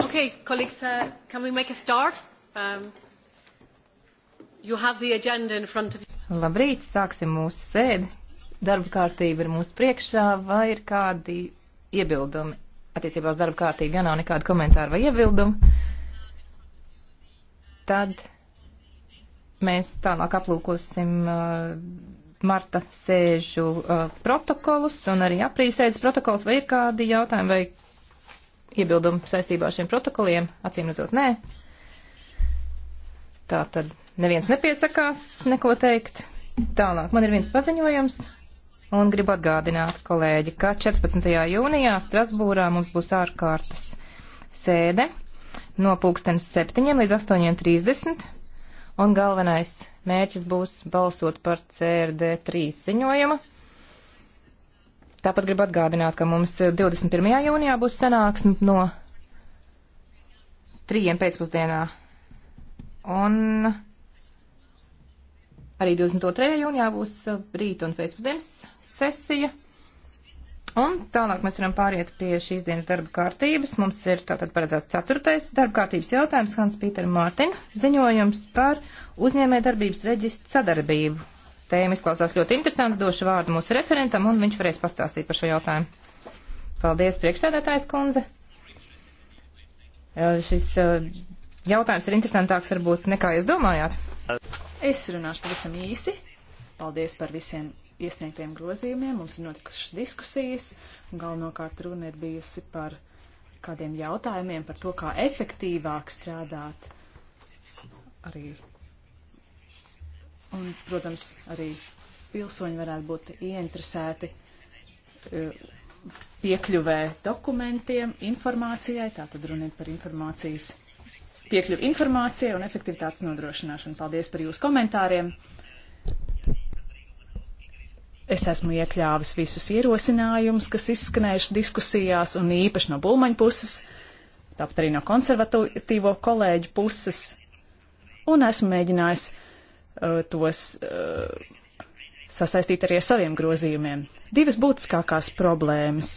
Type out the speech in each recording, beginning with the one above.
Okay, colleagues, uh, can we make a start? Um, you have the agenda in front of you. Labrīt, sāksim mūsu sēdi. Darba kārtība ir mūsu priekšā, vai ir kādi iebildumi? Attiecībā uz darba kārtību, ja nav nekāda komentāra vai iebilduma, tad mēs tālāk aplūkosim uh, marta sēžu uh, protokolus un arī aprīsēdes protokols, vai ir kādi jautājumi vai iebildumu saistībā ar šiem protokoliem? Acīm redzot, nē. Tā tad neviens nepiesakās neko teikt. Tālāk man ir viens paziņojums. Un gribu atgādināt, kolēģi, ka 14. jūnijā Strasbūrā mums būs ārkārtas sēde no pulkstens 7 līdz 8.30. Un galvenais mērķis būs balsot par CRD3 ziņojumu. Tāpat gribu atgādināt, ka mums 21. jūnijā būs sanāksme no 3. pēcpusdienā. Un arī 22. jūnijā būs uh, rīta un pēcpusdienas sesija. Un tālāk mēs varam pāriet pie šīs dienas darba kārtības. Mums ir tātad paredzēts ceturtais darba kārtības jautājums Hans Pīter Mārtiņa ziņojums par uzņēmē darbības reģistru sadarbību tēma izklausās ļoti interesanti. Došu vārdu mūsu referentam, un viņš varēs pastāstīt par šo jautājumu. Paldies, priekšsēdētājs kundze. Šis jautājums ir interesantāks varbūt nekā jūs domājāt. Es runāšu pavisam īsi. Paldies par visiem iesniegtiem grozījumiem. Mums ir notikušas diskusijas, un galvenokārt runa ir bijusi par kādiem jautājumiem par to, kā efektīvāk strādāt arī Un, protams, arī pilsoņi varētu būt ieinteresēti e, piekļuvē dokumentiem, informācijai, tātad runiet par informācijas piekļuvi informācijai un efektivitātes nodrošināšanu. Paldies par jūsu komentāriem. Es esmu iekļāvis visus ierosinājumus, kas izskanējuši diskusijās un īpaši no bulmaņa puses, tāpat arī no konservatīvo kolēģu puses. Un esmu mēģinājis Uh, tos uh, sasaistīt arī ar saviem grozījumiem. Divas būtiskākās problēmas.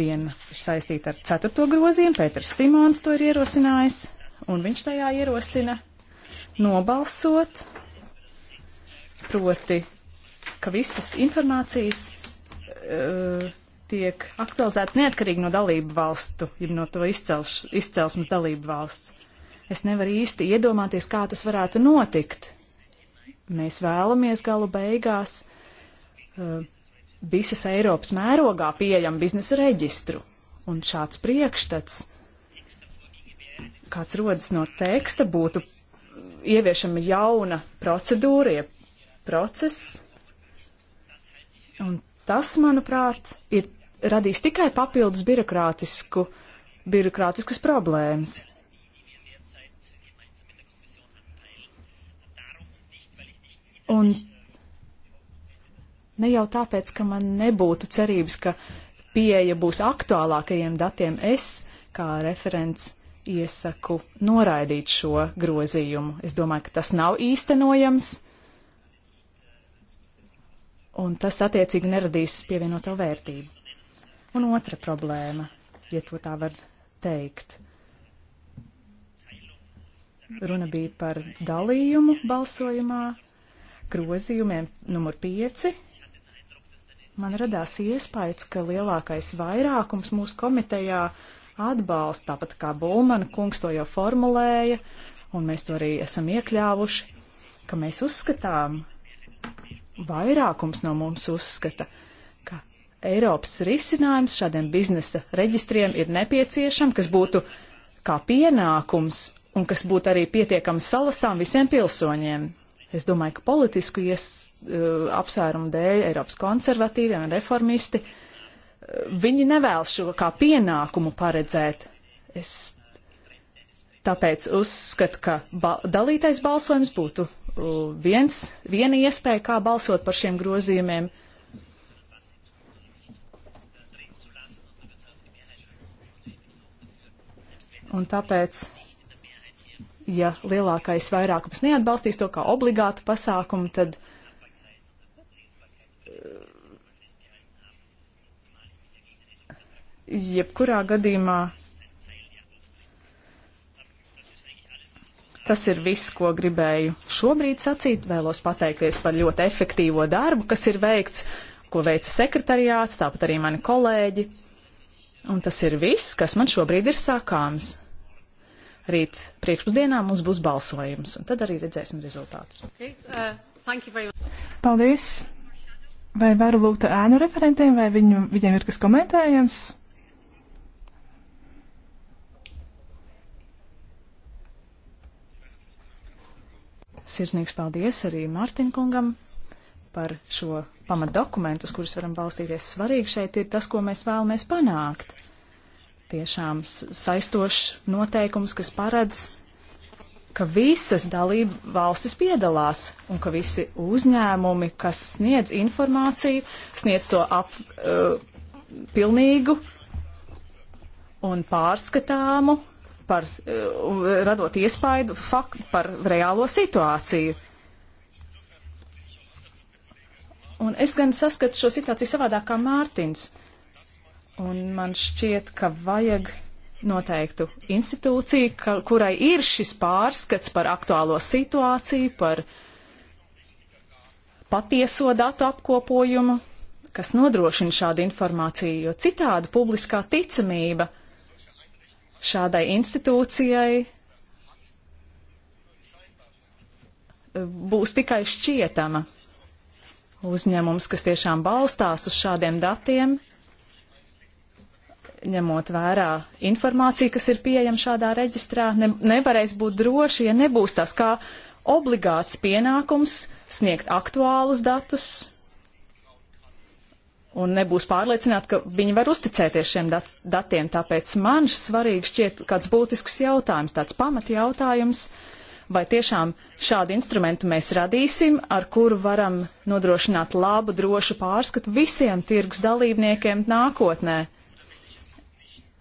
Viena ir saistīta ar ceturto grozījumu, Pēters Simons to ir ierosinājis, un viņš tajā ierosina nobalsot, proti, ka visas informācijas uh, tiek aktualizētas neatkarīgi no dalību valstu, ir no to izcels, izcelsmes dalību valsts. Es nevaru īsti iedomāties, kā tas varētu notikt Mēs vēlamies galu beigās uh, visas Eiropas mērogā pieejam biznesa reģistru. Un šāds priekšstats, kāds rodas no teksta, būtu ieviešama jauna procedūra, ja process. Un tas, manuprāt, ir radīs tikai papildus birokrātisku, birokrātiskas problēmas. Un ne jau tāpēc, ka man nebūtu cerības, ka pieeja būs aktuālākajiem datiem, es kā referents iesaku noraidīt šo grozījumu. Es domāju, ka tas nav īstenojams, un tas attiecīgi neradīs pievienoto vērtību. Un otra problēma, ja to tā var teikt. Runa bija par dalījumu balsojumā, grozījumiem numur 5 man radās iespējas, ka lielākais vairākums mūsu komitejā atbalsta, tāpat kā Bulmana kungs to jau formulēja, un mēs to arī esam iekļāvuši, ka mēs uzskatām, vairākums no mums uzskata, ka Eiropas risinājums šādiem biznesa reģistriem ir nepieciešams, kas būtu kā pienākums un kas būtu arī pietiekams salasām visiem pilsoņiem. Es domāju, ka politisku ies, uh, apsvērumu dēļ Eiropas konservatīvie un reformisti uh, viņi nevēlas šo kā pienākumu paredzēt. Es tāpēc uzskatu, ka ba dalītais balsojums būtu uh, viens, viena iespēja, kā balsot par šiem grozījumiem. Un tāpēc ja lielākais vairākums neatbalstīs to kā obligātu pasākumu, tad eh, jebkurā gadījumā tas ir viss, ko gribēju šobrīd sacīt. Vēlos pateikties par ļoti efektīvo darbu, kas ir veikts, ko veica sekretariāts, tāpat arī mani kolēģi. Un tas ir viss, kas man šobrīd ir sākāms rīt priekšpusdienā mums būs balsojums, un tad arī redzēsim rezultātus. Okay. Uh, Paldies! Vai varu lūgt ēnu referentiem, vai viņu, viņiem ir kas komentējams? Sirsnīgs paldies arī Mārtiņkungam par šo pamatdokumentu, uz kuras varam balstīties. Svarīgi šeit ir tas, ko mēs vēlamies panākt tiešām saistošs noteikums, kas paredz, ka visas dalība valstis piedalās un ka visi uzņēmumi, kas sniedz informāciju, sniedz to ap, uh, pilnīgu un pārskatāmu, par, uh, radot iespaidu fakt, par reālo situāciju. Un es gan saskatu šo situāciju savādāk kā Mārtiņš. Uh, Un man šķiet, ka vajag noteiktu institūciju, ka, kurai ir šis pārskats par aktuālo situāciju, par patieso datu apkopojumu, kas nodrošina šādu informāciju, jo citādi publiskā ticamība šādai institūcijai eh, būs tikai šķietama. Uzņēmums, kas tiešām balstās uz šādiem datiem, ņemot vērā informāciju, kas ir pieejama šādā reģistrā, ne, nevarēs būt droši, ja nebūs tas kā obligāts pienākums sniegt aktuālus datus un nebūs pārliecināti, ka viņi var uzticēties šiem dat datiem. Tāpēc man svarīgi šķiet kāds būtisks jautājums, tāds pamatjautājums, vai tiešām šādu instrumentu mēs radīsim, ar kuru varam nodrošināt labu, drošu pārskatu visiem tirgus dalībniekiem nākotnē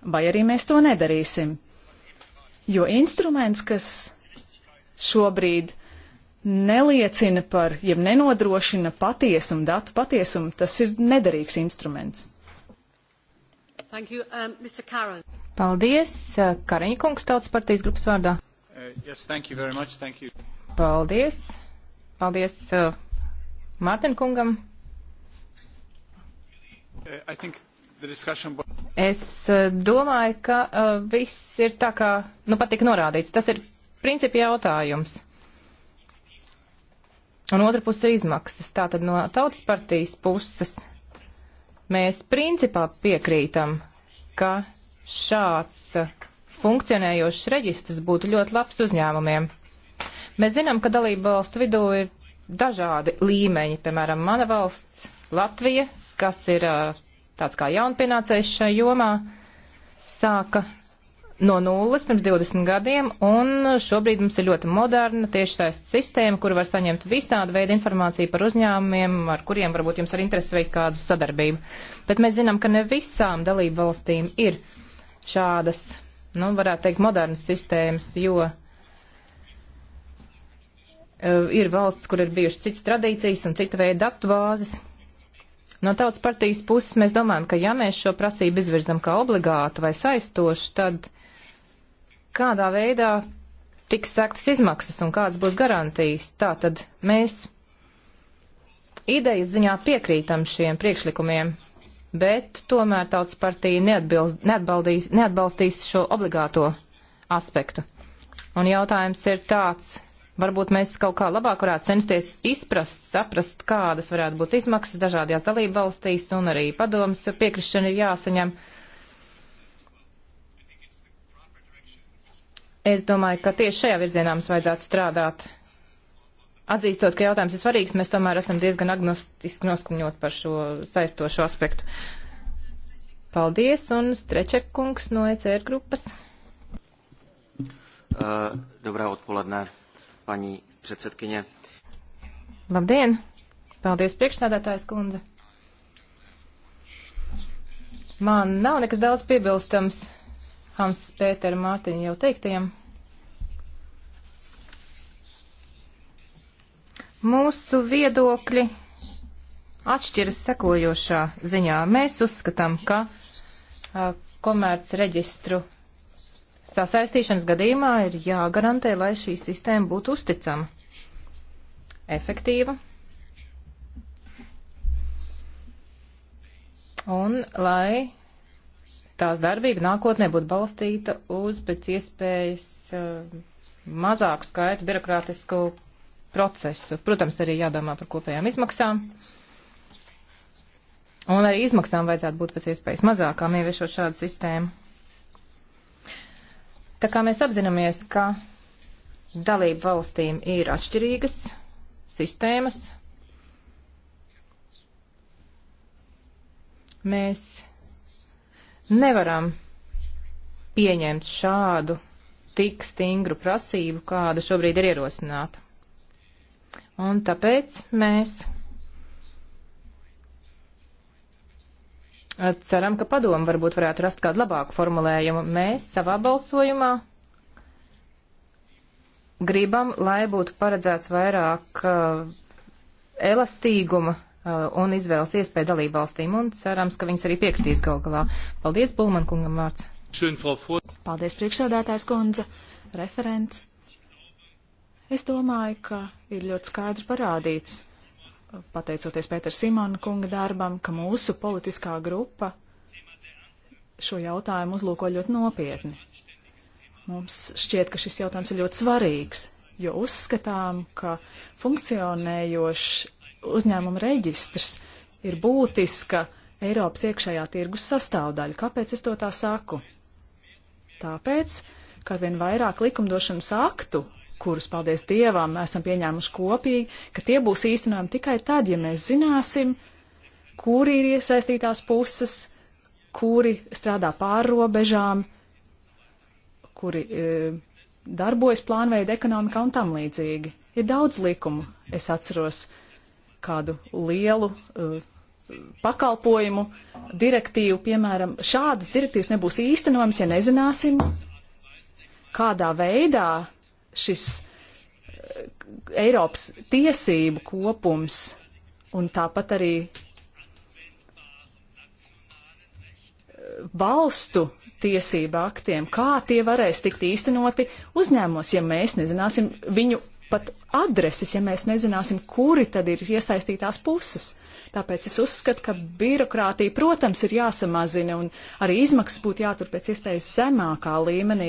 vai arī mēs to nedarīsim. Jo instruments, kas šobrīd neliecina par, jeb nenodrošina patiesumu, datu patiesumu, tas ir nederīgs instruments. Thank you, um, Paldies, uh, Kariņa kungs, tautas partijas grupas vārdā. Uh, yes, thank you very much, thank you. Paldies, paldies uh, Mārtiņ kungam. Uh, Es eh, domāju, ka uh, viss ir tā kā, nu pat tik norādīts. Tas ir principi jautājums. Un otra puse izmaksas. Tātad no tautas partijas puses mēs principā piekrītam, ka šāds uh, funkcionējošs reģistrs būtu ļoti labs uzņēmumiem. Mēs zinām, ka dalību valstu vidū ir dažādi līmeņi, piemēram, mana valsts Latvija, kas ir uh, tāds kā jaunpienācējs šajā jomā, sāka no nulles pirms 20 gadiem, un šobrīd mums ir ļoti moderna tiešsaistes sistēma, kur var saņemt visādu veidu informāciju par uzņēmumiem, ar kuriem varbūt jums ir interesi veikt kādu sadarbību. Bet mēs zinām, ka ne visām dalību valstīm ir šādas, nu, varētu teikt, modernas sistēmas, jo eh, ir valsts, kur ir bijušas citas tradīcijas un cita veida aktu vāzes, No tautas partijas puses mēs domājam, ka ja mēs šo prasību izvirzam kā obligātu vai saistošu, tad kādā veidā tiks sektas izmaksas un kādas būs garantijas. Tā tad mēs idejas ziņā piekrītam šiem priekšlikumiem, bet tomēr tautas partija neatbalstīs šo obligāto aspektu. Un jautājums ir tāds, Varbūt mēs kaut kā labāk varētu censties izprast, saprast, kādas varētu būt izmaksas dažādajās dalību valstīs un arī padomas piekrišana ir jāsaņem. Es domāju, ka tieši šajā virzienā mums vajadzētu strādāt. Atzīstot, ka jautājums ir svarīgs, mēs tomēr esam diezgan agnostiski noskaņot par šo saistošo aspektu. Paldies, un Streček kungs no ECR grupas. Uh, dobré odpoledne paní předsedkyně. Labdien! Paldies, priekšsēdētājs kundze! Man nav nekas daudz piebilstams Hans Pētera Mārtiņa jau teiktajam. Mūsu viedokļi atšķiras sekojošā ziņā. Mēs uzskatām, ka komerc reģistru sasaistīšanas gadījumā ir jāgarantē, lai šī sistēma būtu uzticama, efektīva un lai tās darbība nākotnē būtu balstīta uz pēc iespējas uh, mazāku skaitu birokrātisku procesu. Protams, arī jādomā par kopējām izmaksām. Un arī izmaksām vajadzētu būt pēc iespējas mazākām, ieviešot šādu sistēmu. Tā kā mēs apzināmies, ka dalību valstīm ir atšķirīgas sistēmas, mēs nevaram pieņemt šādu tik stingru prasību, kāda šobrīd ir ierosināta. Un tāpēc mēs Ceram, ka padomu varbūt varētu rast kādu labāku formulējumu. Mēs savā balsojumā gribam, lai būtu paredzēts vairāk uh, elastīguma uh, un izvēles iespēja dalībvalstīm, un cerams, ka viņas arī piekritīs gal galā. Paldies, Bulman kungam vārds. Paldies, priekšsēdētājs kundze, referents. Es domāju, ka ir ļoti skaidri parādīts, pateicoties Pētera Simona kunga darbam, ka mūsu politiskā grupa šo jautājumu uzlūko ļoti nopietni. Mums šķiet, ka šis jautājums ir ļoti svarīgs, jo uzskatām, ka funkcionējošs uzņēmuma reģistrs ir būtiska Eiropas iekšējā tirgus sastāvdaļa. Kāpēc es to tā saku? Tāpēc, ka arvien vairāk likumdošanas aktu kurus, paldies Dievam, esam pieņēmuši kopīgi, ka tie būs īstenojami tikai tad, ja mēs zināsim, kuri ir iesaistītās puses, kuri strādā pāri robežām, kuri e, darbojas plānveida ekonomikā un tam līdzīgi. Ir daudz likumu. Es atceros kādu lielu e, pakalpojumu direktīvu, piemēram, šādas direktīvas nebūs īstenojamas, ja nezināsim, kādā veidā šis eh, Eiropas tiesību kopums un tāpat arī eh, valstu tiesība aktiem, kā tie varēs tikt īstenoti uzņēmumos, ja mēs nezināsim viņu pat adreses, ja mēs nezināsim, kuri tad ir iesaistītās puses. Tāpēc es uzskatu, ka birokrātija, protams, ir jāsamazina un arī izmaksas būtu jātur pēc iespējas zemākā līmenī,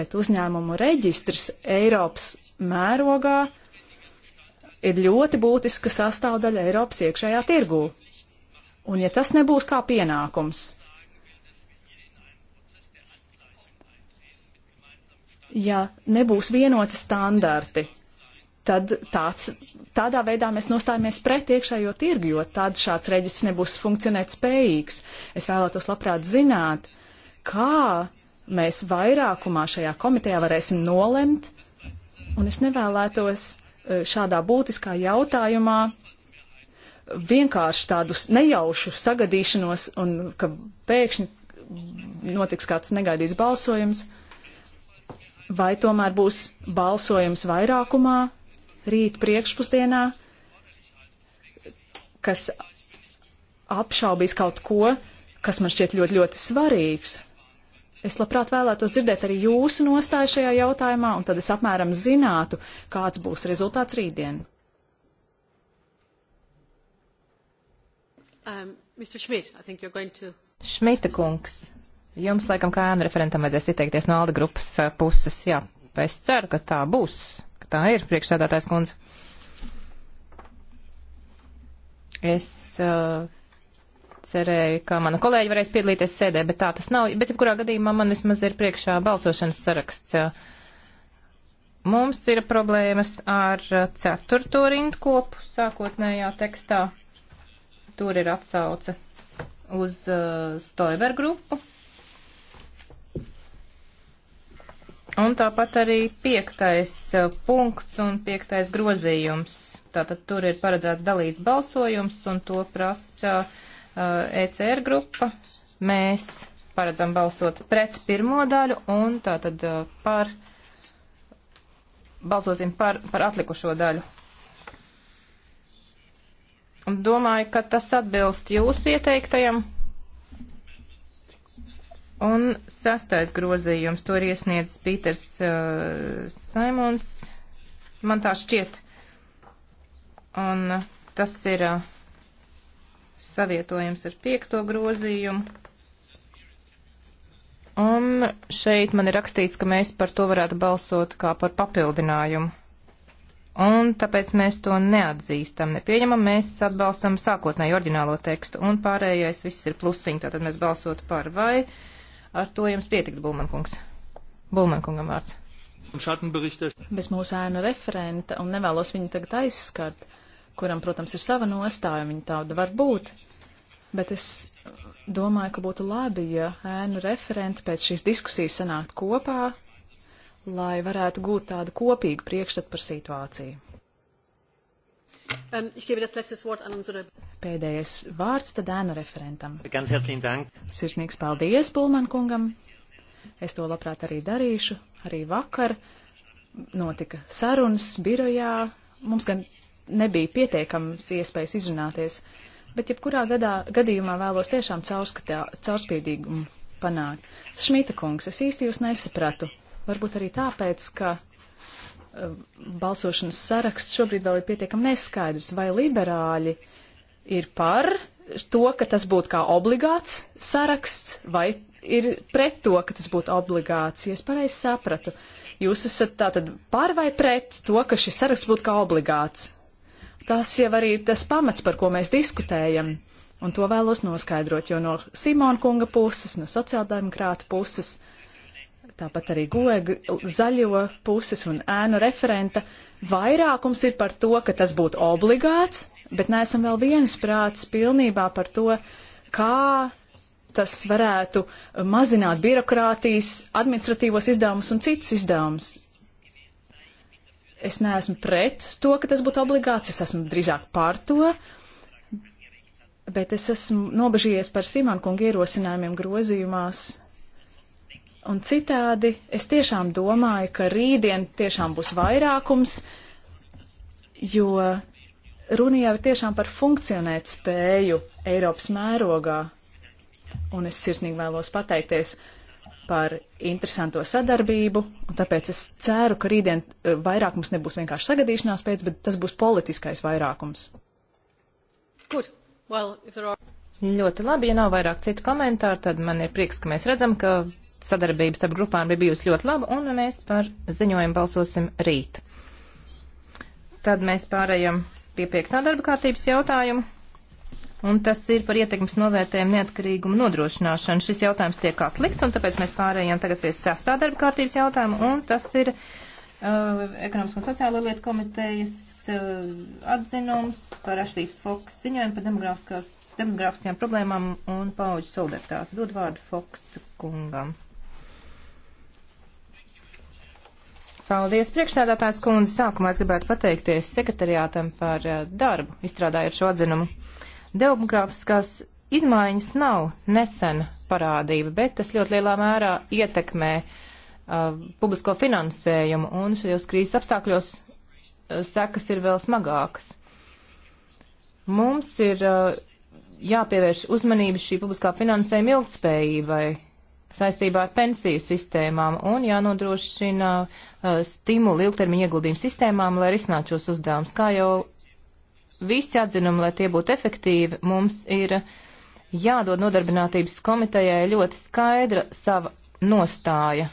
bet uzņēmumu reģistrs Eiropas mērogā ir ļoti būtiska sastāvdaļa Eiropas iekšējā tirgū. Un ja tas nebūs kā pienākums, ja nebūs vienoti standarti, tad tāds tādā veidā mēs nostājamies pret iekšējo tirgu, jo tad šāds reģistrs nebūs funkcionēt spējīgs. Es vēlētos labprāt zināt, kā mēs vairākumā šajā komitejā varēsim nolemt, un es nevēlētos e, šādā būtiskā jautājumā vienkārši tādus nejaušu sagadīšanos un ka pēkšņi notiks kāds negaidīts balsojums, vai tomēr būs balsojums vairākumā rīt priekšpusdienā, kas apšaubīs kaut ko, kas man šķiet ļoti, ļoti svarīgs. Es labprāt vēlētos dzirdēt arī jūsu nostāju šajā jautājumā, un tad es apmēram zinātu, kāds būs rezultāts rītdien. Um, Schmidt, to... Šmita kungs, jums laikam kā ēna referentam vajadzēs izteikties no Alda grupas uh, puses, jā, es ceru, ka tā būs tā ir, priekšsēdātājs kundze. Es uh, cerēju, ka mana kolēģi varēs piedalīties sēdē, bet tā tas nav. Bet, ja kurā gadījumā man vismaz ir priekšā balsošanas saraksts. Mums ir problēmas ar ceturto rindkopu sākotnējā tekstā. Tur ir atsauce uz uh, Stoiber grupu. Un tāpat arī piektais eh, punkts un piektais grozījums. Tātad tur ir paredzēts dalīts balsojums un to prasa uh, eh, ECR grupa. Mēs paredzam balsot pret pirmo daļu un tātad uh, par, balsosim par, par atlikušo daļu. Domāju, ka tas atbilst jūsu ieteiktajam. Un sastais grozījums, to ir iesniedzis Pīters uh, Saimons, man tā šķiet. Un uh, tas ir uh, savietojums ar piekto grozījumu. Un šeit man ir rakstīts, ka mēs par to varētu balsot kā par papildinājumu. Un tāpēc mēs to neatzīstam, nepieņemam, mēs atbalstam sākotnēju oriģinālo tekstu, un pārējais viss ir plusiņi, tātad mēs balsotu par vai. Uh, Ar to jums pietikt, Bulmankungs. Bulmankungam vārds. Bez mūsu ēnu referenta, un nevēlos viņu tagad aizskart, kuram, protams, ir sava nostāja, viņa tāda var būt. Bet es domāju, ka būtu labi, ja ēnu referenti pēc šīs diskusijas sanākt kopā, lai varētu gūt tādu kopīgu priekšstatu par situāciju. Ähm, Pēdējais vārds tad ēnu referentam. Sirsnīgs paldies Pulman kungam. Es to labprāt arī darīšu. Arī vakar notika sarunas birojā. Mums gan nebija pietiekams iespējas izrunāties, bet jebkurā gadā, gadījumā vēlos tiešām caurskatā, caurspīdīgumu panākt. Šmita kungs, es īsti jūs nesapratu. Varbūt arī tāpēc, ka Um, balsošanas saraksts šobrīd vēl ir pietiekami neskaidrs, vai liberāļi ir par to, ka tas būtu kā obligāts saraksts, vai ir pret to, ka tas būtu obligāts, ja es pareizi sapratu. Jūs esat tātad par vai pret to, ka šis saraksts būtu kā obligāts. Tas jau arī ir tas pamats, par ko mēs diskutējam, un to vēlos noskaidrot, jo no Simona kunga puses, no sociāldemokrāta puses tāpat arī goja zaļo puses un ēnu referenta vairākums ir par to, ka tas būtu obligāts, bet neesam vēl viensprāts pilnībā par to, kā tas varētu mazināt birokrātijas, administratīvos izdevumus un citus izdevumus. Es neesmu pret to, ka tas būtu obligāts, es esmu drīzāk pār to, bet es esmu nobežījies par Simon kungu ierosinājumiem grozījumās Un citādi es tiešām domāju, ka rītdien tiešām būs vairākums, jo runa jau ir tiešām par funkcionēt spēju Eiropas mērogā. Un es sirsnīgi vēlos pateikties par interesanto sadarbību, un tāpēc es ceru, ka rītdien eh, vairākums nebūs vienkārši sagadīšanās pēc, bet tas būs politiskais vairākums. Good. Well, are... Ļoti labi, ja nav vairāk citu komentāru, tad man ir prieks, ka mēs redzam, ka sadarbības starp grupām bija bijusi ļoti laba, un mēs par ziņojumu balsosim rīt. Tad mēs pārējām pie piektā darba kārtības jautājuma, un tas ir par ietekmes novērtējumu neatkarīgumu nodrošināšanu. Šis jautājums tiek atlikts, un tāpēc mēs pārējām tagad pie sestā darba kārtības jautājuma, un tas ir uh, ekonomisko un sociālo lietu komitejas uh, atzinums par Ashley Fox ziņojumu par demogrāfiskās demogrāfiskajām problēmām un pauģu solidaritāti. Dod vārdu Foks kungam. Paldies, priekšsēdētājs kundze. Sākumā es gribētu pateikties sekretariātam par eh, darbu, izstrādājot šo atzinumu. Demogrāfiskās izmaiņas nav nesena parādība, bet tas ļoti lielā mērā ietekmē uh, publisko finansējumu, un šajos krīzes apstākļos uh, sekas ir vēl smagākas. Mums ir uh, jāpievērš uzmanība šī publiskā finansējuma ilgspējībai saistībā ar pensiju sistēmām un jānodrošina uh, stimuli ilgtermiņa ieguldījumu sistēmām, lai risinātu šos uzdevumus. Kā jau visi atzinumi, lai tie būtu efektīvi, mums ir jādod nodarbinātības komitejai ļoti skaidra sava nostāja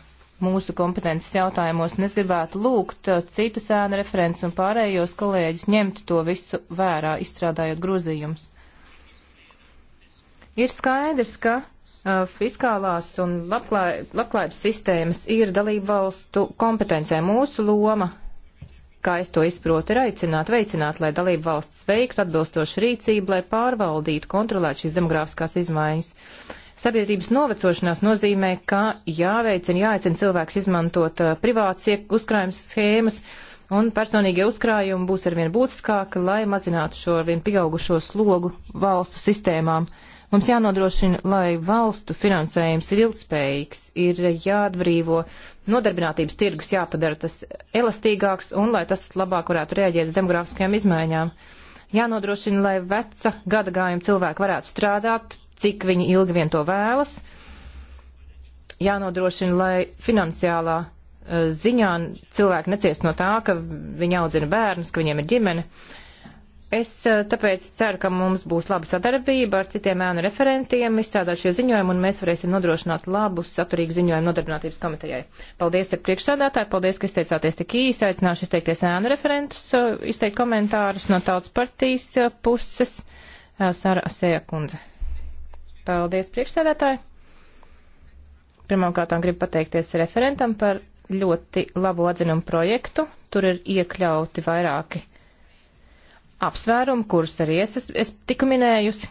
mūsu kompetences jautājumos, un es gribētu lūgt uh, citu sēnu referents un pārējos kolēģis ņemt to visu vērā, izstrādājot grozījumus. Ir skaidrs, ka Uh, fiskālās un labklājības sistēmas ir dalību valstu kompetencē. Mūsu loma, kā es to izprotu, ir aicināt, veicināt, lai dalību valsts veiktu atbilstošu rīcību, lai pārvaldītu, kontrolētu šīs demografiskās izmaiņas. Sabiedrības novecošanās nozīmē, ka jāveicina, jāaicina cilvēks izmantot uh, privāts uzkrājums schēmas, un personīgie uzkrājumi būs arvien būtiskāki, lai mazinātu šo arvien pieaugušo slogu valstu sistēmām. Uh, Mums jānodrošina, lai valstu finansējums ir ilgspējīgs, ir jāatbrīvo nodarbinātības tirgus, jāpadara tas elastīgāks un lai tas labāk varētu rēģēt uz demografiskajām izmaiņām. Jānodrošina, lai veca gadagājuma cilvēki varētu strādāt, cik viņi ilgi vien to vēlas. Jānodrošina, lai finansiālā eh, ziņā cilvēki neciest no tā, ka viņi audzina bērnus, ka viņiem ir ģimene. Uh, Es eh, tāpēc ceru, ka mums būs laba sadarbība ar citiem ēnu referentiem, izstrādāt šie ziņojumi, un mēs varēsim nodrošināt labu, saturīgu ziņojumu nodarbinātības komitejai. Paldies, ar priekšsādātāju, paldies, ka izteicāties tik īsi, aicināšu izteikties ēnu referentus, eh, izteikt komentārus no tautas partijas eh, puses. Sara Asēja kundze. Paldies, priekšsādātāji. Pirmkārt, gribu pateikties referentam par ļoti labu atzinumu projektu. Tur ir iekļauti vairāki apsvērumu, kurus arī es, es, es tiku minējusi.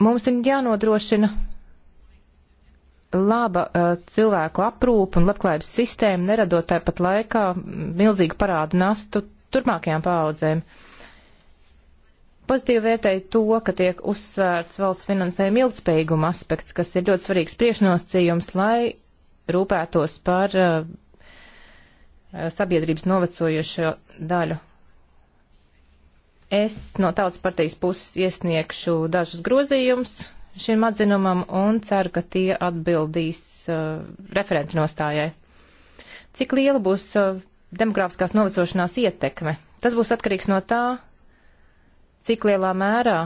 Mums ir jānodrošina laba uh, cilvēku aprūpa un labklājības sistēma, neradot tāpat laikā milzīgu parādu nastu turpmākajām paaudzēm. Pozitīvi vērtēju to, ka tiek uzsvērts valsts finansējuma ilgspējīguma aspekts, kas ir ļoti svarīgs priešnosacījums, lai rūpētos par uh, uh sabiedrības novecojošo daļu Es no tautas partijas puses iesniegšu dažus grozījumus šim atzinumam un ceru, ka tie atbildīs uh, referenti nostājai. Cik liela būs uh, demografiskās novecošanās ietekme? Tas būs atkarīgs no tā, cik lielā mērā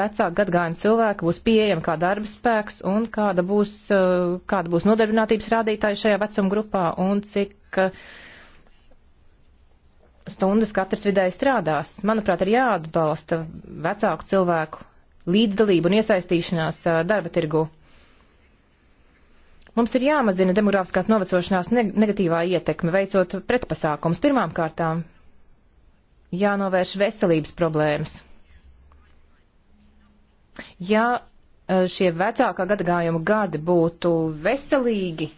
vecāku gadgājumu cilvēku būs pieejama kā darba spēks un kāda būs, uh, kāda būs nodarbinātības rādītāja šajā vecuma grupā un cik uh, stundas katrs vidēji strādās. Manuprāt, ir jāatbalsta vecāku cilvēku līdzdalību un iesaistīšanās darba tirgu. Mums ir jāmazina demografiskās novecošanās negatīvā ietekme, veicot pretpasākums. Pirmām kārtām jānovērš veselības problēmas. Ja šie vecākā gadagājuma gadi būtu veselīgi,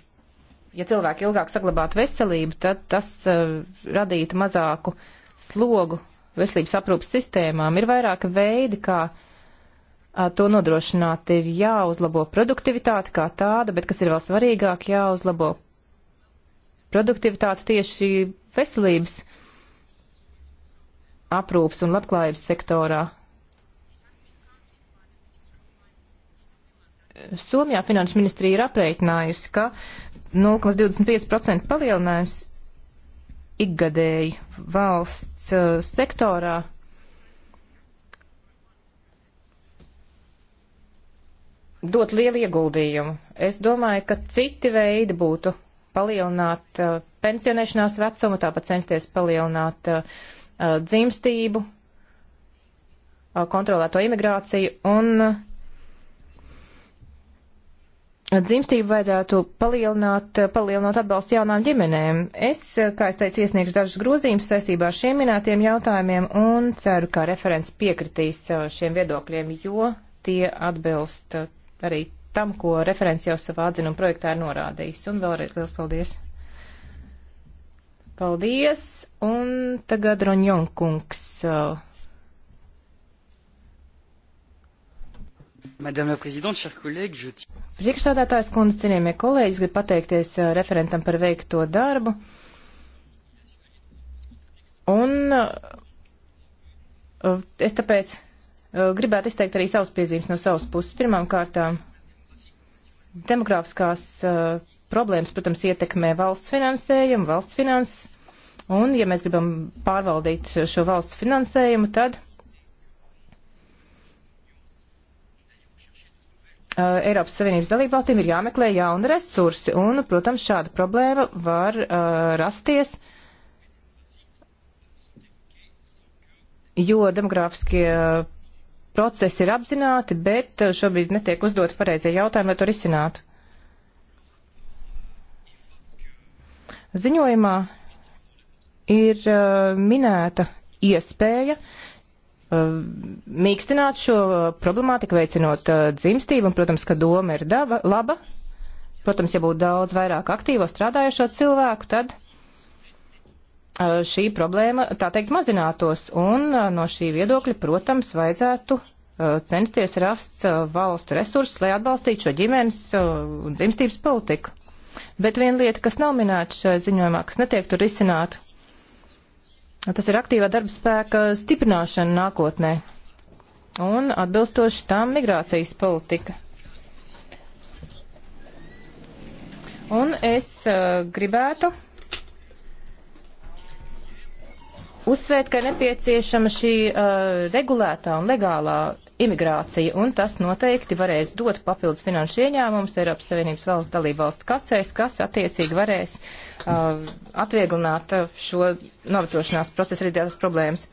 ja cilvēki ilgāk saglabātu veselību, tad tas uh, radītu mazāku slogu veselības aprūpas sistēmām. Ir vairāki veidi, kā uh, to nodrošināt. Ir jāuzlabo produktivitāte kā tāda, bet kas ir vēl svarīgāk, jāuzlabo produktivitāte tieši veselības aprūpas un labklājības sektorā. Somijā finanšu ministrija ir aprēķinājusi, ka uh, 0,25% palielinājums ikgadēji valsts uh, sektorā. dot lielu ieguldījumu. Es domāju, ka citi veidi būtu palielināt uh, pensionēšanās vecumu, tāpat censties palielināt uh, uh dzimstību, uh, kontrolēto imigrāciju un Dzimstību vajadzētu palielināt, palielinot atbalstu jaunām ģimenēm. Es, kā es teicu, iesniegšu dažas grozījumus saistībā ar šiem minētiem jautājumiem un ceru, ka referents piekritīs uh, šiem viedokļiem, jo tie atbilst uh, arī tam, ko referents jau savā atzinuma projektā ir norādījis. Un vēlreiz liels paldies! Paldies! Un tagad Roņjonkungs. Uh, Priekšsādātājs kundze, cienījamie kolēģi, grib pateikties eh, referentam par veikto darbu. Un eh, es tāpēc eh, gribētu izteikt arī savus piezīmes no savas puses. Pirmām kārtām, demogrāfiskās problēmas, protams, ietekmē valsts finansējumu, valsts finanses. Un, ja mēs gribam pārvaldīt šo valsts finansējumu, tad Eh, Eiropas Savienības dalībvalstīm ir jāmeklē jauni resursi, un, protams, šāda problēma var uh, rasties, jo demogrāfiskie procesi ir apzināti, bet eh, šobrīd netiek uzdot pareizie jautājumi, lai to risinātu. Ziņojumā ir uh, minēta iespēja uh, Ehm, mīkstināt šo problemātiku, veicinot eh, dzimstību, un, protams, ka doma ir daba, laba. Protams, ja būtu daudz vairāk aktīvo strādājušo cilvēku, tad eh, šī problēma, tā teikt, mazinātos, un eh, no šī viedokļa, protams, vajadzētu censties rast valstu resursus, lai atbalstītu šo ģimenes un dzimstības politiku. Bet viena lieta, kas nav minēta šajā ziņojumā, kas netiek tur izsināta, Tas ir aktīvā darba spēka stiprināšana nākotnē un atbilstoši tam migrācijas politika. Un es uh, gribētu uzsvērt, ka nepieciešama šī uh, regulētā un legālā imigrācija, un tas noteikti varēs dot papildus finanšu ieņēmumus Eiropas Savienības valsts dalību valstu kasēs, kas attiecīgi varēs uh, atvieglināt uh, šo novecošanās procesu radītās problēmas.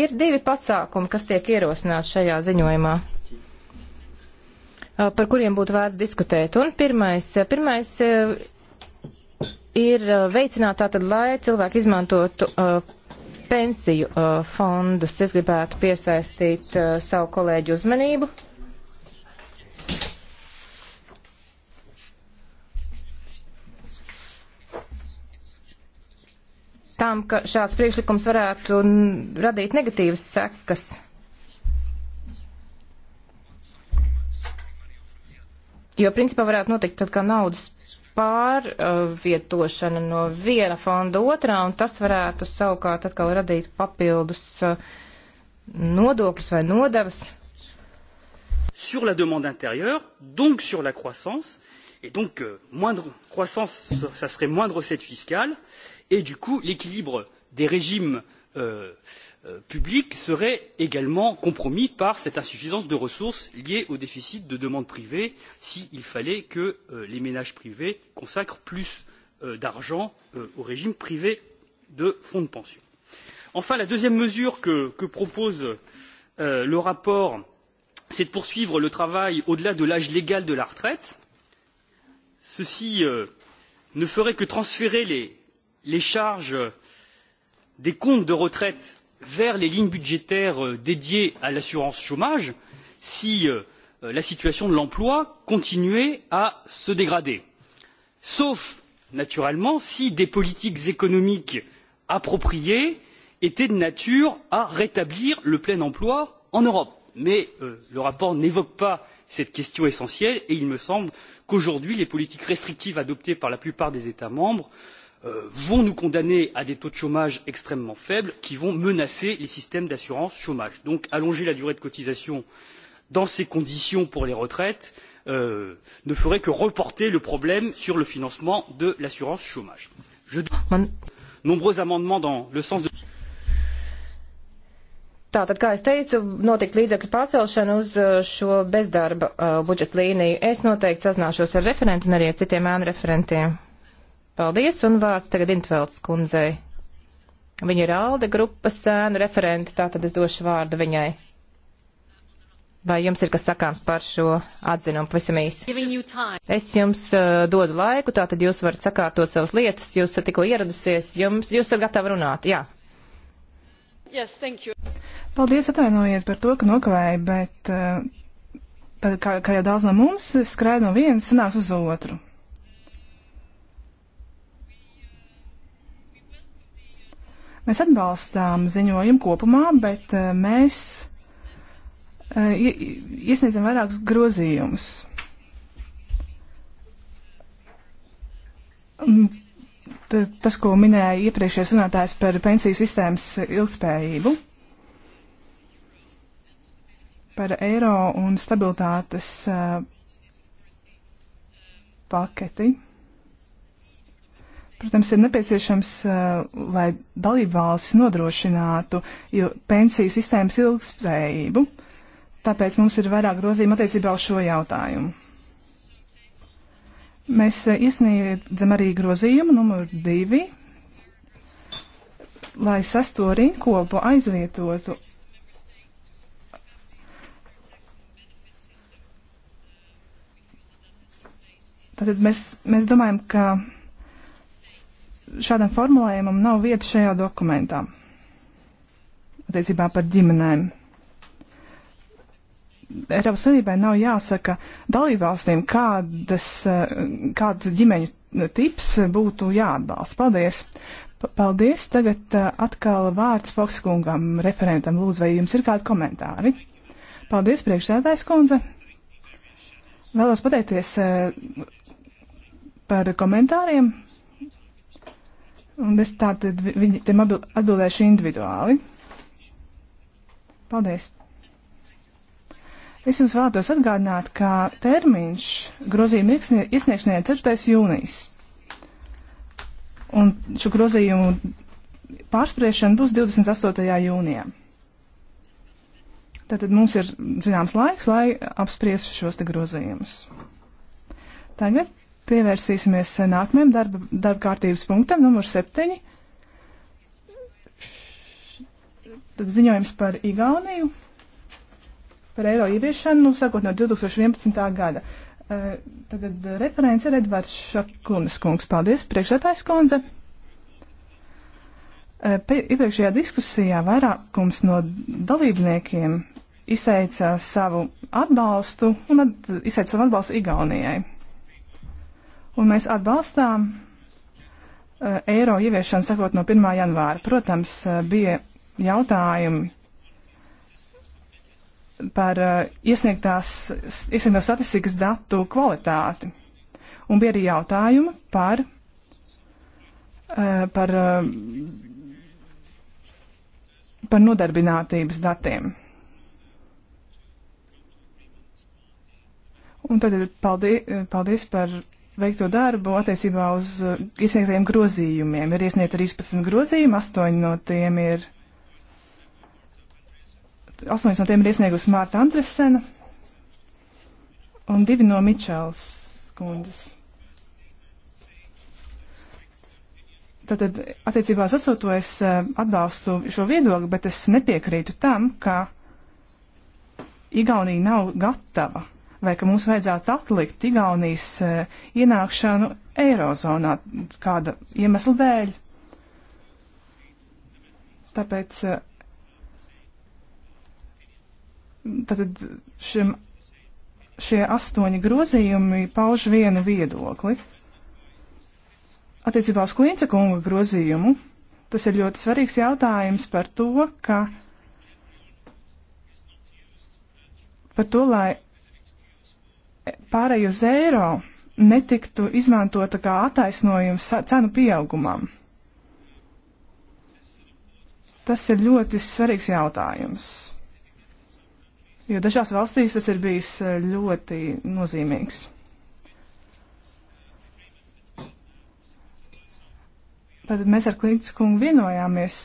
Ir divi pasākumi, kas tiek ierosināti šajā ziņojumā uh, par kuriem būtu vērts diskutēt. Un pirmais, uh, pirmais uh, ir uh, veicināt tātad, lai cilvēki izmantotu uh, pensiju uh, fondus. Es gribētu piesaistīt uh, savu kolēģu uzmanību. Tam, ka šāds priekšlikums varētu radīt negatīvas sekas. Jo principā varētu notikt tad kā naudas pārvietošana no viena fonda otrā, un tas varētu savukārt atkal radīt papildus uh, nodokļus vai nodevas. Sur la demande intérieure, donc sur la croissance, et donc euh, moindre croissance, ça serait moindre recette fiscale, et du coup l'équilibre des régimes euh, Euh, public serait également compromis par cette insuffisance de ressources liée au déficit de demande privée s'il fallait que euh, les ménages privés consacrent plus euh, d'argent au régime privé de fonds de pension. enfin la deuxième mesure que, que propose le rapport c'est de poursuivre le travail au delà de l'âge légal de la retraite. ceci ne ferait que transférer les, les charges des comptes de retraite vers les lignes budgétaires euh, dédiées à l'assurance chômage si euh, euh, la situation de l'emploi continuait à se dégrader sauf naturellement si des politiques économiques appropriées étaient de nature à rétablir le plein emploi en europe mais euh, le rapport n'évoque pas cette question essentielle et il me semble qu'aujourd'hui les politiques restrictives adoptées par la plupart des états membres euh, Euh, vont nous condamner à des taux de chômage extrêmement faibles qui vont menacer les systèmes d'assurance chômage. donc allonger la durée de cotisation dans ces conditions pour les retraites euh, ne ferait que reporter le problème sur le financement de l'assurance chômage. je Man... nombreux amendements dans le sens de Tātad, kā es teicu, notikt līdzekļu pārcelšana uz uh, šo bezdarba uh, budžeta līniju. Es noteikti sazināšos ar referentu un arī ar citiem ēnu referentiem. Paldies, un vārds tagad Intvelds kundzei. Viņa ir Alde grupas sēnu referente, tā tad es došu vārdu viņai. Vai jums ir kas sakāms par šo atzinumu pavisam īsi? Es jums uh, dodu laiku, tā tad jūs varat sakārtot savas lietas, jūs esat tikko ieradusies, jums, jūs esat gatavi runāt, jā. Yes, Paldies, atvainojiet par to, ka nokavēju, bet uh, tad, kā, kā jau daudz no mums, skrēja no vienas sanāks uz otru. Mēs atbalstām ziņojumu kopumā, bet eh, mēs eh, iesniedzam vairākus grozījumus. Tas, ko minēja iepriekšējais runātājs par pensiju sistēmas ilgspējību, par eiro un stabilitātes eh, paketi. Protams, ir nepieciešams, eh, lai dalību valstis nodrošinātu pensiju sistēmas ilgspējību, tāpēc mums ir vairāk grozījuma attiecībā uz šo jautājumu. Mēs eh, iesniedzam arī grozījumu numur divi, lai sesto rinkopu aizvietotu Tātad mēs, mēs domājam, ka šādam formulējumam nav vieta šajā dokumentā attiecībā par ģimenēm. Eiropas Savienībai nav jāsaka dalībvalstīm, kādas, kādas ģimeņu tips būtu jāatbalsta. Paldies! Paldies! Tagad uh, atkal vārds Fokskungam, referentam. Lūdzu, vai jums ir kādi komentāri? Paldies, priekšsēdājs kundze! Vēlos pateikties uh, par komentāriem. Un es tātad viņi tiem atbildēšu individuāli. Paldies! Es jums vēlētos atgādināt, ka termiņš grozījuma iesniegšanai ir 4. jūnijas. Un šo grozījumu pārspriešana būs 28. jūnijā. Tātad mums ir zināms laiks, lai apspriestu šos te grozījumus. Tagad Pievērsīsimies nākamajam darba, darba kārtības punktam, numur septiņi. Tad ziņojums par Igauniju, par eiro ieviešanu, nu, sākot no 2011. gada. Eh, tagad referents ir Edvards Šaklunas kungs. Paldies, priekšētājs kundze. Eh, iepriekšējā diskusijā vairākums no dalībniekiem izteica savu atbalstu un at, izteica savu atbalstu Igaunijai un mēs atbalstām uh, eiro ieviešanu sakot no 1. janvāra. Protams, uh, bija jautājumi par uh, iesniegtās, iesniegtās statistikas datu kvalitāti. Un bija arī jautājumi par, uh, par, uh, par nodarbinātības datiem. Un tad paldies, paldies par veikto darbu attiecībā uz uh, iesniegtajiem grozījumiem. Ir iesniegta 13 grozījumi, 8 no tiem ir. 8 no tiem ir iesniegusi Mārta Andresena un 2 no Mičels kundzes. Tātad attiecībā uz esoto es uh, atbalstu šo viedokli, bet es nepiekrītu tam, ka Igaunija nav gatava vai ka mums vajadzētu atlikt Igaunijas eh, ienākšanu Eirozonā kāda iemesla dēļ. Tāpēc eh, tātad šim, šie astoņi grozījumi pauž vienu viedokli. Attiecībā uz Klīnca kunga grozījumu, tas ir ļoti svarīgs jautājums par to, ka par to, lai pārēj uz eiro netiktu izmantota kā attaisnojums cenu pieaugumam? Tas ir ļoti svarīgs jautājums, jo dažās valstīs tas ir bijis eh, ļoti nozīmīgs. Tad mēs ar Klītas kungu vienojāmies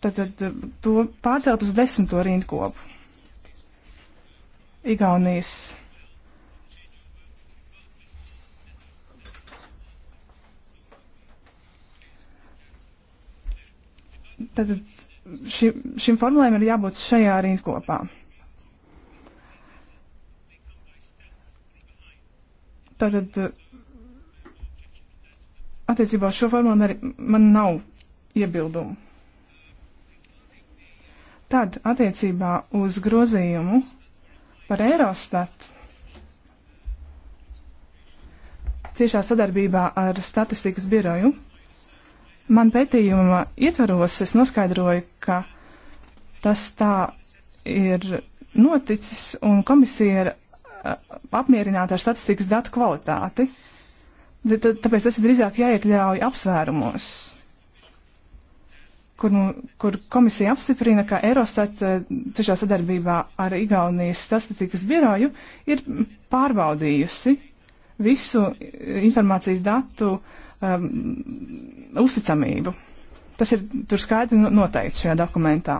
tad, tad, eh, to pārcelt uz desmito rindkopu. Igaunijas. Tad ši, šim formulējumam ir jābūt šajā rīnkopā. Tātad attiecībā uz šo formulu man, man nav iebildumu. Tad attiecībā uz grozījumu par Eurostat. Ciešā sadarbībā ar statistikas biroju. Man pētījuma ietvaros es noskaidroju, ka tas tā ir noticis un komisija ir apmierināta ar statistikas datu kvalitāti. Tāpēc tas ir drīzāk jāiekļauj apsvērumos kur, nu, kur komisija apstiprina, ka Eurostat eh, ciešā sadarbībā ar Igaunijas statistikas biroju ir pārbaudījusi visu eh, informācijas datu um, uzticamību. Tas ir tur skaidri noteikts šajā dokumentā.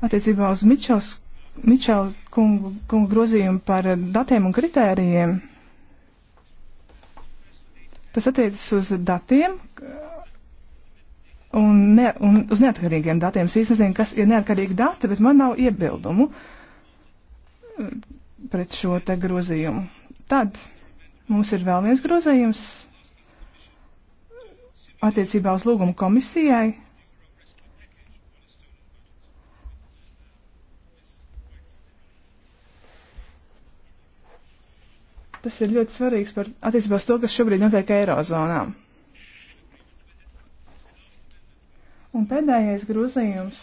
Attiecībā uz Mičels Mičela kungu, kungu grozījumu par datiem un kritērijiem. Tas attiecas uz datiem un, ne, un uz neatkarīgiem datiem. Es īsti nezinu, kas ir neatkarīgi dati, bet man nav iebildumu eh, pret šo te grozījumu. Tad mums ir vēl viens grozījums attiecībā uz lūgumu komisijai Tas ir ļoti svarīgs par attiecībā uz to, kas šobrīd notiek Eirozonā. Un pēdējais grozījums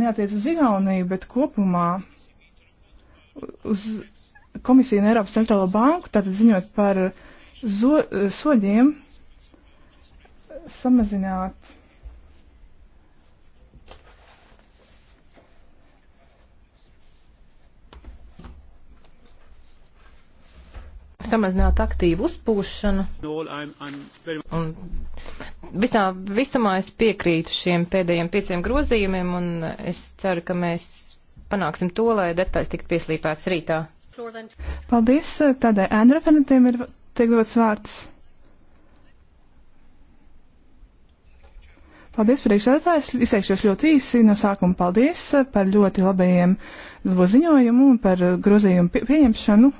neatiec uz Igauniju, bet kopumā uz komisiju un Eiropas centrālo banku, tātad ziņot par zo, soļiem samazināt samazināt aktīvu uzpūšanu. Un visā visumā es piekrītu šiem pēdējiem pieciem grozījumiem, un es ceru, ka mēs panāksim to, lai detaļas tiktu pieslīpētas rītā. Paldies, tādai Andrefanatiem ir tiek dots vārds. Paldies, priekšsēdētājs. Izteikšos ļoti īsi. No sākuma paldies par ļoti labajiem ziņojumu un par grozījumu pie pieņemšanu.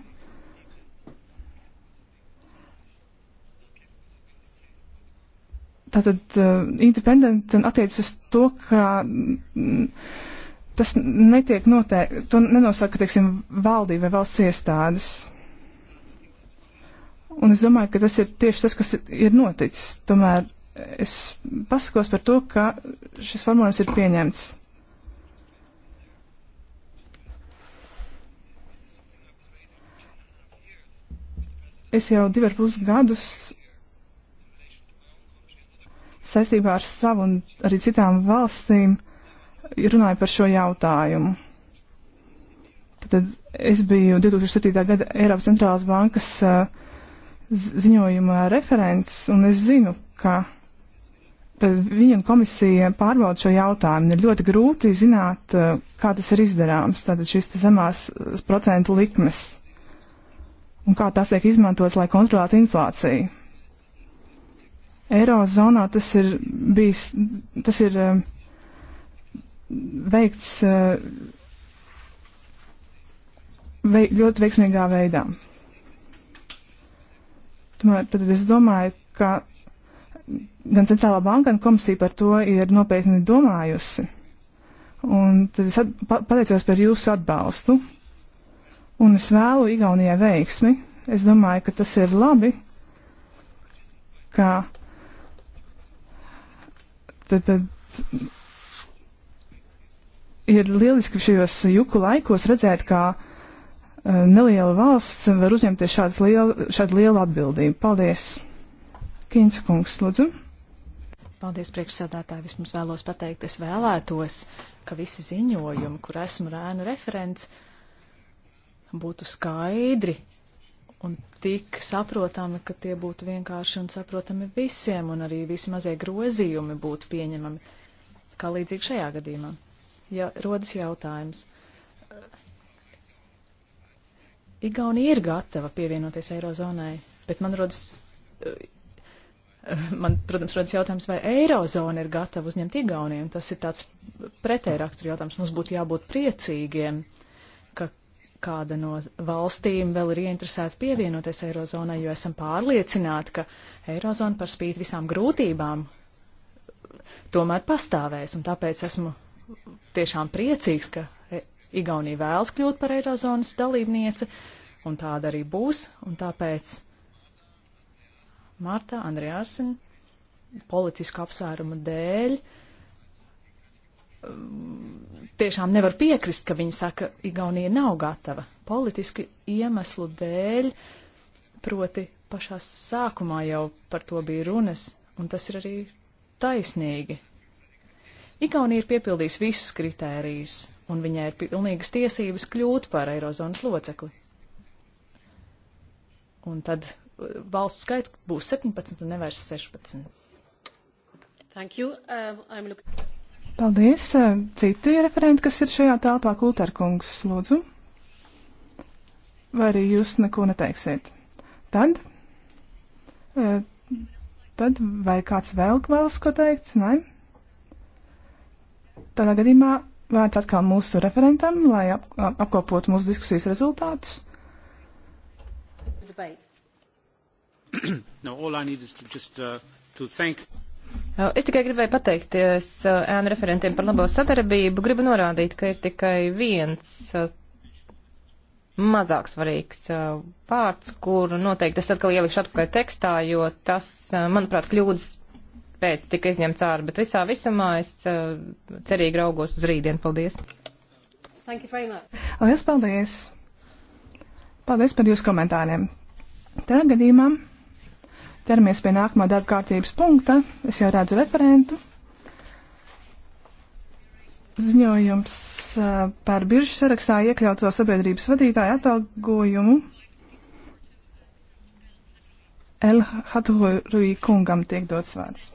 Tātad uh, independent attiecas uz to, ka mm, tas netiek noteikti, to nenosaka, teiksim, valdība vai valsts iestādes. Un es domāju, ka tas ir tieši tas, kas ir noticis. Tomēr es pasakos par to, ka šis formulējums ir pieņemts. Es jau divi ar pus gadus saistībā ar savu un arī citām valstīm runāju par šo jautājumu. Tad es biju 2007. gada Eiropas centrālās bankas eh, ziņojuma referents, un es zinu, ka viņa komisija pārbauda šo jautājumu. Ir ļoti grūti zināt, eh, kā tas ir izdarāms, tātad šīs zemās eh, procentu likmes, un kā tas tiek izmantots, lai kontrolētu inflāciju. Eirozonā tas ir bijis, tas ir uh, veikts uh, veik, ļoti veiksmīgā veidā. Tomēr tad es domāju, ka gan centrālā banka, gan komisija par to ir nopietni domājusi. Un tad es pa pateicos par jūsu atbalstu. Un es vēlu Igaunijai veiksmi. Es domāju, ka tas ir labi, ka tad, tad ir lieliski šajos juku laikos redzēt, kā uh, neliela valsts var uzņemties šādas liela, šādu lielu atbildību. Paldies! Kīns kungs, lūdzu! Paldies, priekšsēdētāji! Vismaz vēlos pateikt, es vēlētos, ka visi ziņojumi, kur esmu rēnu referents, būtu skaidri un tik saprotami, ka tie būtu vienkārši un saprotami visiem, un arī visi mazie grozījumi būtu pieņemami, kā līdzīgi šajā gadījumā. Ja rodas jautājums. Eh, Igaunija ir gatava pievienoties Eirozonai, bet man rodas, eh, man, protams, rodas jautājums, vai Eirozona ir gatava uzņemt Igauniju, un tas ir tāds pretēji rakstur jautājums. Mums būtu jābūt priecīgiem. Uh, kāda no valstīm vēl ir ieinteresēta pievienoties Eirozonai, jo esam pārliecināti, ka Eirozona par spīti visām grūtībām tomēr pastāvēs, un tāpēc esmu tiešām priecīgs, ka e- Igaunija vēlas kļūt par Eirozonas dalībnieci, un tāda arī būs, un tāpēc Marta Andriārsen politisku apsvērumu dēļ uh, tiešām nevar piekrist, ka viņi saka, Igaunija nav gatava. Politisku iemeslu dēļ, proti pašā sākumā jau par to bija runas, un tas ir arī taisnīgi. Igaunija ir piepildījusi visus kritērijus, un viņai ir pilnīgas tiesības kļūt par Eirozonas locekli. Un tad uh, valsts skaits būs 17 un nevis 16. Thank you. Um, I'm looking... Paldies. Eh, citi referenti, kas ir šajā telpā, Klūterkungs, lūdzu. Vai arī jūs neko neteiksiet? Tad? Eh, tad vai kāds vēl vēlas ko teikt? Nē? Tādā gadījumā vērts atkal mūsu referentam, lai ap, ap, apkopotu mūsu diskusijas rezultātus. no, all I need is to just uh, to thank Uh, es tikai gribēju pateikties uh, ēnu referentiem par labo sadarbību. Gribu norādīt, ka ir tikai viens uh, mazāk svarīgs vārds, kuru noteikti es atkal ielikšu atpakaļ tekstā, jo tas, manuprāt, kļūdas pēc tika izņemts ārā, bet visā visumā es cerīgi raugos uz rītdienu. Paldies! Lielas paldies! Paldies par jūsu komentāriem! Tā gadījumā ķeramies pie nākamā darba kārtības punkta. Es jau redzu referentu. Ziņojums par biržas sarakstā iekļauto sabiedrības vadītāju atalgojumu El Hathurui kungam tiek dots vārds.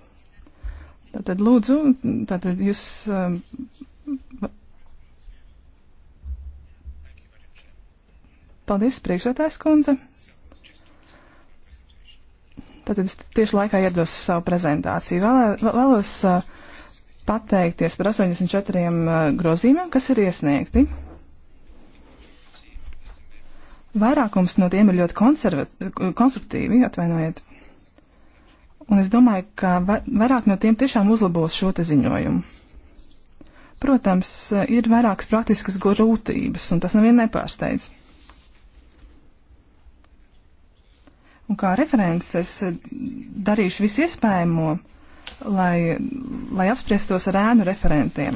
Tātad lūdzu, tātad jūs. Paldies, priekšētājs kundze. Tātad es tieši laikā ierados uz savu prezentāciju. Vēl, vēlos pateikties par 84 grozījumiem, kas ir iesniegti. Vairākums no tiem ir ļoti konstruktīvi, atvainojiet. Un es domāju, ka vairāk no tiem tiešām uzlabos šo te ziņojumu. Protams, ir vairākas praktiskas grūtības, un tas nevien nepārsteidz. Un kā referents es darīšu visu iespējamo, lai, lai apspriestos ar ēnu referentiem.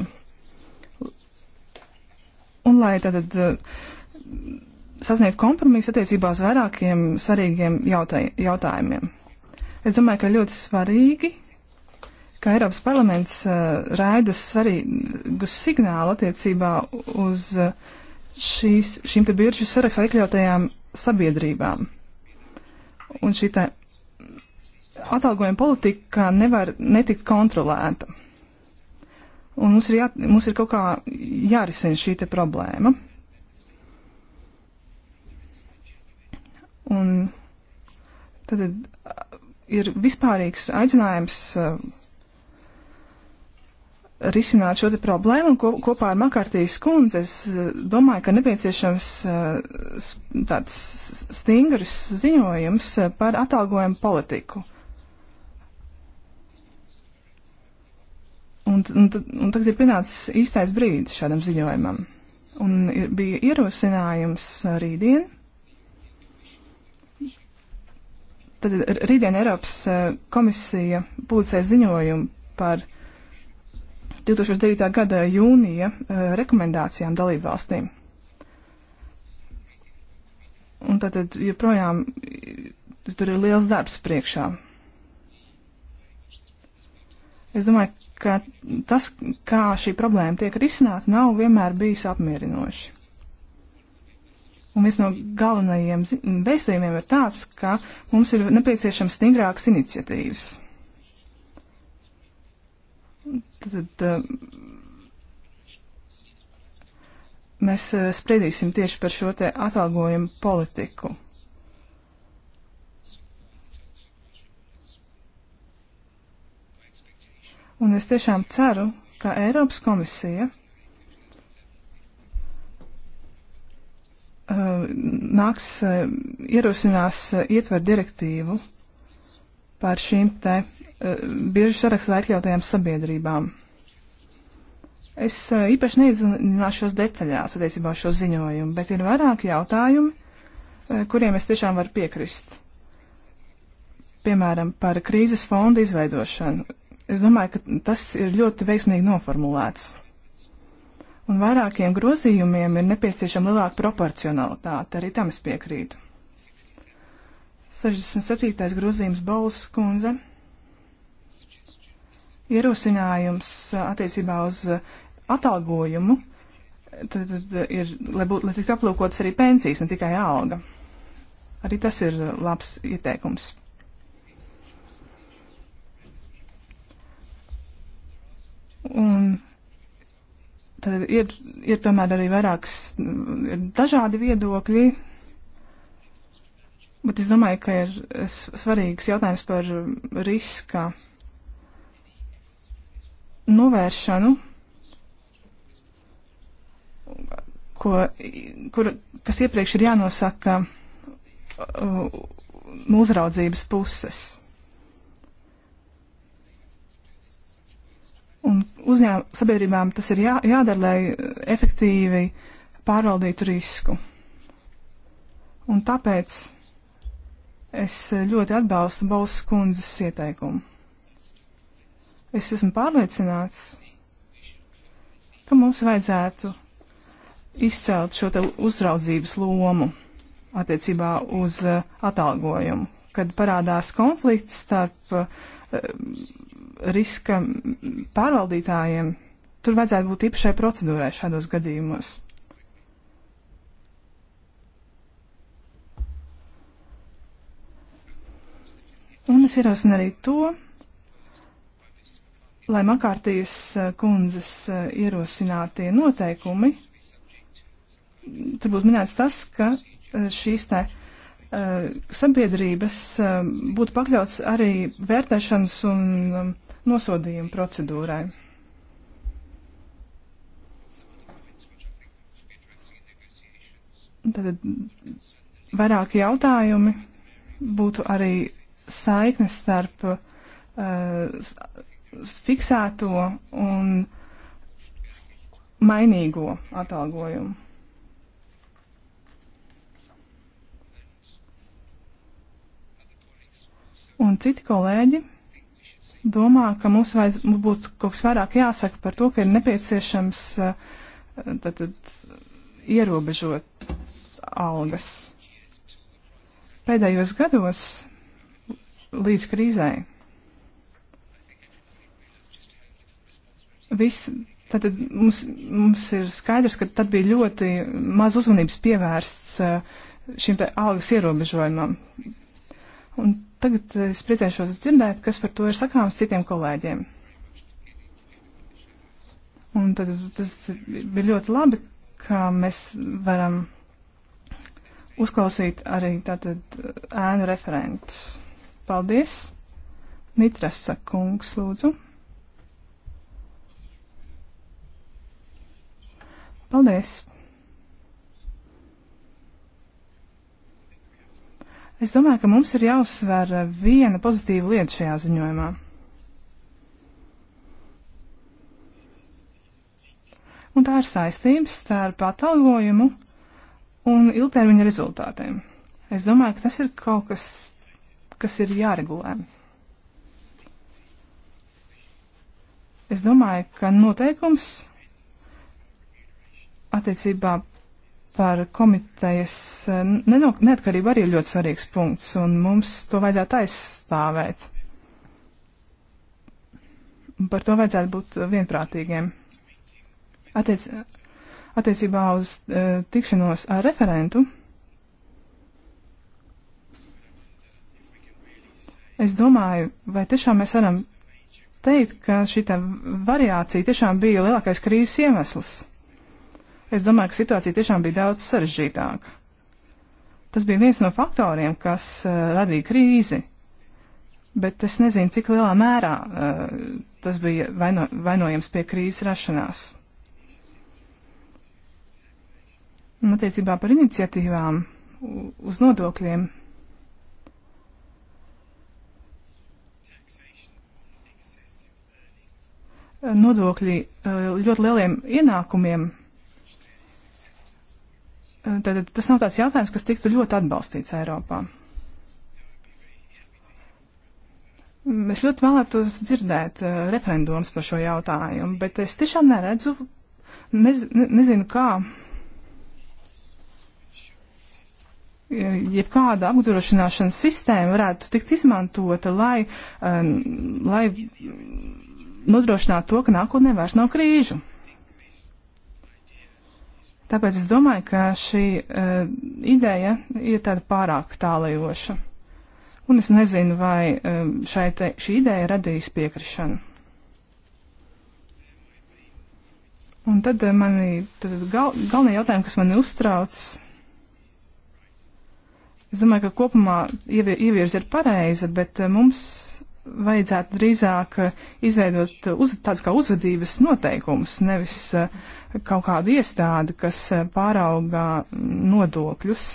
Un lai tad sasniegtu kompromisu attiecībā uz vairākiem svarīgiem jautai, jautājumiem. Es domāju, ka ļoti svarīgi, ka Eiropas parlaments uh, raida svarīgu signālu attiecībā uz uh, šīs, šīm te biržu sarakstā iekļautajām sabiedrībām un šī atalgojuma politika nevar netikt kontrolēta. Un mums ir, jā, mums ir kaut kā jārisina šī problēma. Un tad ir vispārīgs aicinājums uh, risināt šo problēmu, un ko, kopā ar Makartīs kundzi es eh, domāju, ka nepieciešams eh, tāds stingrs ziņojums eh, par atalgojumu politiku. Un, un, un tagad ir pienācis īstais brīdis šādam ziņojumam. Un ir, bija ierosinājums rītdien. Tad rītdien Eiropas komisija publicēs ziņojumu par uh, 2009. gada jūnija eh, rekomendācijām dalību valstīm. Un tātad joprojām eh, tur ir liels darbs priekšā. Es domāju, ka tas, kā šī problēma tiek risināta, nav vienmēr bijis apmierinoši. Un viens no galvenajiem vēstījumiem ir tāds, ka mums ir nepieciešams stingrākas iniciatīvas. Tad, eh, mēs eh, spriedīsim tieši par šo te atalgojumu politiku. Un es tiešām ceru, ka Eiropas komisija eh, nāks, ierosinās ietver direktīvu par šīm te e, bieži sarakstā iekļautajām sabiedrībām. Es e, īpaši neiedzināšos detaļās attiecībā uz šo ziņojumu, bet ir vairāki jautājumi, e, kuriem es tiešām varu piekrist. Piemēram, par krīzes fondu izveidošanu. Es domāju, ka tas ir ļoti veiksmīgi noformulēts. Un vairākiem grozījumiem ir nepieciešama lielāka proporcionalitāte, arī tam es piekrītu. 67. grozījums Balsas kundze. Ierosinājums uh, attiecībā uz uh, atalgojumu, tad, tad ir, lai, būt, lai tiktu aplūkotas arī pensijas, ne tikai alga. Arī tas ir uh, labs ieteikums. Un tad ir, ir tomēr arī vairākas mm, dažādi viedokļi Bet es domāju, ka ir svarīgs jautājums par riska novēršanu, ko, kur, kas iepriekš ir jānosaka uh, no uzraudzības puses. Un uzņēm, sabiedrībām tas ir jā, jādara, lai efektīvi pārvaldītu risku. Un tāpēc Es ļoti atbalstu Balsas kundzes ieteikumu. Es esmu pārliecināts, ka mums vajadzētu izcelt šo uzraudzības lomu attiecībā uz uh, atalgojumu, kad parādās konflikts starp uh, riska pārvaldītājiem. Tur vajadzētu būt īpašai procedūrai šādos gadījumos. Un es ierosinu arī to, lai Makārtijas eh, kundzes eh, ierosinātie noteikumi, tur būtu minēts tas, ka eh, šīs tā sabiedrības būtu pakļauts arī vērtēšanas un um, nosodījuma procedūrai. Tad vairāki jautājumi būtu arī saiknes starp uh, fiksēto un mainīgo atalgojumu. Un citi kolēģi domā, ka mums vajadz, būtu kaut kas vairāk jāsaka par to, ka ir nepieciešams uh, tad, tad ierobežot algas. Pēdējos gados līdz krīzē. Viss, tad mums, mums ir skaidrs, ka tad bija ļoti maz uzmanības pievērsts uh, šim te algas ierobežojumam. Un tagad es priecēšos dzirdēt, kas par to ir sakāms citiem kolēģiem. Un tad tas bija ļoti labi, ka mēs varam uzklausīt arī tātad ēnu referentus. Paldies! Nitrasa kungs, lūdzu. Paldies! Es domāju, ka mums ir jāuzsver viena pozitīva lieta šajā ziņojumā. Un tā ir saistības starp atalgojumu un ilgtermiņa rezultātiem. Es domāju, ka tas ir kaut kas kas ir jāregulē. Es domāju, ka noteikums attiecībā par komitejas eh, neatkarību arī ir ļoti svarīgs punkts, un mums to vajadzētu aizstāvēt. Par to vajadzētu būt vienprātīgiem. Attiec, attiecībā uz uh, tikšanos ar referentu. Es domāju, vai tiešām mēs varam teikt, ka šī variācija tiešām bija lielākais krīzes iemesls. Es domāju, ka situācija tiešām bija daudz sarežģītāka. Tas bija viens no faktoriem, kas uh, radīja krīzi, bet es nezinu, cik lielā mērā uh, tas bija vaino, vainojams pie krīzes rašanās. Un attiecībā par iniciatīvām uz nodokļiem. nodokļi eh, ļoti lieliem ienākumiem. Tātad eh, tas nav tāds jautājums, kas tiktu ļoti atbalstīts Eiropā. Es ļoti vēlētos dzirdēt uh, referendums par šo jautājumu, bet es tiešām neredzu, nez, ne, nezinu kā, jebkāda apdrošināšanas sistēma varētu tikt izmantota, lai, uh, lai nodrošināt to, ka nākotnē vairs nav krīžu. Tāpēc es domāju, ka šī uh, ideja ir tāda pārāk tālajoša. Un es nezinu, vai uh, šai te, šī ideja radīs piekrišanu. Un tad uh, mani tad gal, galvenie jautājumi, kas mani uztrauc, es domāju, ka kopumā ievirze ir pareiza, bet uh, mums vajadzētu drīzāk eh, izveidot uz, tādus kā uzvedības noteikumus, nevis eh, kaut kādu iestādi, kas eh, pāraugā nodokļus.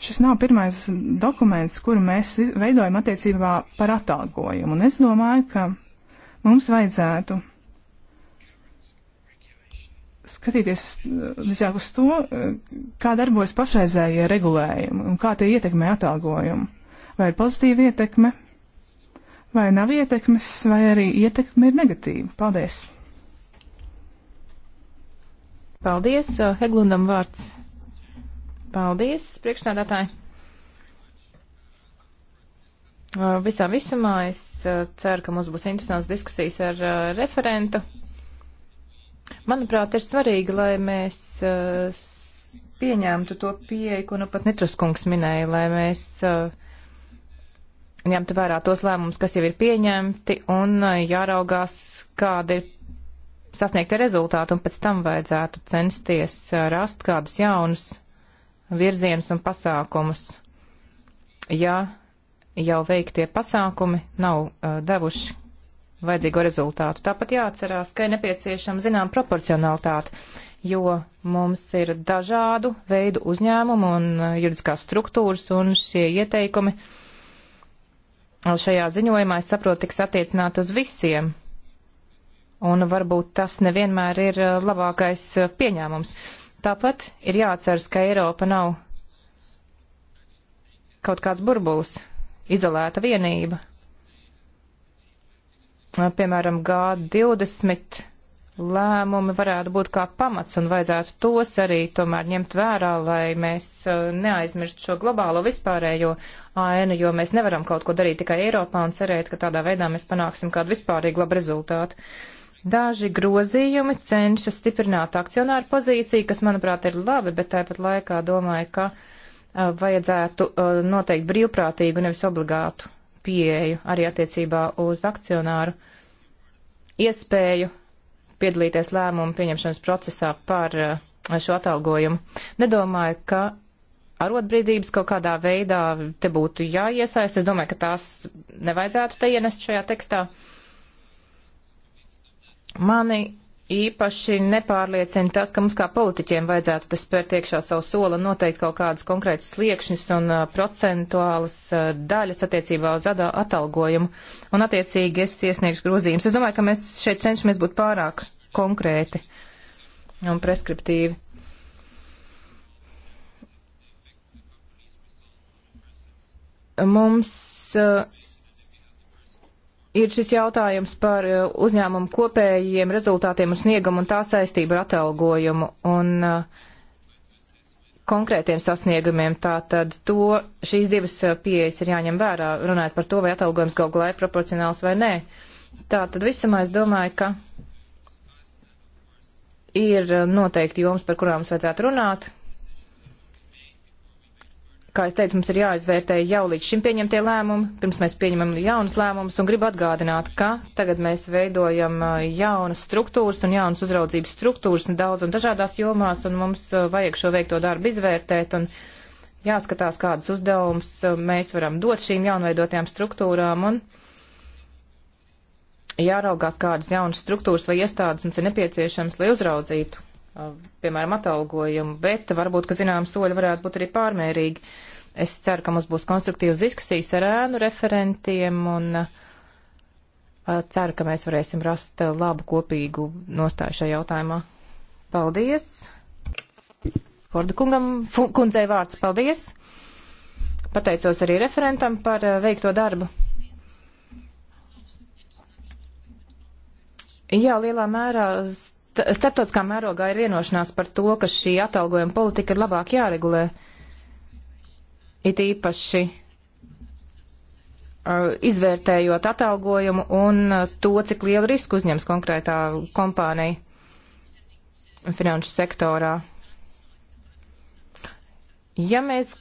Šis nav pirmais dokuments, kuru mēs veidojam attiecībā par atalgojumu, un es domāju, ka mums vajadzētu skatīties visāk uz to, kā darbojas pašreizējie regulējumi un kā tie ietekmē atalgojumu. Vai ir pozitīva ietekme? vai nav ietekmes, vai arī ietekme ir negatīva. Paldies! Paldies! Uh, Heglundam vārds. Paldies, priekšstādātāji! Uh, visā visumā es uh, ceru, ka mums būs interesants diskusijas ar referentu. Manuprāt, ir svarīgi, lai mēs pieņemtu to pieeju, ko nu pat Nitruskungs minēja, lai mēs uh, ņemtu vērā tos lēmumus, kas jau ir pieņemti, un uh, jāraugās, kāda ir sasniegta rezultāta, un pēc tam vajadzētu censties uh, rast kādus jaunus virzienus un pasākumus, ja jau veiktie pasākumi nav uh, devuši vajadzīgo rezultātu. Tāpat jāatcerās, ka ir nepieciešama zinām proporcionalitāte, jo mums ir dažādu veidu uzņēmumu un uh, juridiskās struktūras, un šie ieteikumi uh, šajā ziņojumā, es saprotu, tiks attiecināt uz visiem. Un varbūt tas nevienmēr ir eh, labākais eh, pieņēmums. Tāpat ir jāatceras, ka Eiropa nav kaut kāds burbulis, izolēta vienība. Piemēram, G20 lēmumi varētu būt kā pamats un vajadzētu tos arī tomēr ņemt vērā, lai mēs uh, neaizmirstu šo globālo vispārējo ainu, jo mēs nevaram kaut ko darīt tikai Eiropā un cerēt, ka tādā veidā mēs panāksim kādu vispārīgu labu rezultātu. Daži grozījumi cenšas stiprināt akcionāru pozīciju, kas, manuprāt, ir labi, bet tāpat laikā domāju, ka uh, vajadzētu uh, noteikt brīvprātīgu, nevis obligātu pieeju arī attiecībā uz akcionāru iespēju piedalīties lēmumu pieņemšanas procesā par eh, šo atalgojumu. Nedomāju, ka arotbrīdības kaut kādā veidā te būtu jāiesaist. Es domāju, ka tās nevajadzētu te ienest šajā tekstā. Mani īpaši nepārliecina tas, ka mums kā politiķiem vajadzētu tas spērt iekšā savu soli un noteikt kaut kādus konkrētus sliekšņus un uh, procentuālas uh, daļas attiecībā uz atalgojumu. Un attiecīgi es iesniegšu grozījumus. Es domāju, ka mēs šeit cenšamies būt pārāk konkrēti un preskriptīvi. Mums uh, ir šis jautājums par eh, uzņēmumu kopējiem rezultātiem un sniegumu un tā saistību ar atalgojumu un eh, konkrētiem sasniegumiem. Tātad to šīs divas eh, pieejas ir jāņem vērā, runājot par to, vai atalgojums galu galā ir proporcionāls vai nē. Tātad visumā es domāju, ka ir noteikti jomas, par kurām mums vajadzētu runāt, Kā es teicu, mums ir jāizvērtē jau līdz šim pieņemtie lēmumi, pirms mēs pieņemam jaunus lēmumus, un gribu atgādināt, ka tagad mēs veidojam uh, jaunas struktūras un jaunas uzraudzības struktūras un daudz un dažādās jomās, un mums uh, vajag šo veikto darbu izvērtēt, un jāskatās, kādus uzdevumus uh, mēs varam dot šīm jaunveidotajām struktūrām, un jāraugās, kādas jaunas struktūras vai iestādes mums ir nepieciešams, lai uzraudzītu piemēram, atalgojumu, bet varbūt, ka zinām soļi varētu būt arī pārmērīgi. Es ceru, ka mums būs konstruktīvas diskusijas ar ēnu referentiem un ceru, ka mēs varēsim rast labu kopīgu nostāju šajā jautājumā. Paldies! Forda kungam, kundzei vārds, paldies! Pateicos arī referentam par veikto darbu. Jā, lielā mērā bet starptautiskā mērogā ir vienošanās par to, ka šī atalgojuma politika ir labāk jāregulē. It īpaši uh, izvērtējot atalgojumu un uh, to, cik lielu risku uzņems konkrētā kompānija finanšu sektorā. Ja mēs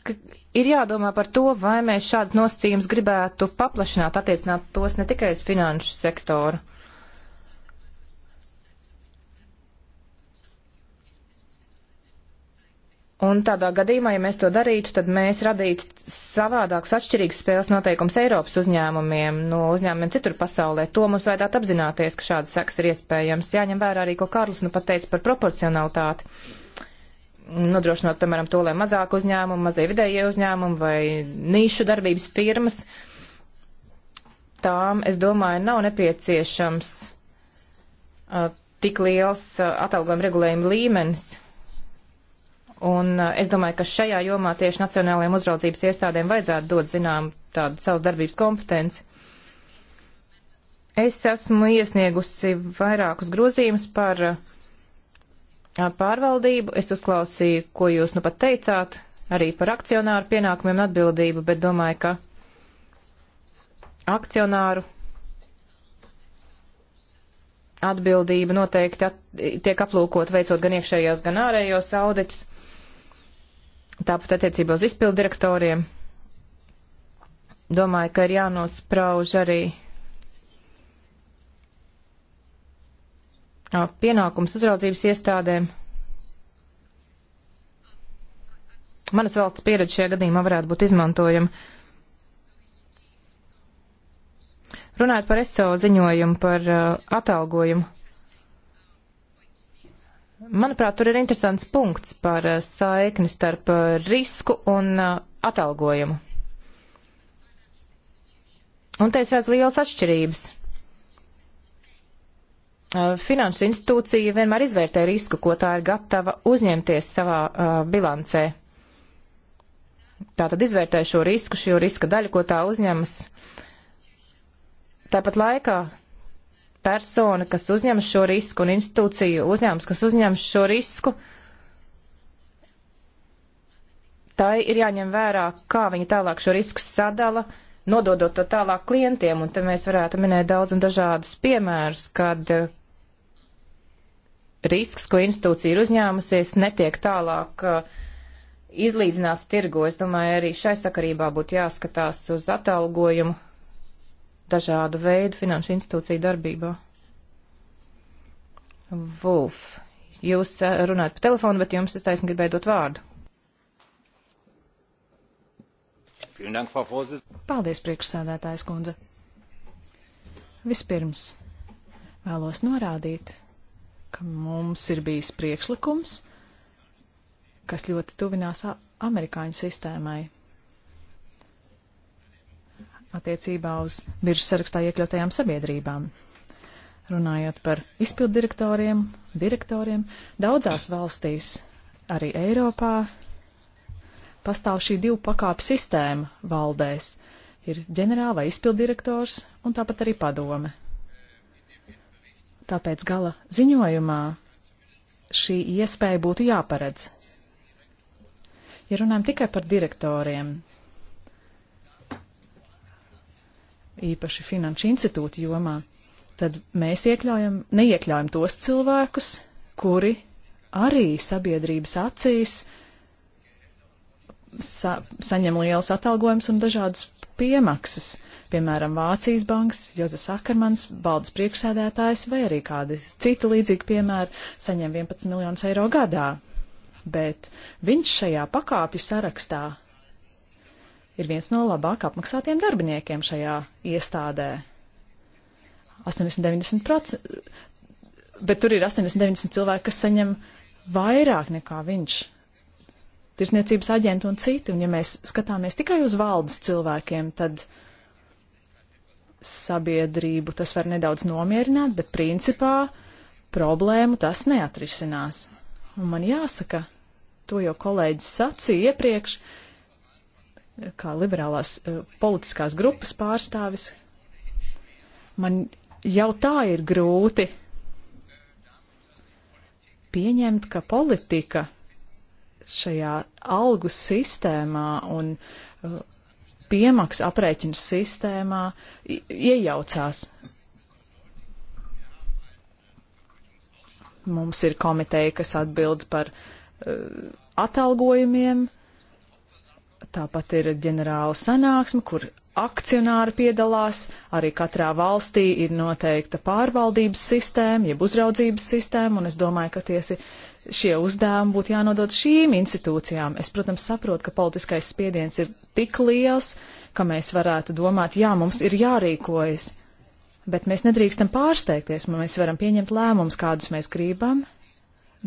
ir jādomā par to, vai mēs šādas nosacījumus gribētu paplašināt, attiecināt tos ne tikai uz finanšu sektoru. Un tādā gadījumā, ja mēs to darītu, tad mēs radītu savādākus atšķirīgus spēles noteikums Eiropas uzņēmumiem no uzņēmumiem citur pasaulē. To mums vajadzētu apzināties, ka šādas sekas ir iespējams. Jāņem vērā arī, ko Kārlis nu pateica par proporcionalitāti. Nodrošinot, piemēram, to, lai mazāk uzņēmumu, mazie vidējie uzņēmumi vai nišu darbības firmas, tām, es domāju, nav nepieciešams uh, tik liels uh, atalgojuma regulējuma līmenis Un es domāju, ka šajā jomā tieši nacionālajiem uzraudzības iestādēm vajadzētu dot zinām tādu savas darbības kompetenci. Es esmu iesniegusi vairākus grozījumus par pārvaldību. Es uzklausīju, ko jūs nu pat teicāt, arī par akcionāru pienākumiem un atbildību, bet domāju, ka akcionāru atbildība noteikti at, tiek aplūkot veicot gan iekšējos, gan ārējos auditus. Tāpat attiecībā uz izpildirektoriem. Domāju, ka ir jānosprauž arī pienākums uzraudzības iestādēm. Manas valsts pieredze šajā gadījumā varētu būt izmantojama. Runājot par SO ziņojumu par uh, atalgojumu. Manuprāt, tur ir interesants punkts par eh, saikni starp eh, risku un eh, atalgojumu. Un te es redzu lielas atšķirības. Finanšu institūcija vienmēr izvērtē risku, ko tā ir gatava uzņemties savā uh, bilancē. Tā tad izvērtē šo risku, šo riska daļu, ko tā uzņemas. Tāpat laikā persona, kas uzņem šo risku un institūcija uzņēmums, kas uzņem šo risku, tai ir jāņem vērā, kā viņi tālāk šo risku sadala, nododot to tālāk klientiem, un te mēs varētu minēt daudz un dažādus piemērus, kad eh, risks, ko institūcija ir uzņēmusies, netiek tālāk eh, izlīdzināts tirgo. Es domāju, arī šai sakarībā būtu jāskatās uz atalgojumu dažādu veidu finanšu institūciju darbībā. Vulf, jūs eh, runājat pa telefonu, bet jums es taisni gribēju dot vārdu. Paldies, priekšsēdētājs kundze. Vispirms vēlos norādīt, ka mums ir bijis priekšlikums, kas ļoti tuvinās amerikāņu sistēmai attiecībā uz biržas sarakstā iekļautajām sabiedrībām. Runājot par izpildirektoriem, direktoriem, daudzās valstīs, arī Eiropā, pastāv šī divu pakāpju sistēma valdēs. Ir ģenerāla vai izpildirektors un tāpat arī padome. Tāpēc gala ziņojumā šī iespēja būtu jāparedz. Ja runājam tikai par direktoriem, īpaši finanšu institūtu jomā, tad mēs iekļaujam, neiekļaujam tos cilvēkus, kuri arī sabiedrības acīs sa saņem liels atalgojums un dažādas piemaksas. Piemēram, Vācijas bankas, Jozef Sakarmans, baldas priekšsēdētājs vai arī kādi citi līdzīgi piemēri saņem 11 miljonus eiro gadā. Bet viņš šajā pakāpju sarakstā ir viens no labāk apmaksātiem darbiniekiem šajā iestādē. 80-90%, bet tur ir 80-90 cilvēki, kas saņem vairāk nekā viņš. Tirsniecības aģenti un citi, un ja mēs skatāmies tikai uz valdes cilvēkiem, tad sabiedrību tas var nedaudz nomierināt, bet principā problēmu tas neatrisinās. Un man jāsaka, to jau kolēģis sacīja iepriekš, uh, kā liberālās eh, politiskās grupas pārstāvis, man jau tā ir grūti pieņemt, ka politika šajā algu sistēmā un eh, piemaksu aprēķinu sistēmā iejaucās. Mums ir komiteja, kas atbild par uh, atalgojumiem, Tāpat ir ģenerāla sanāksme, kur akcionāri piedalās, arī katrā valstī ir noteikta pārvaldības sistēma, jeb uzraudzības sistēma, un es domāju, ka tiesi šie uzdevumi būtu jānodod šīm institūcijām. Es, protams, saprotu, ka politiskais spiediens ir tik liels, ka mēs varētu domāt, jā, mums ir jārīkojas, bet mēs nedrīkstam pārsteigties, mēs varam pieņemt lēmumus, kādus mēs gribam,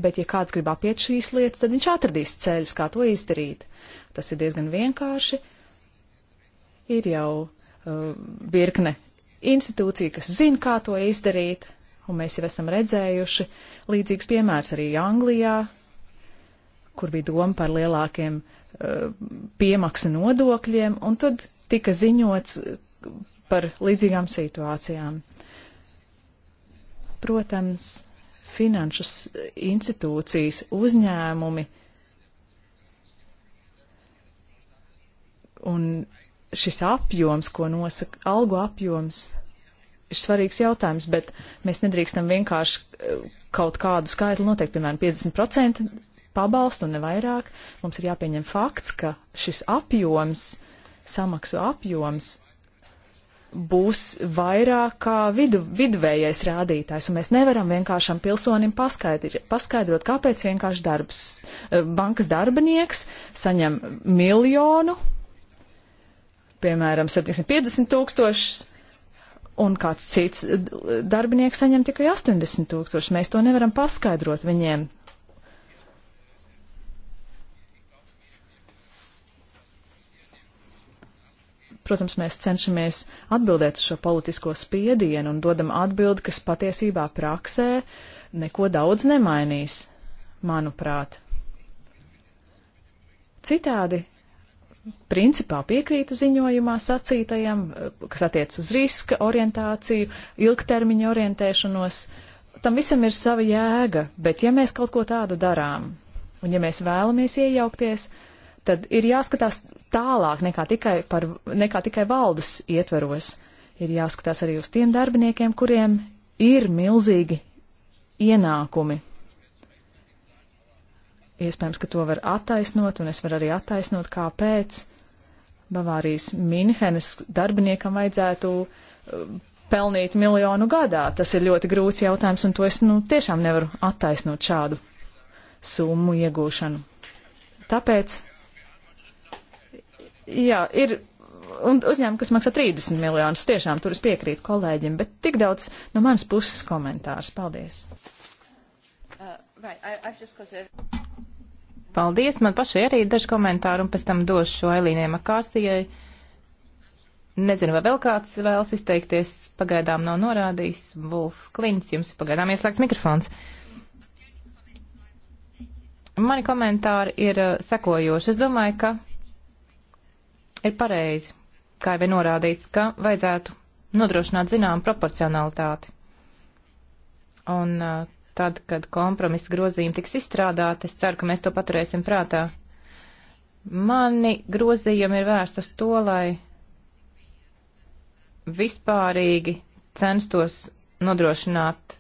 bet ja kāds grib apiet šīs lietas, tad viņš atradīs ceļus, kā to izdarīt. Tas ir diezgan vienkārši. Ir jau uh, virkne institūcija, kas zina, kā to izdarīt, un mēs jau esam redzējuši līdzīgs piemērs arī Anglijā, kur bija doma par lielākiem uh, piemaksu nodokļiem, un tad tika ziņots uh, par līdzīgām situācijām. Protams, finanšu institūcijas, uzņēmumi. Un šis apjoms, ko nosaka algu apjoms, ir svarīgs jautājums, bet mēs nedrīkstam vienkārši eh, kaut kādu skaitli noteikt, piemēram, 50% pabalstu un nevairāk. Mums ir jāpieņem fakts, ka šis apjoms, samaksu apjoms būs vairāk kā vidu, viduvējais rādītājs, un mēs nevaram vienkāršam pilsonim paskaidrot, paskaidrot kāpēc vienkārši darbs, eh, bankas darbinieks saņem miljonu, piemēram, 750 tūkstošus, un kāds cits darbinieks saņem tikai 80 tūkstošus. Mēs to nevaram paskaidrot viņiem, protams, mēs cenšamies atbildēt uz šo politisko spiedienu un dodam atbildi, kas patiesībā praksē neko daudz nemainīs, manuprāt. Citādi, principā piekrītu ziņojumā sacītajam, kas attiec uz riska orientāciju, ilgtermiņa orientēšanos. Tam visam ir sava jēga, bet ja mēs kaut ko tādu darām, un ja mēs vēlamies iejaukties, tad ir jāskatās tālāk nekā tikai, par, nekā tikai valdes ietveros. Ir jāskatās arī uz tiem darbiniekiem, kuriem ir milzīgi ienākumi. Iespējams, ka to var attaisnot, un es varu arī attaisnot, kāpēc Bavārijas Minhenes darbiniekam vajadzētu um, pelnīt miljonu gadā. Tas ir ļoti grūts jautājums, un to es nu, tiešām nevaru attaisnot šādu summu iegūšanu. Tāpēc Jā, ir uzņēmumi, kas maksā 30 miljonus. Tiešām tur es piekrītu kolēģim, bet tik daudz no manas puses komentārs. Paldies! Uh, right. I, got... Paldies, man pašai arī ir daži komentāri, un pēc tam došu šo Elīnai Makārsijai. Nezinu, vai vēl kāds vēlas izteikties, pagaidām nav norādījis. Vulf Klints, jums ir pagaidām ieslēgts mikrofons. Mani komentāri ir uh, sekojoši. Es domāju, ka ir pareizi, kā jau ir norādīts, ka vajadzētu nodrošināt zinām proporcionalitāti. Un uh, tad, kad kompromisa grozījumi tiks izstrādāti, es ceru, ka mēs to paturēsim prātā. Mani grozījumi ir vērsti uz to, lai vispārīgi censtos nodrošināt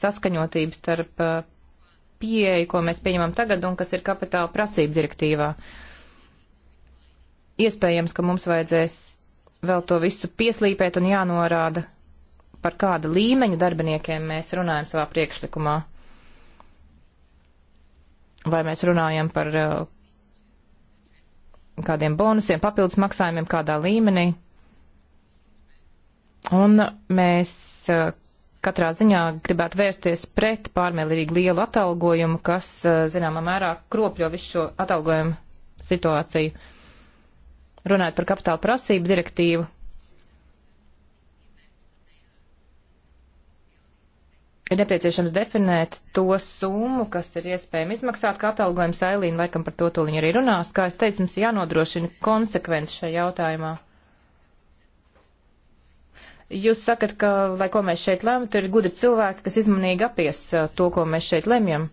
saskaņotību starp uh, pieeju, ko mēs pieņemam tagad un kas ir kapitāla prasība direktīvā. Uh, iespējams, ka mums vajadzēs vēl to visu pieslīpēt un jānorāda, par kāda līmeņa darbiniekiem mēs runājam savā priekšlikumā. Vai mēs runājam par uh, kādiem bonusiem, papildus maksājumiem, kādā līmenī. Un mēs uh, katrā ziņā gribētu vērsties pret pārmērīgi lielu atalgojumu, kas, uh, zināmā mērā, kropļo visu šo atalgojumu situāciju runājot par kapitāla prasību direktīvu, ir nepieciešams definēt to summu, kas ir iespējams izmaksāt, kā atalgojums Sailīna, laikam par to tūliņu arī runās. Kā es teicu, mums jānodrošina konsekvence šajā jautājumā. Jūs sakat, ka, lai ko mēs šeit lemtu, ir gudri cilvēki, kas izmanīgi apies uh, to, ko mēs šeit lemjam.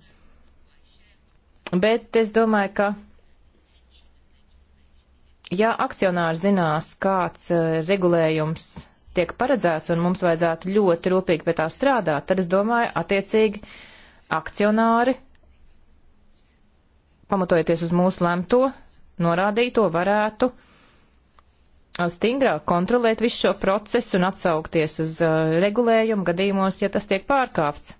Bet es domāju, ka Ja akcionārs zinās, kāds e, regulējums tiek paredzēts un mums vajadzētu ļoti rūpīgi pie tā strādāt, tad es domāju, attiecīgi akcionāri, pamatojoties uz mūsu lemto, norādīto, varētu e, stingrāk kontrolēt visu šo procesu un atsaukties uz uh, regulējumu gadījumos, ja tas tiek pārkāpts.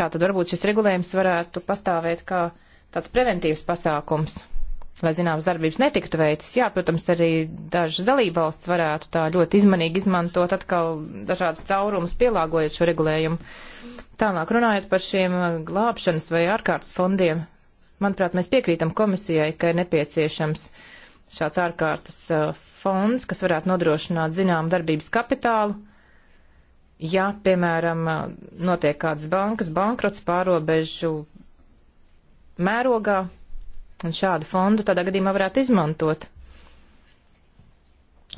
Tā tad varbūt šis regulējums varētu pastāvēt kā tāds preventīvs pasākums lai zināmas darbības netiktu veikts. Jā, protams, arī dažas dalībvalsts varētu tā ļoti izmanīgi izmantot atkal dažādus caurumus, pielāgojot šo regulējumu. Tālāk runājot par šiem uh, glābšanas vai ārkārtas fondiem, manuprāt, mēs piekrītam komisijai, ka ir nepieciešams šāds ārkārtas uh, fonds, kas varētu nodrošināt zinām darbības kapitālu. Ja, piemēram, uh, notiek kādas bankas bankrots pārobežu mērogā, Un šādu fondu tādā gadījumā varētu izmantot.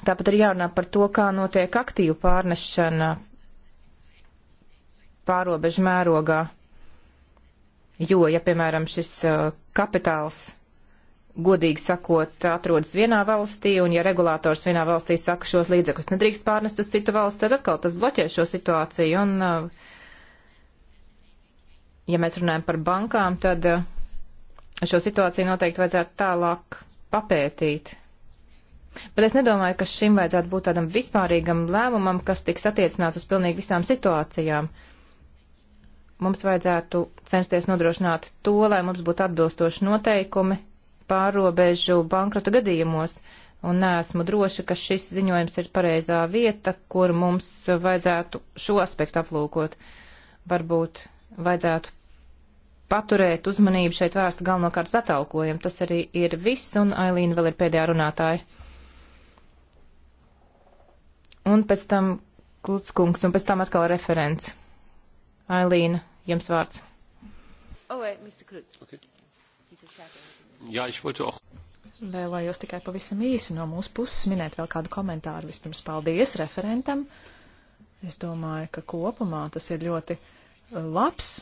Tāpat ir jārunā par to, kā notiek aktīvu pārnešana pārobežu mērogā. Jo, ja, piemēram, šis uh, kapitāls godīgi sakot, atrodas vienā valstī, un ja regulators vienā valstī saka šos līdzekļus nedrīkst pārnest uz citu valsts, tad atkal tas bloķē šo situāciju. Un, uh, ja mēs runājam par bankām, tad uh, Šo situāciju noteikti vajadzētu tālāk papētīt. Bet es nedomāju, ka šim vajadzētu būt tādam vispārīgam lēmumam, kas tiks attiecināts uz pilnīgi visām situācijām. Mums vajadzētu censties nodrošināt to, lai mums būtu atbilstoši noteikumi pārobežu bankrota gadījumos, un neesmu droša, ka šis ziņojums ir pareizā vieta, kur mums vajadzētu šo aspektu aplūkot. Varbūt vajadzētu paturēt uzmanību šeit vērstu galvenokārt uz atalkojumu. Tas arī ir viss, un Ailīna vēl ir pēdējā runātāja. Un pēc tam Klutskungs, un pēc tam atkal referents. Ailīna, jums vārds. Oh, wait, Mr. Klutz. Okay. Jā, es wollte auch. Vēlējos tikai pavisam īsi no mūsu puses minēt vēl kādu komentāru. Vispirms paldies referentam. Es domāju, ka kopumā tas ir ļoti labs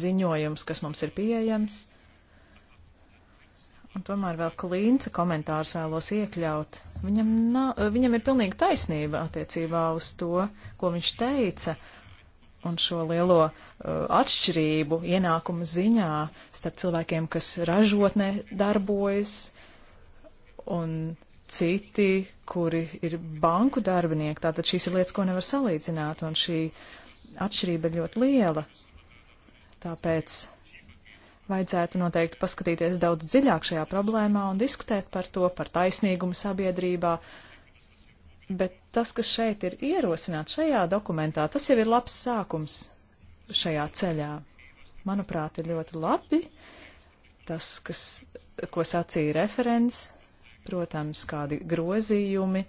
ziņojums, kas mums ir pieejams. Un tomēr vēl klīnca komentārs vēlos iekļaut. Viņam, nav, viņam ir pilnīgi taisnība attiecībā uz to, ko viņš teica, un šo lielo uh, atšķirību ienākumu ziņā starp cilvēkiem, kas ražotnē darbojas, un citi, kuri ir banku darbinieki. Tātad šīs ir lietas, ko nevar salīdzināt, un šī atšķirība ir ļoti liela. Tāpēc vajadzētu noteikti paskatīties daudz dziļāk šajā problēmā un diskutēt par to, par taisnīgumu sabiedrībā. Bet tas, kas šeit ir ierosināts šajā dokumentā, tas jau ir labs sākums šajā ceļā. Manuprāt, ir ļoti labi tas, kas, ko sacīja referents, protams, kādi grozījumi,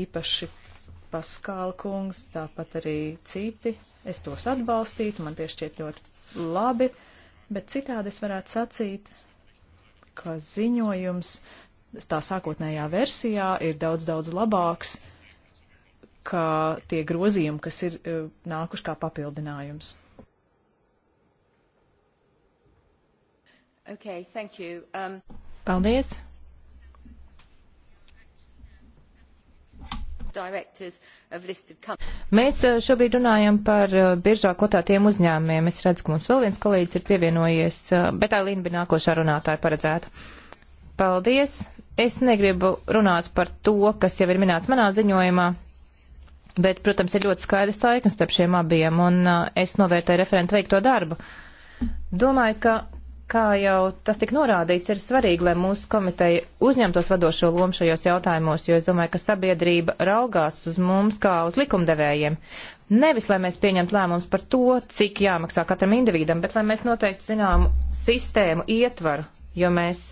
īpaši Paskāla kungs, tāpat arī citi. Es tos atbalstītu, man tie šķiet ļoti labi, bet citādi es varētu sacīt, ka ziņojums tā sākotnējā versijā ir daudz, daudz labāks, kā tie grozījumi, kas ir e, nākuši kā papildinājums. Okay, thank you. Um... Paldies! Mēs eh, šobrīd runājam par eh, biržā kotātiem uzņēmumiem. Es redzu, ka mums vēl viens kolēģis ir pievienojies, eh, bet Ailīna bija nākošā runātāja paredzēta. Paldies! Es negribu runāt par to, kas jau ir minēts manā ziņojumā, bet, protams, ir ļoti skaidrs saiknes starp šiem abiem, un es novērtēju referentu veikto darbu. Domāju, ka kā jau tas tika norādīts, ir svarīgi, lai mūsu komiteja uzņemtos vadošo lomu šajos jautājumos, jo es domāju, ka sabiedrība raugās uz mums kā uz likumdevējiem. Nevis, lai mēs pieņemtu lēmumus par to, cik jāmaksā katram individam, bet lai mēs noteikti zinām sistēmu ietvaru, jo mēs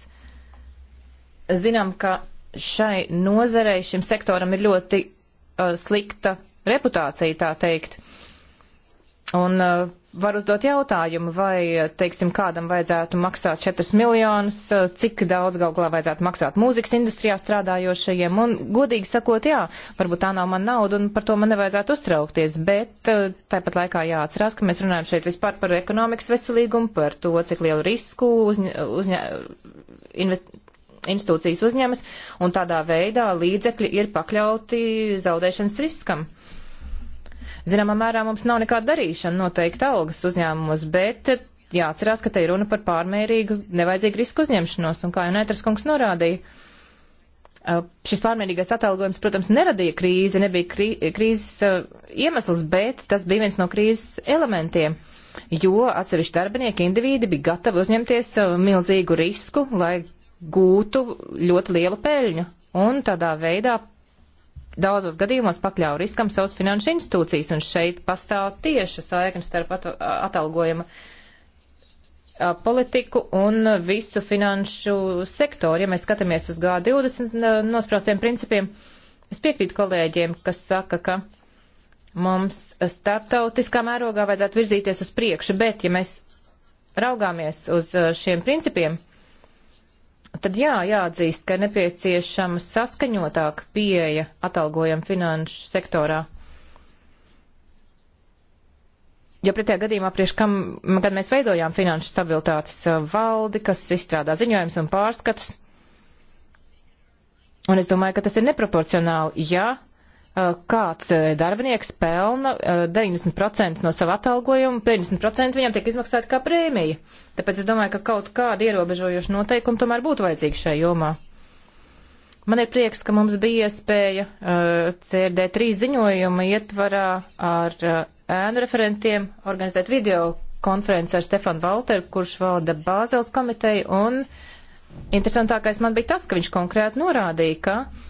zinām, ka šai nozarei, šim sektoram ir ļoti uh, slikta reputācija, tā teikt. Un uh, var uzdot jautājumu, vai, teiksim, kādam vajadzētu maksāt 4 miljonus, cik daudz gal galā vajadzētu maksāt mūzikas industrijā strādājošajiem, un godīgi sakot, jā, varbūt tā nav man nauda, un par to man nevajadzētu uztraukties, bet eh, tāpat laikā jāatcerās, ka mēs runājam šeit vispār par ekonomikas veselīgumu, par to, cik lielu risku uzņa, uzņa, invest, institūcijas uzņemas, un tādā veidā līdzekļi ir pakļauti zaudēšanas riskam. Uh, Zināmā mērā mums nav nekāda darīšana noteikti algas uzņēmumos, bet eh, jāatcerās, ka te ir runa par pārmērīgu, nevajadzīgu risku uzņemšanos, un kā jau Nētras kungs norādīja, eh, šis pārmērīgais atalgojums, protams, neradīja krīzi, nebija krī, krīzes eh, iemesls, bet tas bija viens no krīzes elementiem, jo atsevišķi darbinieki, individi bija gatavi uzņemties milzīgu risku, lai gūtu ļoti lielu peļņu, un tādā veidā daudzos gadījumos pakļauj riskam savus finanšu institūcijas, un šeit pastāv tieša saikne starp atalgojuma politiku un visu finanšu sektoru. Ja mēs skatāmies uz G20 nospraustiem principiem, es piekrītu kolēģiem, kas saka, ka mums starptautiskā mērogā vajadzētu virzīties uz priekšu, bet ja mēs raugāmies uz šiem principiem, tad jā, jāatzīst, ka nepieciešama saskaņotāka pieeja atalgojam finanšu sektorā. Jo pretējā gadījumā, priekš kam, kad mēs veidojām finanšu stabilitātes uh, valdi, kas izstrādā ziņojums un pārskatus, un es domāju, ka tas ir neproporcionāli, ja Eh, kāds eh, darbinieks pelna 90% eh, no sava atalgojuma, 50% viņam tiek izmaksāta kā prēmija. Tāpēc es domāju, ka kaut kāda ierobežojoša noteikuma tomēr būtu vajadzīga šajā jomā. Man ir prieks, ka mums bija iespēja uh, CRD3 ziņojuma ietvarā ar uh, ēnu referentiem organizēt video konferenci ar Stefanu Valteru, kurš valda Bāzels komiteju, un interesantākais man bija tas, ka viņš konkrēti norādīja, ka uh,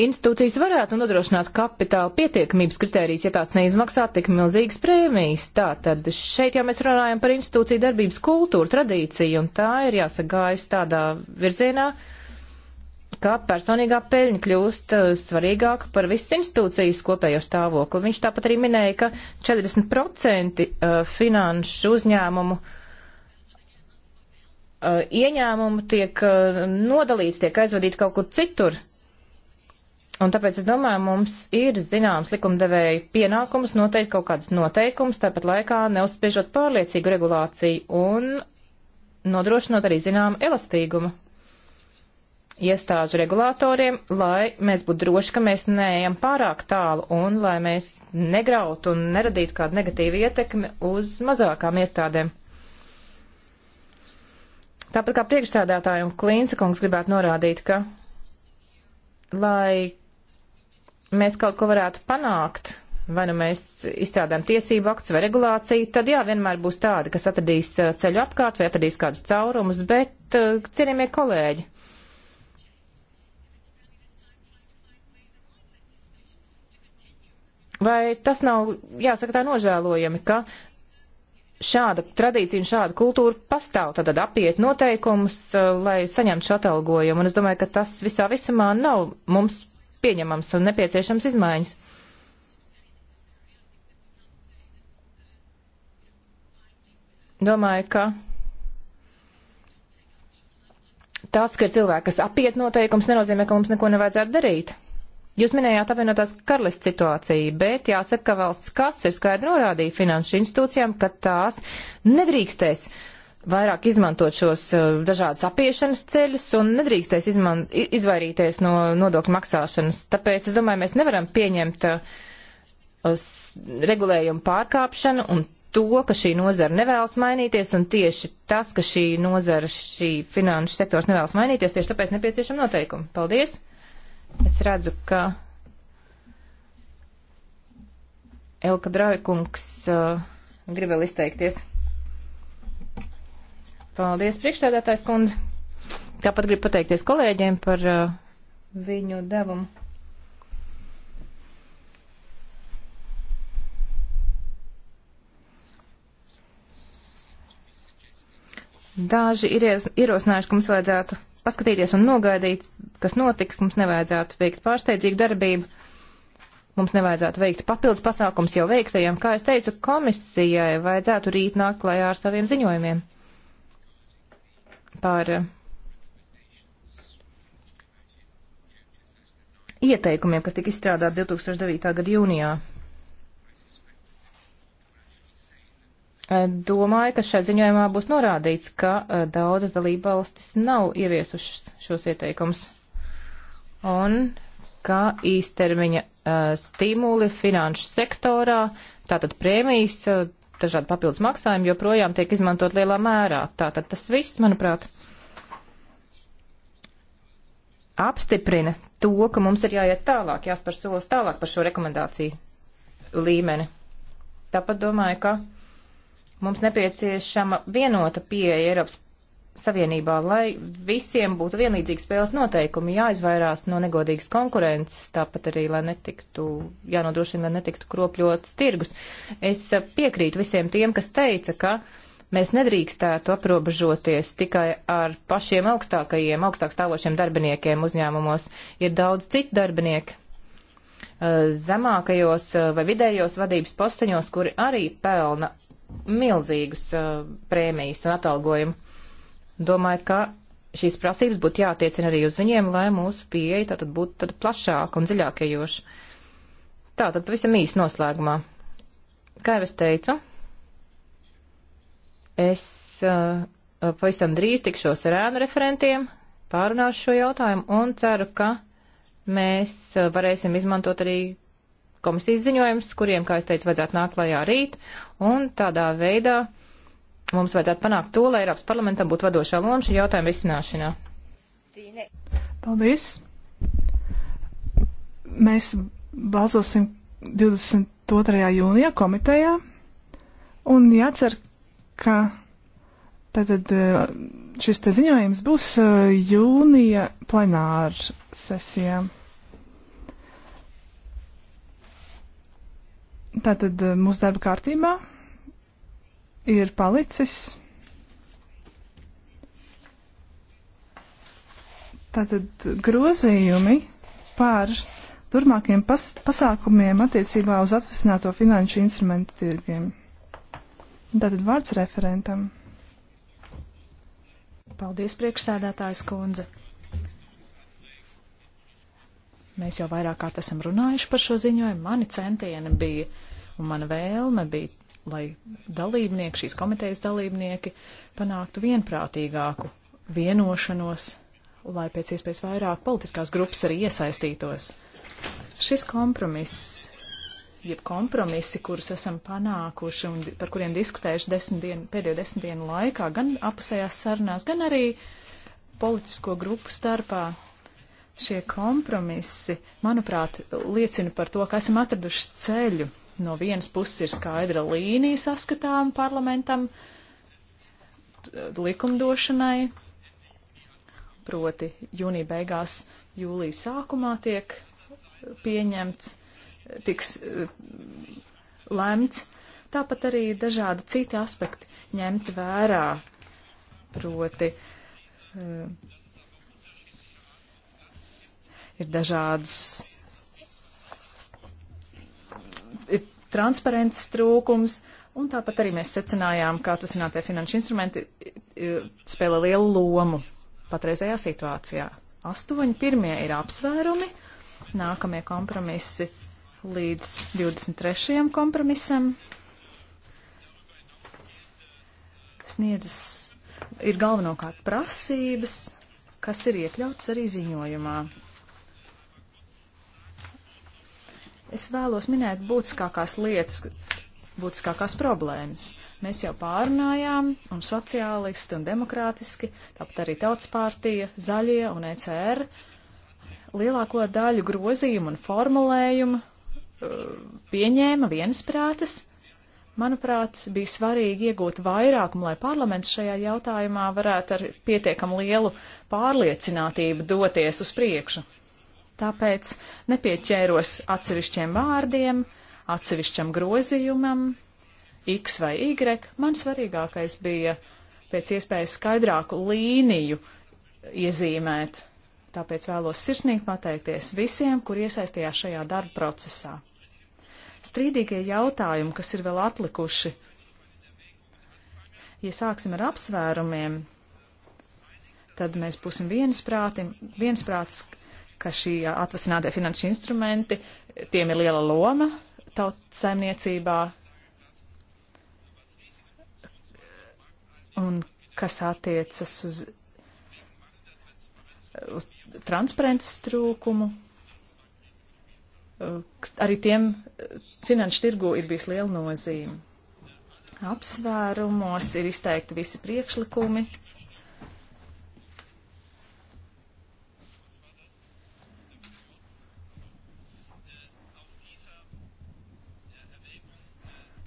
institūcijas varētu nodrošināt kapitāla pietiekamības kritērijas, ja tās neizmaksā tik milzīgas prēmijas. Tātad šeit jau mēs runājam par institūciju darbības kultūru, tradīciju, un tā ir jāsagājas tādā virzienā, kā personīgā peļņa kļūst uh, svarīgāka par visas institūcijas kopējo stāvokli. Viņš tāpat arī minēja, ka 40% uh, finanšu uzņēmumu uh, ieņēmumu tiek nodalīts, tiek aizvadīti kaut kur citur Un tāpēc es domāju, mums ir zināms likumdevēja pienākums noteikt kaut kādas noteikumus, tāpat laikā neuzspiežot pārliecīgu regulāciju un nodrošinot arī zināmu elastīgumu iestāžu regulātoriem, lai mēs būtu droši, ka mēs neejam pārāk tālu un lai mēs negrautu un neradītu kādu negatīvu ietekmi uz mazākām iestādēm. Tāpat kā priekšsēdētājiem Klīnsa kungs gribētu norādīt, ka lai mēs kaut ko varētu panākt, vai nu mēs izstrādājam tiesību akts vai regulāciju, tad jā, vienmēr būs tādi, kas atradīs eh, ceļu apkārt vai atradīs kādus caurumus, bet eh, cienījamie kolēģi. Vai tas nav, jāsaka, tā nožēlojami, ka šāda tradīcija un šāda kultūra pastāv, tad apiet noteikumus, eh, lai saņemtu šo atalgojumu. Un es domāju, ka tas visā visumā nav mums pieņemams un nepieciešams izmaiņas. Domāju, ka tas, ka ir cilvēki, kas apiet noteikums, nenozīmē, ka mums neko nevajadzētu darīt. Jūs minējāt apvienotās karalists situāciju, bet jāsaka, ka valsts kas ir skaidri norādīja finanšu institūcijām, ka tās nedrīkstēs uh, vairāk izmantot šos uh, dažādus apiešanas ceļus un nedrīkstēs izman, izvairīties no nodokļu maksāšanas. Tāpēc es domāju, mēs nevaram pieņemt uh, regulējumu pārkāpšanu un to, ka šī nozara nevēlas mainīties un tieši tas, ka šī nozara, šī finanšu sektors nevēlas mainīties, tieši tāpēc nepieciešama noteikuma. Paldies! Es redzu, ka Elka Draikungs uh, grib vēl izteikties. Paldies, priekšsēdētājs kundze. Tāpat gribu pateikties kolēģiem par uh, viņu devumu. Daži ir ierosinājuši, ka mums vajadzētu paskatīties un nogaidīt, kas notiks, mums nevajadzētu veikt pārsteidzīgu darbību, mums nevajadzētu veikt papildus pasākums jau veiktajiem. Kā es teicu, komisijai vajadzētu rīt nākt klajā ar saviem ziņojumiem par ieteikumiem, kas tika izstrādāti 2009. gada jūnijā. Domāju, ka šajā ziņojumā būs norādīts, ka daudzas dalībvalstis nav ieviesušas šos ieteikumus un ka īstermiņa stimuli finanšu sektorā, tātad prēmijas dažādi papildus maksājumi joprojām tiek izmantot lielā mērā. Tātad tas viss, manuprāt, apstiprina to, ka mums ir jāiet tālāk, jāspēr solis tālāk par šo rekomendāciju līmeni. Tāpat domāju, ka mums nepieciešama vienota pieeja Eiropas Savienībā, lai visiem būtu vienlīdzīgi spēles noteikumi, jāizvairās no negodīgas konkurences, tāpat arī, lai netiktu, jānodrošina, lai netiktu kropļots tirgus. Es piekrītu visiem tiem, kas teica, ka mēs nedrīkstētu aprobežoties tikai ar pašiem augstākajiem, augstāk stāvošiem darbiniekiem uzņēmumos. Ir daudz citu darbinieku eh, zemākajos eh, vai vidējos vadības posteņos, kuri arī pelna milzīgus eh, prēmijas un atalgojumu. Domāju, ka šīs prasības būtu jātiecina arī uz viņiem, lai mūsu pieeja tātad būtu tad plašāka un dziļākajoša. Tā tad pavisam īsi noslēgumā. Kā jau es teicu, es uh, pavisam drīz tikšos ar ēnu referentiem, pārunāšu šo jautājumu un ceru, ka mēs uh, varēsim izmantot arī komisijas ziņojumus, kuriem, kā es teicu, vajadzētu nākt klajā rīt, un tādā veidā uh, Mums vajadzētu panākt to, lai Eiropas parlamentam būtu vadošā loma šī jautājuma risināšanā. Paldies! Mēs balsosim 22. jūnijā komitejā un jācer, ka tātad eh, šis te ziņojums būs eh, jūnija plenāra sesijā. Tātad eh, mūsu darba kārtībā ir palicis. Tātad grozījumi par turmākiem pas pasākumiem attiecībā uz atvesināto finanšu instrumentu tirgiem. Tātad vārds referentam. Paldies, priekšsēdētājs kundze. Mēs jau vairāk kārt esam runājuši par šo ziņojumu. Mani centieni bija un mana vēlme bija lai dalībnieki, šīs komitejas dalībnieki panāktu vienprātīgāku vienošanos, lai pēc iespējas vairāk politiskās grupas arī iesaistītos. Šis kompromiss, jeb kompromisi, kurus esam panākuši un par kuriem diskutējuši desmit dienu, pēdējo desmit dienu laikā, gan apusējās sarunās, gan arī politisko grupu starpā, šie kompromisi, manuprāt, liecina par to, ka esam atraduši ceļu No vienas puses ir skaidra līnija saskatām parlamentam likumdošanai, proti jūnija beigās, jūlija sākumā tiek pieņemts, tiks eh, lemts. Tāpat arī dažādi citi aspekti ņemt vērā, proti eh, ir dažādas transparents trūkums, un tāpat arī mēs secinājām, ka atvasinātie finanšu instrumenti e, spēlē lielu lomu patreizējā situācijā. Astoņi pirmie ir apsvērumi, nākamie kompromisi līdz 23. kompromisam sniedzas ir galvenokārt prasības, kas ir iekļautas arī ziņojumā. Es vēlos minēt būtiskākās lietas, būtiskākās problēmas. Mēs jau pārunājām, un sociālisti un demokrātiski, tāpat arī tautas pārtīja, zaļie un ECR, lielāko daļu grozījumu un formulējumu uh, pieņēma viensprātas. Manuprāt, bija svarīgi iegūt vairākumu, lai parlaments šajā jautājumā varētu ar pietiekam lielu pārliecinātību doties uz priekšu tāpēc nepieķēros atsevišķiem vārdiem, atsevišķam grozījumam, X vai Y. Man svarīgākais bija pēc iespējas skaidrāku līniju iezīmēt. Tāpēc vēlos sirsnīgi pateikties visiem, kur iesaistījās šajā darba procesā. Strīdīgie jautājumi, kas ir vēl atlikuši, ja sāksim ar apsvērumiem, tad mēs būsim viensprātis, ka šī atvasinātie finanšu instrumenti, tiem ir liela loma tautsaimniecībā, un kas attiecas uz, uz transparences trūkumu, arī tiem finanšu tirgu ir bijis liela nozīme. Apsvērumos ir izteikti visi priekšlikumi,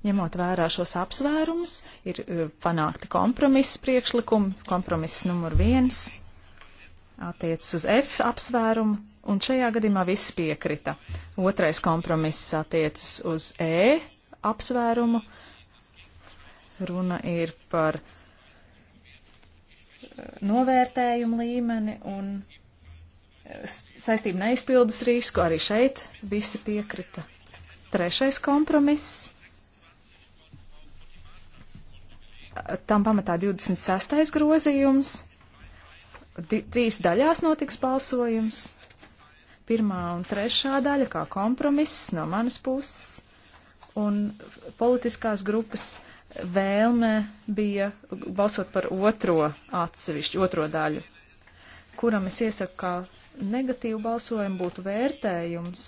Ņemot vērā šos apsvērumus, ir e, panākti kompromiss priekšlikumi. Kompromiss numur viens attiecas uz F apsvērumu, un šajā gadījumā viss piekrita. Otrais kompromiss attiecas uz E apsvērumu. Runa ir par e, novērtējumu līmeni un e, saistību neizpildas risku. Arī šeit visi piekrita. Trešais kompromiss tam pamatā 26. grozījums, di, trīs daļās notiks balsojums. Pirmā un trešā daļa kā kompromiss no manas puses, un politiskās grupas vēlme bija balsot par otro atsevišķu, otro daļu, kuram es iesaku kā negatīvu balsojumu būtu vērtējums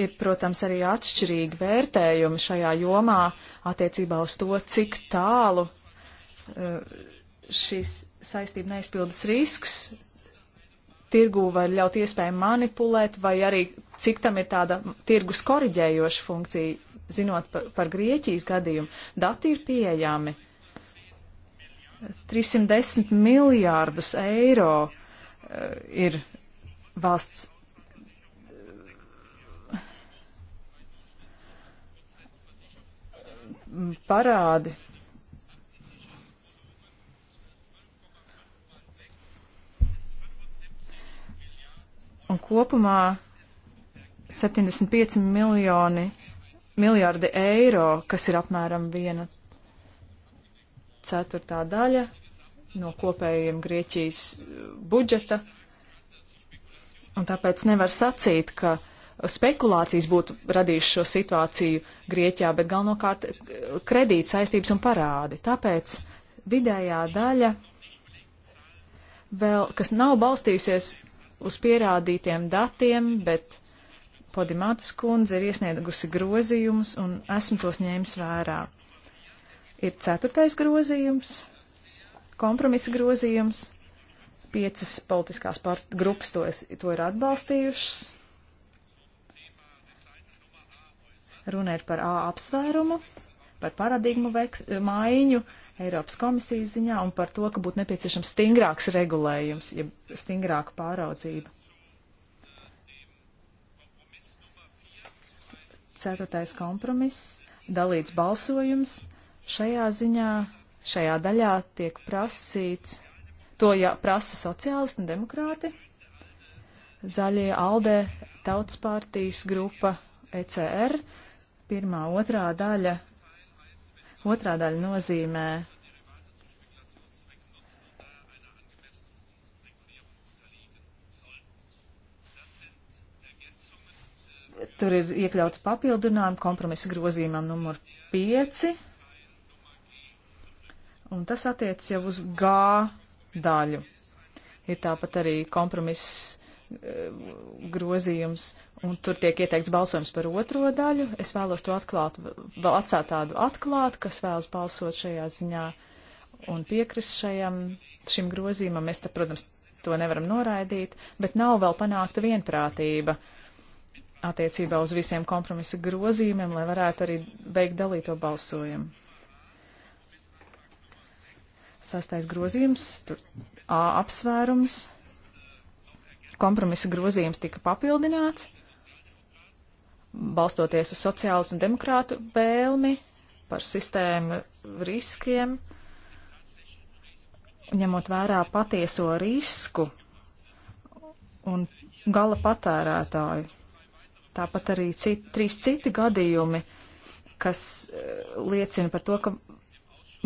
ir, protams, arī atšķirīgi vērtējumi šajā jomā attiecībā uz to, cik tālu eh, šis saistību neizpildas risks tirgū var ļaut iespēju manipulēt, vai arī cik tam ir tāda tirgus koriģējoša funkcija, zinot par, par Grieķijas gadījumu. Dati ir pieejami. 310 miljārdus eiro eh, ir valsts parādi. Un kopumā 75 miljoni, miljardi eiro, kas ir apmēram viena ceturtā daļa no kopējiem Grieķijas budžeta. Un tāpēc nevar sacīt, ka uh, spekulācijas būtu radījušas šo situāciju Grieķijā, bet galvenokārt eh, kredīt saistības un parādi. Tāpēc vidējā daļa, vēl, kas nav balstījusies uz pierādītiem datiem, bet Podimātas kundze ir iesniegusi grozījumus un esmu tos ņēmis vērā. Ir ceturtais grozījums, kompromisa grozījums, piecas politiskās grupas to, es, to ir atbalstījušas Runa ir par A apsvērumu, par paradigmu veks, maiņu Eiropas komisijas ziņā un par to, ka būtu nepieciešams stingrāks regulējums, ja stingrāka pāraudzība. Ceturtais kompromiss, dalīts balsojums. Šajā ziņā, šajā daļā tiek prasīts, to ja prasa sociālisti un demokrāti, zaļie Aldē, Tautas partijas grupa ECR, Pirmā, otrā daļa. Otrā daļa nozīmē Tur ir iekļauti papildinājumi kompromisa grozījumam numur 5, un tas attiec jau uz G daļu. Ir tāpat arī kompromiss eh, grozījums un tur tiek ieteikts balsojums par otro daļu. Es vēlos to atklāt, vēl atstāt tādu atklātu, kas vēlas balsot šajā ziņā un piekrist šajam, šim grozījumam. Mēs, te, protams, to nevaram noraidīt, bet nav vēl panākta vienprātība attiecībā uz visiem kompromisa grozījumiem, lai varētu arī veikt dalīto balsojumu. Sastais grozījums, tur A apsvērums, kompromisa grozījums tika papildināts balstoties uz sociālas un demokrātu vēlmi par sistēmu riskiem, ņemot vērā patieso risku un gala patērētāju. Tāpat arī cit, trīs citi gadījumi, kas eh, liecina par to, ka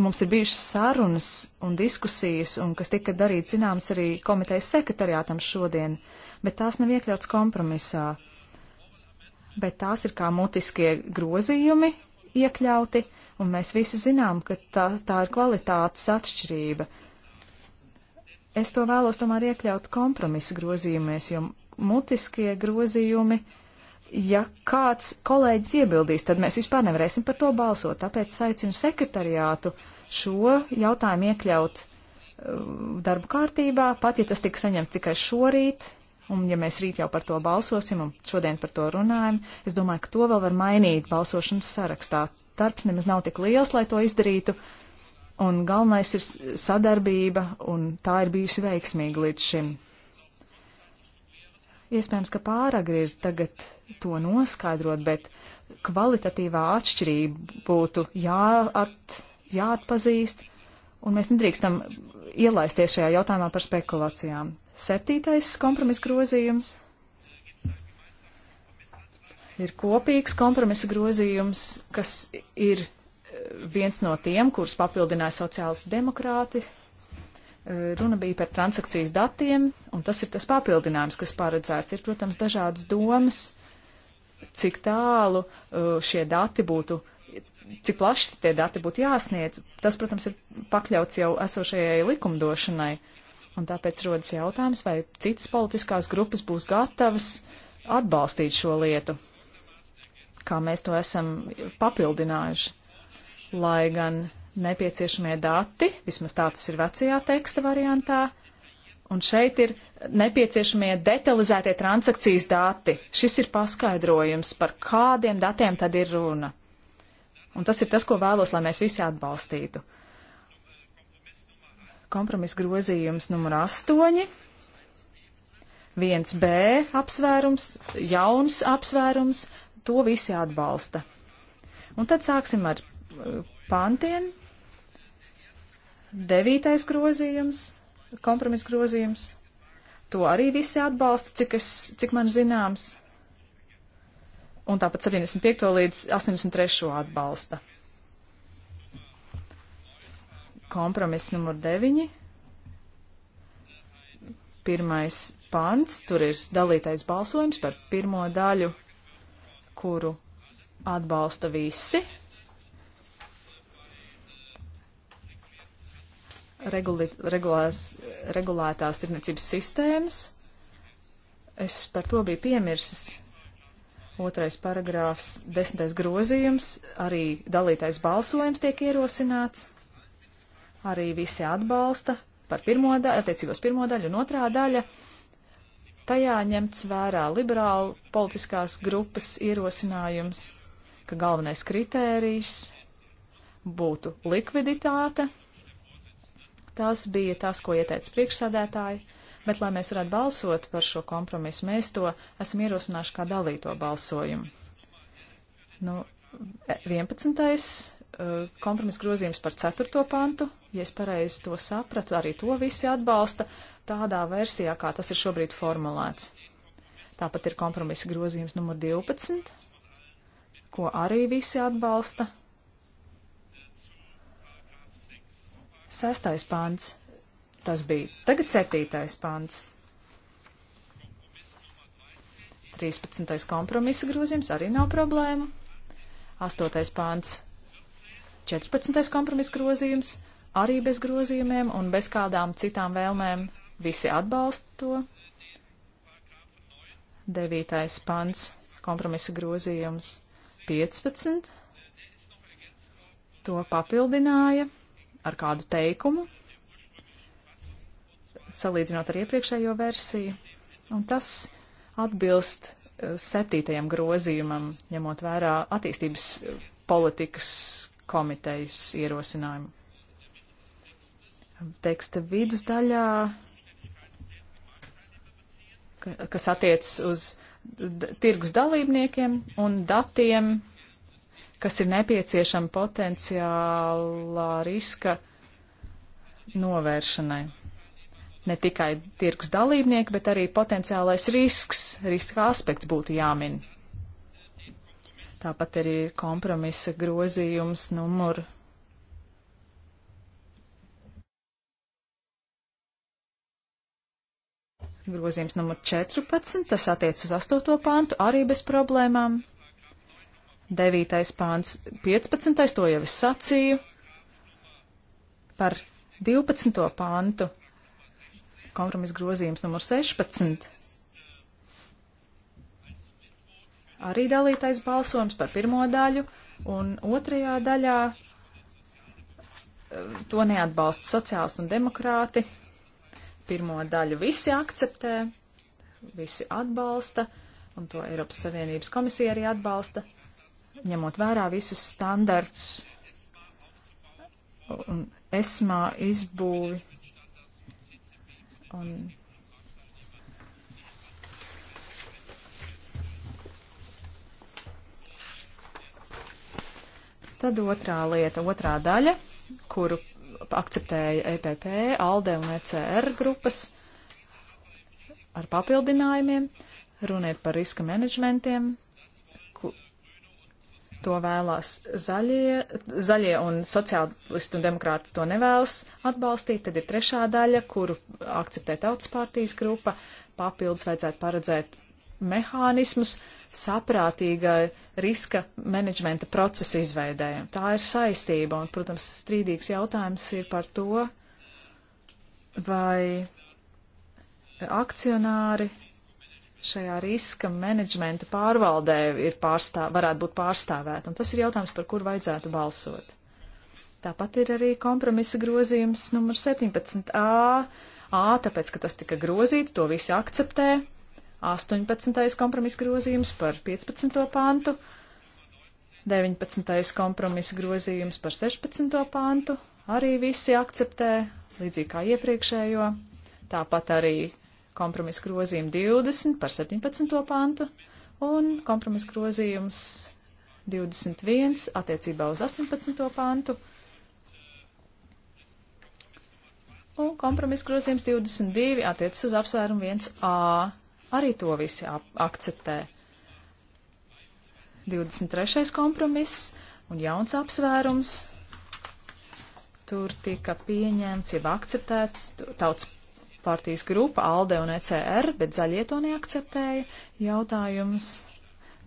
mums ir bijušas sarunas un diskusijas, un kas tika darīts zināms arī komitejas sekretariātam šodien, bet tās nav iekļauts kompromisā bet tās ir kā mutiskie grozījumi iekļauti, un mēs visi zinām, ka tā, tā ir kvalitātes atšķirība. Es to vēlos tomēr iekļaut kompromisa grozījumies, jo mutiskie grozījumi, ja kāds kolēģis iebildīs, tad mēs vispār nevarēsim par to balsot, tāpēc aicinu sekretariātu šo jautājumu iekļaut uh, darbu kārtībā, pat ja tas tika saņemts tikai šorīt, Un ja mēs rīt jau par to balsosim un šodien par to runājam, es domāju, ka to vēl var mainīt balsošanas sarakstā. Tarps nemaz nav tik liels, lai to izdarītu. Un galvenais ir sadarbība, un tā ir bijusi veiksmīga līdz šim. Iespējams, ka pāragri ir tagad to noskaidrot, bet kvalitatīvā atšķirība būtu jāat, jāatpazīst, un mēs nedrīkstam ielaisties šajā jautājumā par spekulācijām. Septītais kompromisa grozījums ir kopīgs kompromisa grozījums, kas ir eh, viens no tiem, kurus papildināja sociāls demokrāti. Eh, runa bija par transakcijas datiem, un tas ir tas papildinājums, kas paredzēts. Ir, protams, dažādas domas, cik tālu eh, šie dati būtu, cik plaši tie dati būtu jāsniedz. Tas, protams, ir pakļauts jau esošajai likumdošanai. Uh, Un tāpēc rodas jautājums, vai citas politiskās grupas būs gatavas atbalstīt šo lietu, kā mēs to esam papildinājuši. Lai gan nepieciešamie dati, vismaz tā tas ir vecajā teksta variantā, un šeit ir nepieciešamie detalizētie transakcijas dati. Šis ir paskaidrojums, par kādiem datiem tad ir runa. Un tas ir tas, ko vēlos, lai mēs visi atbalstītu. Kompromis grozījums numur 8, 1B apsvērums, jauns apsvērums, to visi atbalsta. Un tad sāksim ar uh, pantiem. Devītais grozījums, kompromis grozījums, to arī visi atbalsta, cik, es, cik man zināms. Un tāpat 75. līdz 83. atbalsta. Kompromiss numur 9. Pirmais pants, tur ir dalītais balsojums par pirmo daļu, kuru atbalsta visi. Reguli, regulās, regulētās tirniecības sistēmas. Es par to biju piemirsis otrais paragrāfs, desmitais grozījums, arī dalītais balsojums tiek ierosināts arī visi atbalsta par pirmo daļu, attiecībos pirmo daļu un otrā daļa. Tajā ņemts vērā liberāla politiskās grupas ierosinājums, ka galvenais kritērijs būtu likviditāte. Tas bija tas, ko ieteica priekšsādētāji, bet, lai mēs varētu balsot par šo kompromisu, mēs to esam ierosinājuši kā dalīto balsojumu. Nu, 11 e, Eh, kompromisa grozījums par 4. pantu, ja es pareizi to sapratu, arī to visi atbalsta tādā versijā, kā tas ir šobrīd formulēts. Tāpat ir kompromisa grozījums numur 12, ko arī visi atbalsta. Sestais pants. Tas bija tagad septītais pants. 13. kompromisa grozījums arī nav problēma. 8. pāns 14. kompromiss grozījums arī bez grozījumiem un bez kādām citām vēlmēm visi atbalsta to. 9. pants kompromisa grozījums 15. To papildināja ar kādu teikumu, salīdzinot ar iepriekšējo versiju, un tas atbilst eh, septītajam grozījumam, ņemot vērā attīstības politikas komitejas ierosinājumu. Teksta vidusdaļā, kas attiecas uz tirgus dalībniekiem un datiem, kas ir nepieciešami potenciālā riska novēršanai. Ne tikai tirgus dalībnieki, bet arī potenciālais risks, riska aspekts būtu jāmin Tāpat arī ir kompromisa grozījums numur. Grozījums numur 14, tas attiec uz 8. pantu, arī bez problēmām. 9. pāns, 15. to jau es sacīju. Par 12. pantu kompromisa grozījums numur 16 arī dalītais balsojums par pirmo daļu, un otrajā daļā eh, to neatbalsta sociālisti un demokrāti. Pirmo daļu visi akceptē, visi atbalsta, un to Eiropas Savienības komisija arī atbalsta, ņemot vērā visus standarts un esmā izbūvi un Tad otrā lieta, otrā daļa, kuru akceptēja EPP, ALDE un ECR grupas ar papildinājumiem. Runiet par riska menedžmentiem. To vēlās zaļie, zaļie un sociālisti un demokrāti to nevēlas atbalstīt. Tad ir trešā daļa, kuru akceptē tautas partijas grupa. Papildus vajadzētu paredzēt mehānismus saprātīgai riska menedžmenta procesa izveidējam. Tā ir saistība, un, protams, strīdīgs jautājums ir par to, vai akcionāri šajā riska menedžmenta pārvaldē ir pārstā, varētu būt pārstāvēti, un tas ir jautājums, par kur vajadzētu balsot. Tāpat ir arī kompromisa grozījums numur 17a, a, tāpēc, ka tas tika grozīts, to visi akceptē, 18. kompromisa grozījums par 15. pāntu, 19. kompromisa grozījums par 16. pāntu, arī visi akceptē, līdzīgi kā iepriekšējo, tāpat arī kompromisa grozījuma 20 par 17. pāntu un kompromisa grozījums 21 attiecībā uz 18. pāntu. Un kompromisa grozījums 22 attiecas uz apsvērumu 1a arī to visi akceptē. 23. kompromiss un jauns apsvērums. Tur tika pieņemts, jau akceptēts tauts partijas grupa ALDE un ECR, bet zaļie to neakceptēja. Jautājums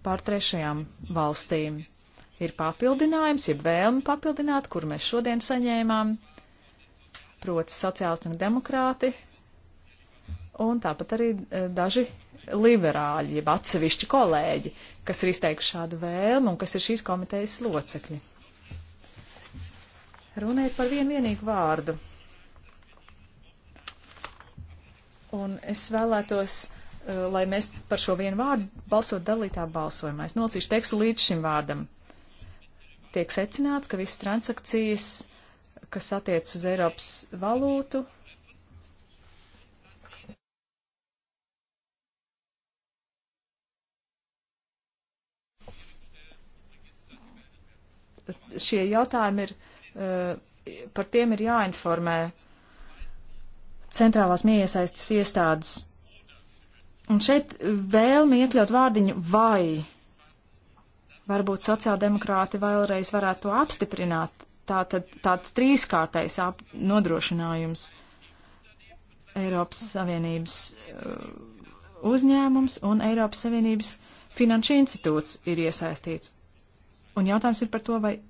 par trešajām valstīm ir papildinājums, ir vēlme papildināt, kur mēs šodien saņēmām. Proti sociālisti un demokrāti un tāpat arī e, daži liberāļi, jeb atsevišķi kolēģi, kas ir izteikuši šādu vēlmu un kas ir šīs komitejas locekļi. Runa ir par vienu vienīgu vārdu. Un es vēlētos, e, lai mēs par šo vienu vārdu balsot dalītā balsojumā. Es nolasīšu tekstu līdz šim vārdam. Tiek secināts, ka visas transakcijas, kas attiec uz Eiropas valūtu, šie jautājumi ir, eh, par tiem ir jāinformē centrālās mieiesaistas iestādes. Un šeit vēlmi iekļaut vārdiņu vai. Varbūt sociāldemokrāti vēlreiz varētu to apstiprināt. Tātad tāds trīskārtais nodrošinājums Eiropas Savienības eh, uzņēmums un Eiropas Savienības finanšu institūts ir iesaistīts. Un jautājums ir par to, vai eh,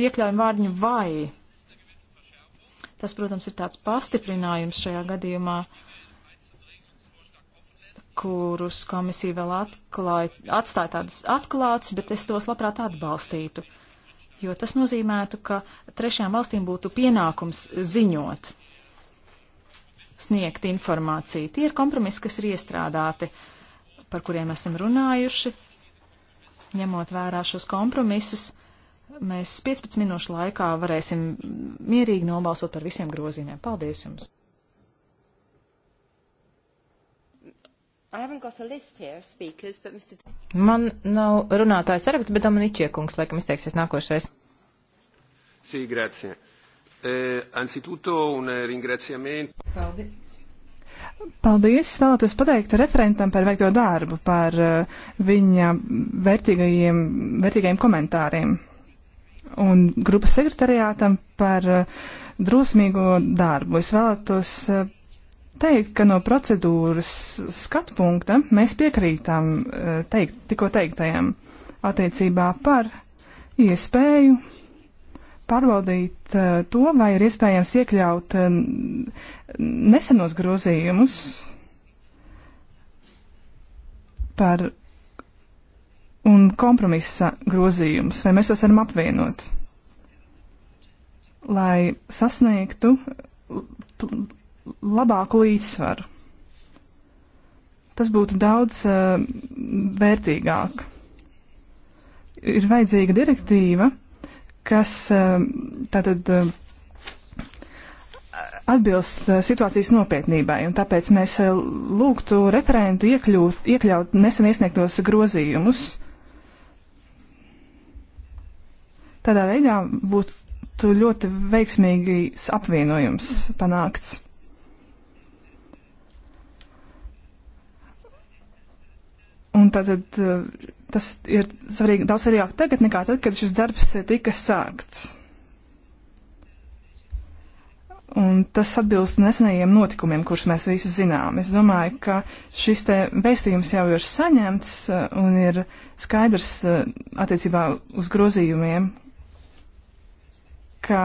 iekļaujam vārdiņu vai. Tas, protams, ir tāds pastiprinājums šajā gadījumā, kurus komisija vēl atklāja, atstāja tādus atklātus, bet es tos labprāt atbalstītu. Jo tas nozīmētu, ka trešajām valstīm būtu pienākums ziņot, sniegt informāciju. Tie ir kompromisi, kas ir iestrādāti, par kuriem esam runājuši ņemot vērā šos kompromisus, mēs 15 minūšu laikā varēsim mierīgi nobalsot par visiem grozījumiem. Paldies jums! Here, speakers, Mr... Man nav runātājs saraksts, bet Dominiķie kungs laikam izteiksies nākošais. Sī, grazie. Eh, anzitutto un ringraziamento. Paldies. Paldies! Vēlētos pateikt referentam par veikto darbu, par uh, viņa vērtīgajiem, vērtīgajiem komentāriem un grupas sekretariātam par uh, drosmīgo darbu. Es vēlētos uh, teikt, ka no procedūras skatu punkta mēs piekrītam teikt, tikko teiktajam attiecībā par iespēju pārbaudīt eh, to, vai ir iespējams iekļaut eh, nesenos grozījumus par un kompromisa grozījumus, vai mēs tos varam apvienot, lai sasniegtu labāku līdzsvaru. Tas būtu daudz uh, vērtīgāk. Ir vajadzīga direktīva, kas um, tātad um, atbilst uh, situācijas nopietnībai, un tāpēc mēs uh, lūgtu referentu iekļūt, iekļaut nesen iesniegtos grozījumus. Tādā veidā būtu ļoti veiksmīgs apvienojums panākts. Un tātad uh, Tas ir svarīgi daudz svarīgāk tagad nekā tad, kad šis darbs tika sākts. Un tas atbilst nesenajiem notikumiem, kurus mēs visi zinām. Es domāju, ka šis te vēstījums jau ir saņemts uh, un ir skaidrs uh, attiecībā uz grozījumiem, ka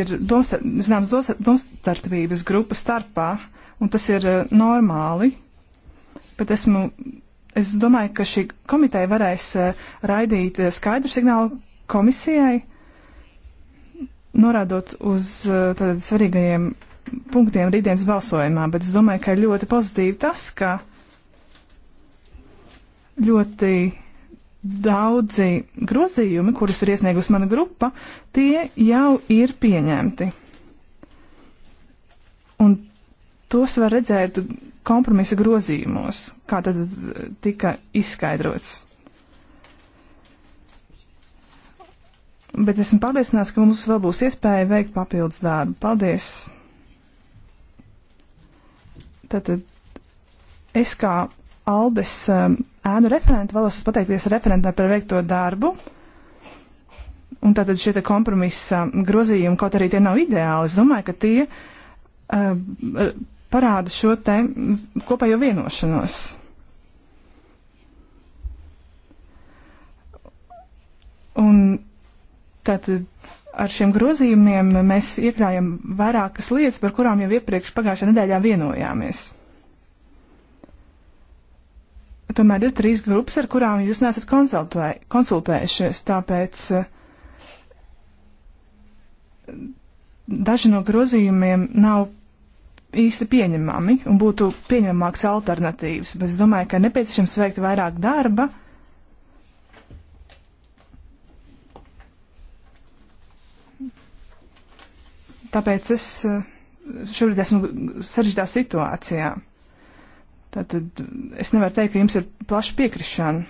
ir domstar, zināms domstarpības grupu starpā, un tas ir uh, normāli, bet esmu Es domāju, ka šī komiteja varēs eh, raidīt eh, skaidru signālu komisijai, norādot uz eh, tādiem svarīgajiem punktiem rītdienas balsojumā, bet es domāju, ka ir ļoti pozitīvi tas, ka ļoti daudzi grozījumi, kurus ir iesniegusi mana grupa, tie jau ir pieņemti. Un tos var redzēt kompromisa grozījumos, kā tad tika izskaidrots. Bet esmu pārliecināts, ka mums vēl būs iespēja veikt papildus darbu. Paldies! Tātad es kā Aldes um, ēnu referenta vēlos pateikties referentai par veikto darbu. Un tātad šie kompromisa grozījumi, kaut arī tie nav ideāli, es domāju, ka tie uh, parāda šo te kopējo vienošanos. Un tātad ar šiem grozījumiem mēs iekļājam vairākas lietas, par kurām jau iepriekš pagājušajā nedēļā vienojāmies. Tomēr ir trīs grupas, ar kurām jūs nesat konsultē, konsultējušies, tāpēc eh, daži no grozījumiem nav īsti pieņemami un būtu pieņemamāks alternatīvas, bet es domāju, ka nepieciešams veikt vairāk darba. Tāpēc es eh, šobrīd esmu sarežģītā situācijā. Tātad eh, es nevaru teikt, ka jums ir plaša piekrišana.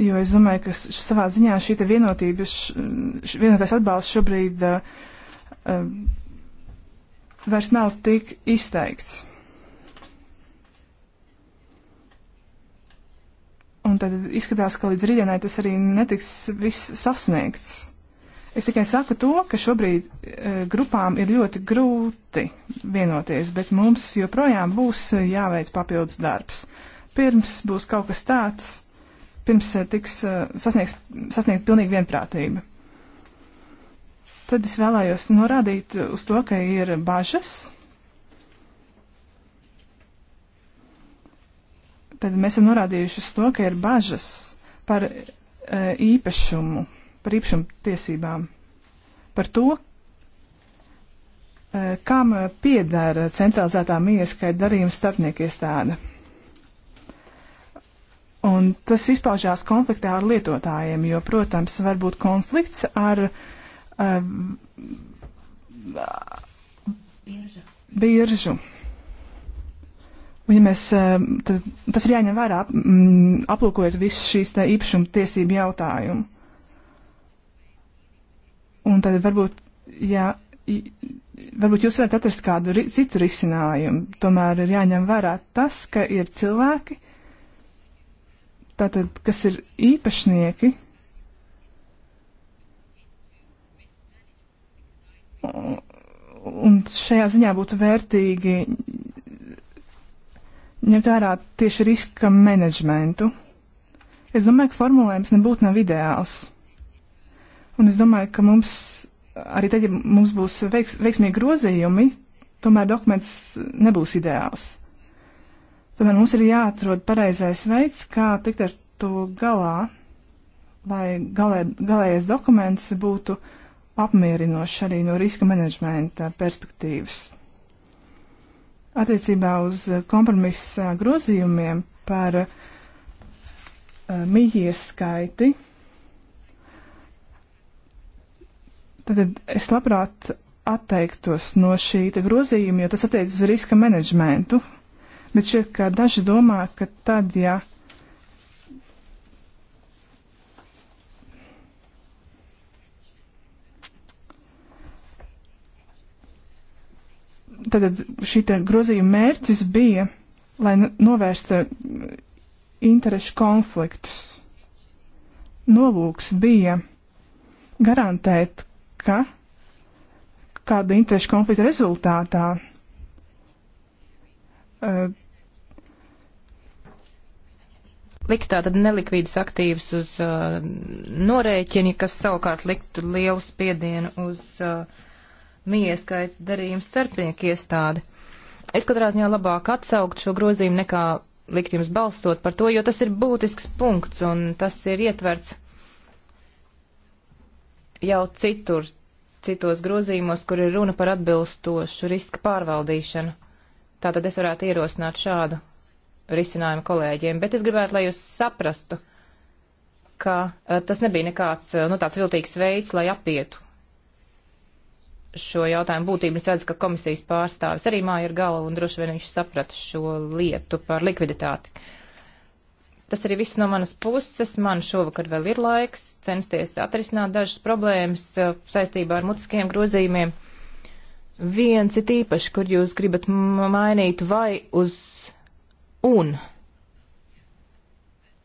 Jo es domāju, ka savā ziņā šī vienotība, š, vienotās atbalsts šobrīd uh, vairs nav tik izteikts. Un tad izskatās, ka līdz rītdienai tas arī netiks viss sasniegts. Es tikai saku to, ka šobrīd e, grupām ir ļoti grūti vienoties, bet mums joprojām būs e, jāveic papildus darbs. Pirms būs kaut kas tāds, pirms e, tiks e, sasniegts, sasniegt pilnīgi vienprātība tad es vēlējos norādīt uz to, ka ir bažas. Tad mēs esam norādījuši uz to, ka ir bažas par e, īpašumu, par īpašumu tiesībām, par to, e, kam piedara centralizētā mieskaita darījuma starpnieku iestāde. Un tas izpaužās konfliktā ar lietotājiem, jo, protams, var būt konflikts ar uh, Um, biržu. Ja mēs, um, tad, tas ir jāņem vērā, mm, aplūkojot visu šīs īpašuma tiesību jautājumu. Un tad varbūt, jā, varbūt jūs varat atrast kādu ri, citu risinājumu. Tomēr ir jāņem vērā tas, ka ir cilvēki, tātad, kas ir īpašnieki Un šajā ziņā būtu vērtīgi ņemt vērā tieši riska menedžmentu. Es domāju, ka formulējums nebūtu nav ideāls. Un es domāju, ka mums arī tad, ja mums būs veiks, veiksmīgi grozījumi, tomēr dokuments nebūs ideāls. Tomēr mums ir jāatrod pareizais veids, kā tikt ar to galā, lai galē, galējais dokuments būtu uh, apmierinošs arī no riska menedžmenta perspektīvas. Attiecībā uz kompromisa grozījumiem par uh, mīļie skaiti, tad es labprāt atteiktos no šī grozījuma, jo tas attiecas uz riska menedžmentu. Bet šķiet, ka daži domā, ka tad, ja tad šī grozījuma mērķis bija, lai novērstu interešu konfliktus. Nolūks bija garantēt, ka kāda interešu konflikta rezultātā uh, eh, likt tātad nelikvīdus aktīvus uz uh, norēķini, kas savukārt liktu lielu spiedienu uz uh, mieskait darījums starpnieku iestādi. Es katrā ziņā labāk atsaukt šo grozījumu nekā likt jums balstot par to, jo tas ir būtisks punkts un tas ir ietverts jau citur, citos grozījumos, kur ir runa par atbilstošu riska pārvaldīšanu. Tātad es varētu ierosināt šādu risinājumu kolēģiem, bet es gribētu, lai jūs saprastu, ka eh, tas nebija nekāds, eh, nu, tāds viltīgs veids, lai apietu šo jautājumu būtību. Es redzu, ka komisijas pārstāvis arī māja ir galva un droši vien viņš saprata šo lietu par likviditāti. Tas arī viss no manas puses. Man šovakar vēl ir laiks censties atrisināt dažas problēmas uh, saistībā ar mutiskiem grozījumiem. Viens ir īpaši, kur jūs gribat mainīt vai uz un.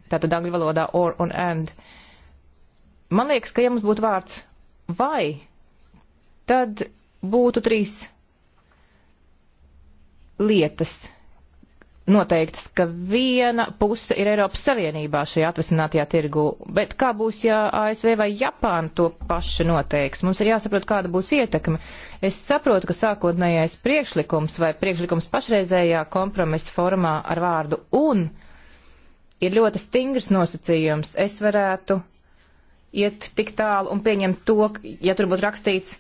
Tātad angļu valodā or un and. Man liekas, ka ja mums būtu vārds vai, tad būtu trīs lietas noteiktas, ka viena puse ir Eiropas Savienībā šajā atvesinātajā tirgu, bet kā būs, ja ASV vai Japāna to pašu noteiks? Mums ir jāsaprot, kāda būs ietekme. Es saprotu, ka sākotnējais priekšlikums vai priekšlikums pašreizējā kompromisa formā ar vārdu un ir ļoti stingrs nosacījums. Es varētu iet tik tālu un pieņemt to, ja tur būtu rakstīts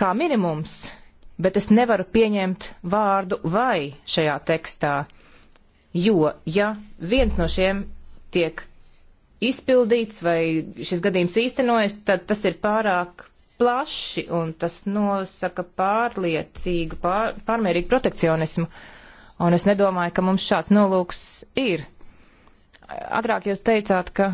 kā minimums, bet es nevaru pieņemt vārdu vai šajā tekstā, jo ja viens no šiem tiek izpildīts vai šis gadījums īstenojas, tad tas ir pārāk plaši un tas nosaka pārliecīgu, pār, pārmērīgu protekcionismu. Un es nedomāju, ka mums šāds nolūks ir. Agrāk jūs teicāt, ka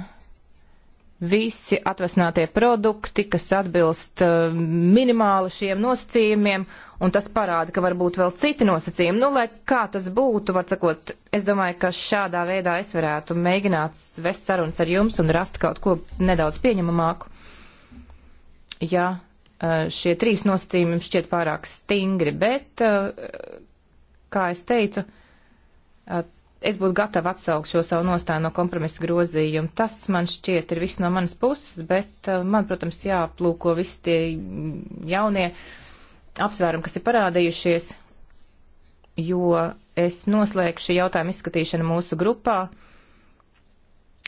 visi atvesinātie produkti, kas atbilst uh, minimāli šiem nosacījumiem, un tas parāda, ka varbūt vēl citi nosacījumi. Nu, lai kā tas būtu, var sakot, es domāju, ka šādā veidā es varētu mēģināt vest sarunas ar jums un rast kaut ko nedaudz pieņemamāku. Jā, uh, eh, šie trīs nosacījumi jums šķiet pārāk stingri, bet, uh, kā es teicu, es būtu gatava atsaukt šo savu nostāju no kompromisa grozījuma. Tas man šķiet ir viss no manas puses, bet uh, man, protams, jāplūko visi tie jaunie apsvērumi, kas ir parādījušies, jo es noslēgšu šī jautājuma izskatīšanu mūsu grupā.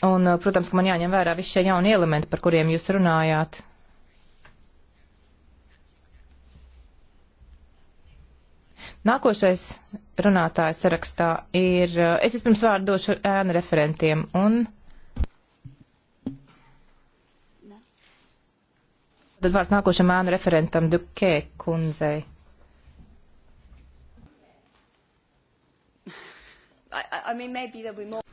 Un, uh, protams, ka man jāņem vērā visi šie jaunie elementi, par kuriem jūs runājāt. Nākošais runātājs sarakstā ir, es vispirms vārdu došu ēnu referentiem un. Tad vārds nākošam ēnu referentam Dukē kundzei. I, I mean, more...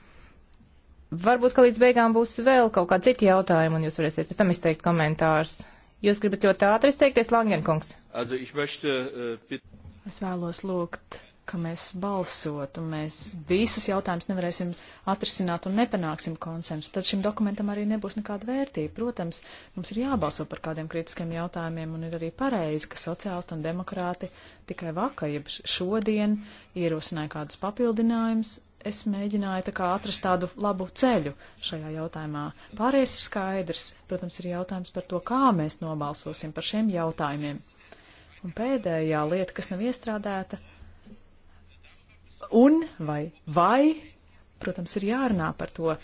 Varbūt, ka līdz beigām būs vēl kaut kādi citi jautājumi, un jūs varēsiet pēc tam izteikt komentārus. Jūs gribat ļoti ātri izteikties, Langenkungs? Also, ich möchte, uh, bit... Es vēlos lūgt, ka mēs balsotu, mēs visus jautājumus nevarēsim atrisināt un nepanāksim konsensu. Tad šim dokumentam arī nebūs nekāda vērtība. Protams, mums ir jābalso par kādiem kritiskiem jautājumiem, un ir arī pareizi, ka sociālisti un demokrāti tikai vakar, jeb šodien, ierosināja kādus papildinājumus, es mēģināju tā atrast tādu labu ceļu šajā jautājumā. Pārējais ir skaidrs. Protams, ir jautājums par to, kā mēs nobalsosim par šiem jautājumiem. Un pēdējā lieta, kas nav iestrādēta, un vai, vai, protams, ir jārunā par to,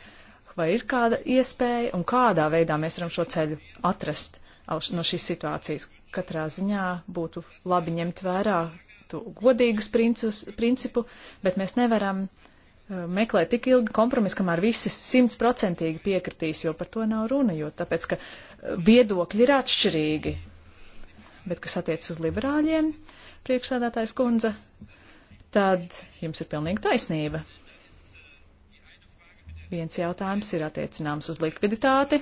vai ir kāda iespēja un kādā veidā mēs varam šo ceļu atrast no šīs situācijas. Katrā ziņā būtu labi ņemt vērā to godīgas princus, principu, bet mēs nevaram uh, meklēt tik ilgi kompromisu, kamēr visi simtprocentīgi piekritīs, jo par to nav runa, jo tāpēc, ka uh, viedokļi ir atšķirīgi bet kas attiecas uz liberāļiem, priekšsādātājs kundze, tad jums ir pilnīga taisnība. Viens jautājums ir attiecināms uz likviditāti,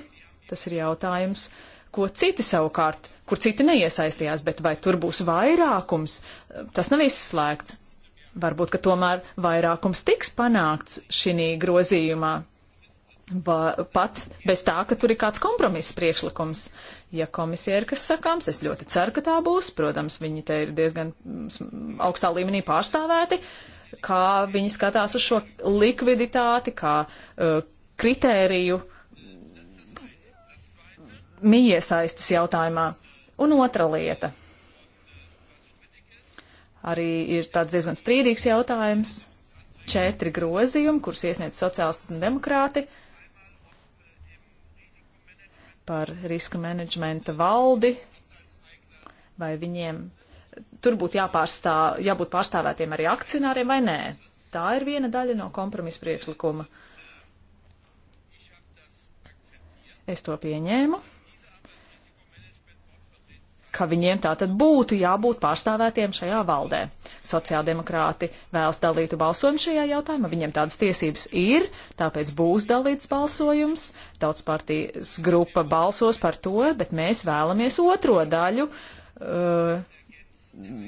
tas ir jautājums, ko citi savukārt, kur citi neiesaistījās, bet vai tur būs vairākums, tas nav izslēgts. Varbūt, ka tomēr vairākums tiks panākts šī grozījumā, Va, pat bez tā, ka tur ir kāds kompromiss priekšlikums. Ja komisija ir kas sakāms, es ļoti ceru, ka tā būs. Protams, viņi te ir diezgan mm, augstā līmenī pārstāvēti. Kā viņi skatās uz šo likviditāti, kā uh, kritēriju mīiesaistas jautājumā. Un otra lieta. Arī ir tāds diezgan strīdīgs jautājums. Četri grozījumi, kurus iesniedz sociālisti un demokrāti. Uh, par riska menedžmenta valdi, vai viņiem tur būtu jāpārstāv, jābūt pārstāvētiem arī akcionāriem vai nē. Tā ir viena daļa no kompromisa priekšlikuma. Es to pieņēmu ka viņiem tātad būtu jābūt pārstāvētiem šajā valdē. Sociāldemokrāti vēlas dalītu balsojumu šajā jautājumā, viņiem tādas tiesības ir, tāpēc būs dalīts balsojums, daudz partijas grupa balsos par to, bet mēs vēlamies otro daļu. Uh,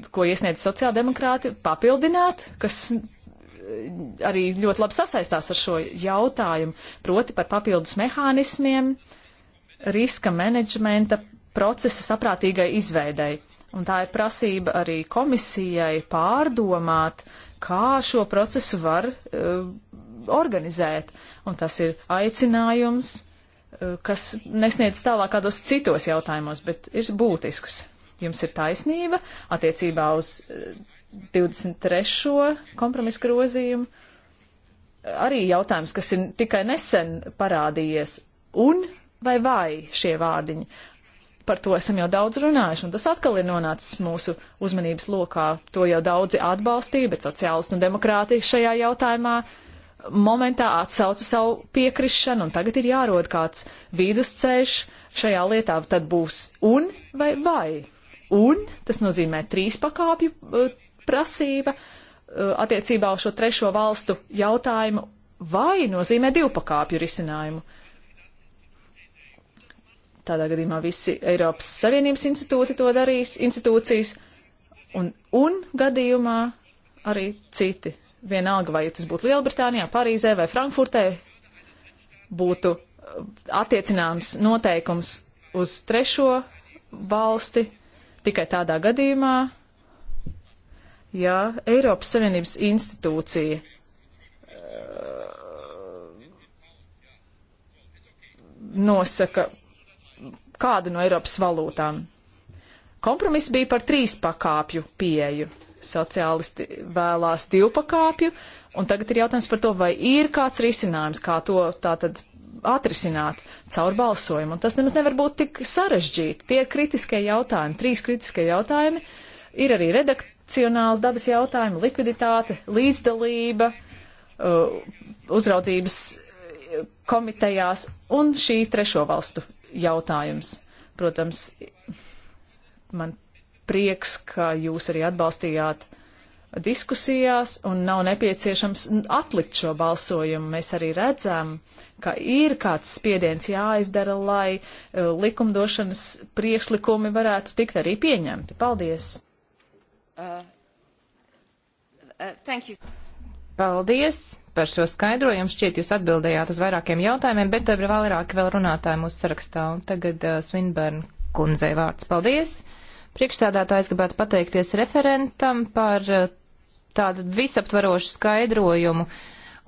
ko iesniedz sociāldemokrāti, papildināt, kas uh, arī ļoti labi sasaistās ar šo jautājumu, proti par papildus mehānismiem, riska menedžmenta procesa saprātīgai izveidei. Un tā ir prasība arī komisijai pārdomāt, kā šo procesu var uh, organizēt. Un tas ir aicinājums, uh, kas nesniedz tālāk kādos citos jautājumos, bet ir būtisks. Jums ir taisnība attiecībā uz uh, 23. kompromisu grozījumu. Arī jautājums, kas ir tikai nesen parādījies. Un vai vai šie vārdiņi? par to esam jau daudz runājuši, un tas atkal ir nonācis mūsu uzmanības lokā. To jau daudzi atbalstīja, bet sociālisti un demokrāti šajā jautājumā momentā atsauca savu piekrišanu, un tagad ir jārod kāds vidusceļš šajā lietā, tad būs un vai vai. Un tas nozīmē trīs pakāpju uh, prasība uh, attiecībā uz šo trešo valstu jautājumu, vai nozīmē divu pakāpju risinājumu. Tādā gadījumā visi Eiropas Savienības institūti to darīs, institūcijas, un, un gadījumā arī citi. Vienalga, vai tas būtu Lielbritānijā, Parīzē vai Frankfurtē, būtu uh, attiecināms noteikums uz trešo valsti tikai tādā gadījumā, ja Eiropas Savienības institūcija uh, nosaka jebkādu no Eiropas valūtām. Kompromiss bija par trīs pakāpju pieeju. Sociālisti vēlās divu pakāpju, un tagad ir jautājums par to, vai ir kāds risinājums, kā to tātad atrisināt caur balsojumu. Un tas nemaz nevar būt tik sarežģīti. Tie kritiskie jautājumi, trīs kritiskie jautājumi, ir arī redakcionāls dabas jautājumi, likviditāte, līdzdalība, uh, uzraudzības komitejās un šī trešo valstu jautājums. Protams, man prieks, ka jūs arī atbalstījāt diskusijās un nav nepieciešams atlikt šo balsojumu. Mēs arī redzam, ka ir kāds spiediens jāizdara, lai e, likumdošanas priekšlikumi varētu tikt arī pieņemti. Paldies! Uh, uh, Paldies! par šo skaidrojumu. Šķiet, jūs atbildējāt uz vairākiem jautājumiem, bet ir vairāki vēl runātāji mūsu sarakstā. Un tagad uh, Svinbērn kundzei vārds. Paldies! Priekšsēdētājs gribētu pateikties referentam par uh, tādu visaptvarošu skaidrojumu.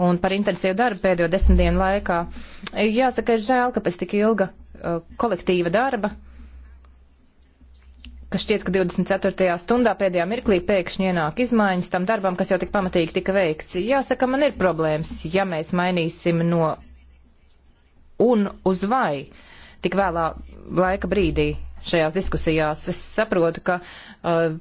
Un par intensīvu darbu pēdējo desmit dienu laikā. Jāsaka, ir žēl, ka pēc tik ilga uh, kolektīva darba uh, ka šķiet, ka 24. stundā pēdējā mirklī pēkšņi ienāk izmaiņas tam darbam, kas jau tik pamatīgi tika veikts. Jāsaka, man ir problēmas, ja mēs mainīsim no un uz vai tik vēlā laika brīdī šajās diskusijās. Es saprotu, ka uh,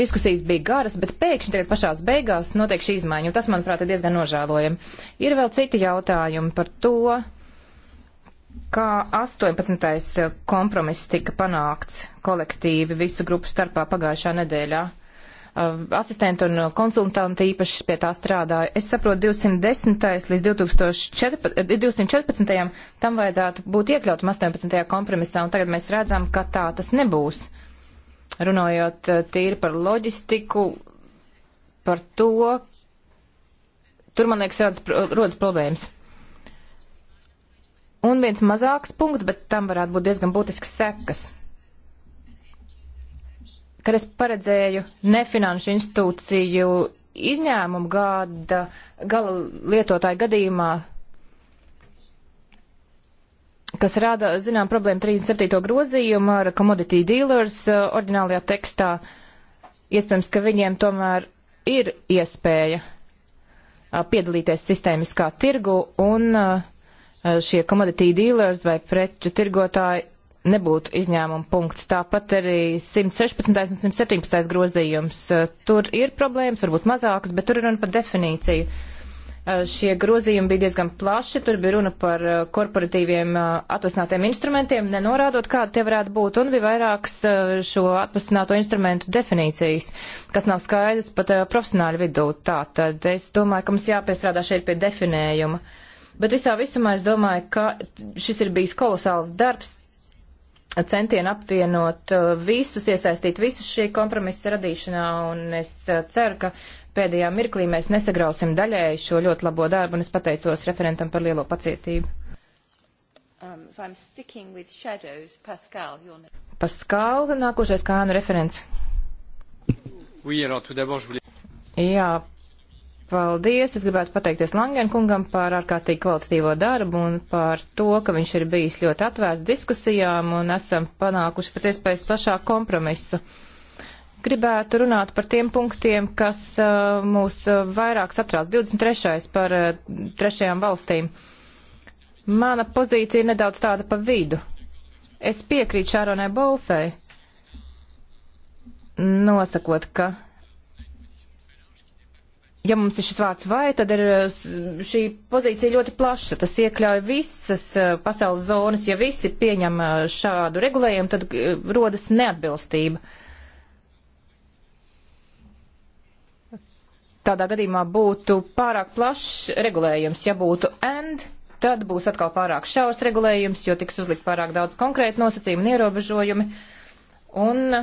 diskusijas bija garas, bet pēkšņi tagad pašās beigās notiek šī izmaiņa, un tas, manuprāt, ir diezgan nožēlojami. Ir vēl citi jautājumi par to, Kā 18. Eh, kompromiss tika panākts kolektīvi visu grupu starpā pagājušā nedēļā? Eh, asistenti un konsultanti īpaši pie tā strādāja. Es saprotu, 210. līdz 2014, 214. Eh, tam vajadzētu būt iekļautam 18. kompromisā, un tagad mēs redzam, ka tā tas nebūs. Runājot tīri par loģistiku, par to, tur man liekas rodas, rodas problēmas. Un viens mazāks punkts, bet tam varētu būt diezgan būtisks sekas. Kad es paredzēju nefinanšu institūciju izņēmumu gada gala lietotāju gadījumā, kas rada, zinām, problēmu 37. grozījumu ar commodity dealers uh, orģinālajā tekstā, iespējams, ka viņiem tomēr ir iespēja uh, piedalīties sistēmiskā tirgu un uh, Eh, šie commodity dealers vai preču tirgotāji nebūtu izņēmuma punkts. Tāpat arī 116. un 117. grozījums. Eh, tur ir problēmas, varbūt mazākas, bet tur ir runa par definīciju. Eh, šie grozījumi bija diezgan plaši, tur bija runa par korporatīviem atvasinātiem instrumentiem, nenorādot, kādi tie varētu būt, un bija vairākas šo atvasināto instrumentu definīcijas, kas nav skaidrs pat profesionāļu vidū. Tātad es domāju, ka mums jāpiestrādā šeit pie definējuma. Uh, Bet visā visumā es domāju, ka šis ir bijis kolosāls darbs centienu apvienot uh, visus, iesaistīt visus šī kompromisa radīšanā, un es uh, ceru, ka pēdējā mirklī mēs nesagrausim daļēji šo ļoti labo darbu, un es pateicos referentam par lielo pacietību. Um, shadows, Pascal, ne... Pascal, nākošais kā ānu referents. Oui, alors, tout d'abord, je voulais... Jā, Paldies! Es gribētu pateikties Langen kungam par ārkārtīgi kvalitatīvo darbu un par to, ka viņš ir bijis ļoti atvērts diskusijām un esam panākuši pēc iespējas plašāku kompromisu. Gribētu runāt par tiem punktiem, kas uh, mūs uh, vairāk satrauc. 23. par uh, trešajām valstīm. Mana pozīcija ir nedaudz tāda pa vidu. Es piekrītu Šāronai Bolsai, nosakot, ka ja mums ir šis vārds vai, tad ir eh, šī pozīcija ļoti plaša. Tas iekļauj visas eh, pasaules zonas. Ja visi pieņem eh, šādu regulējumu, tad rodas neatbilstība. Tādā gadījumā būtu pārāk plašs regulējums. Ja būtu and, tad būs atkal pārāk šaurs regulējums, jo tiks uzlikt pārāk daudz konkrētu nosacījumu un ierobežojumi. Un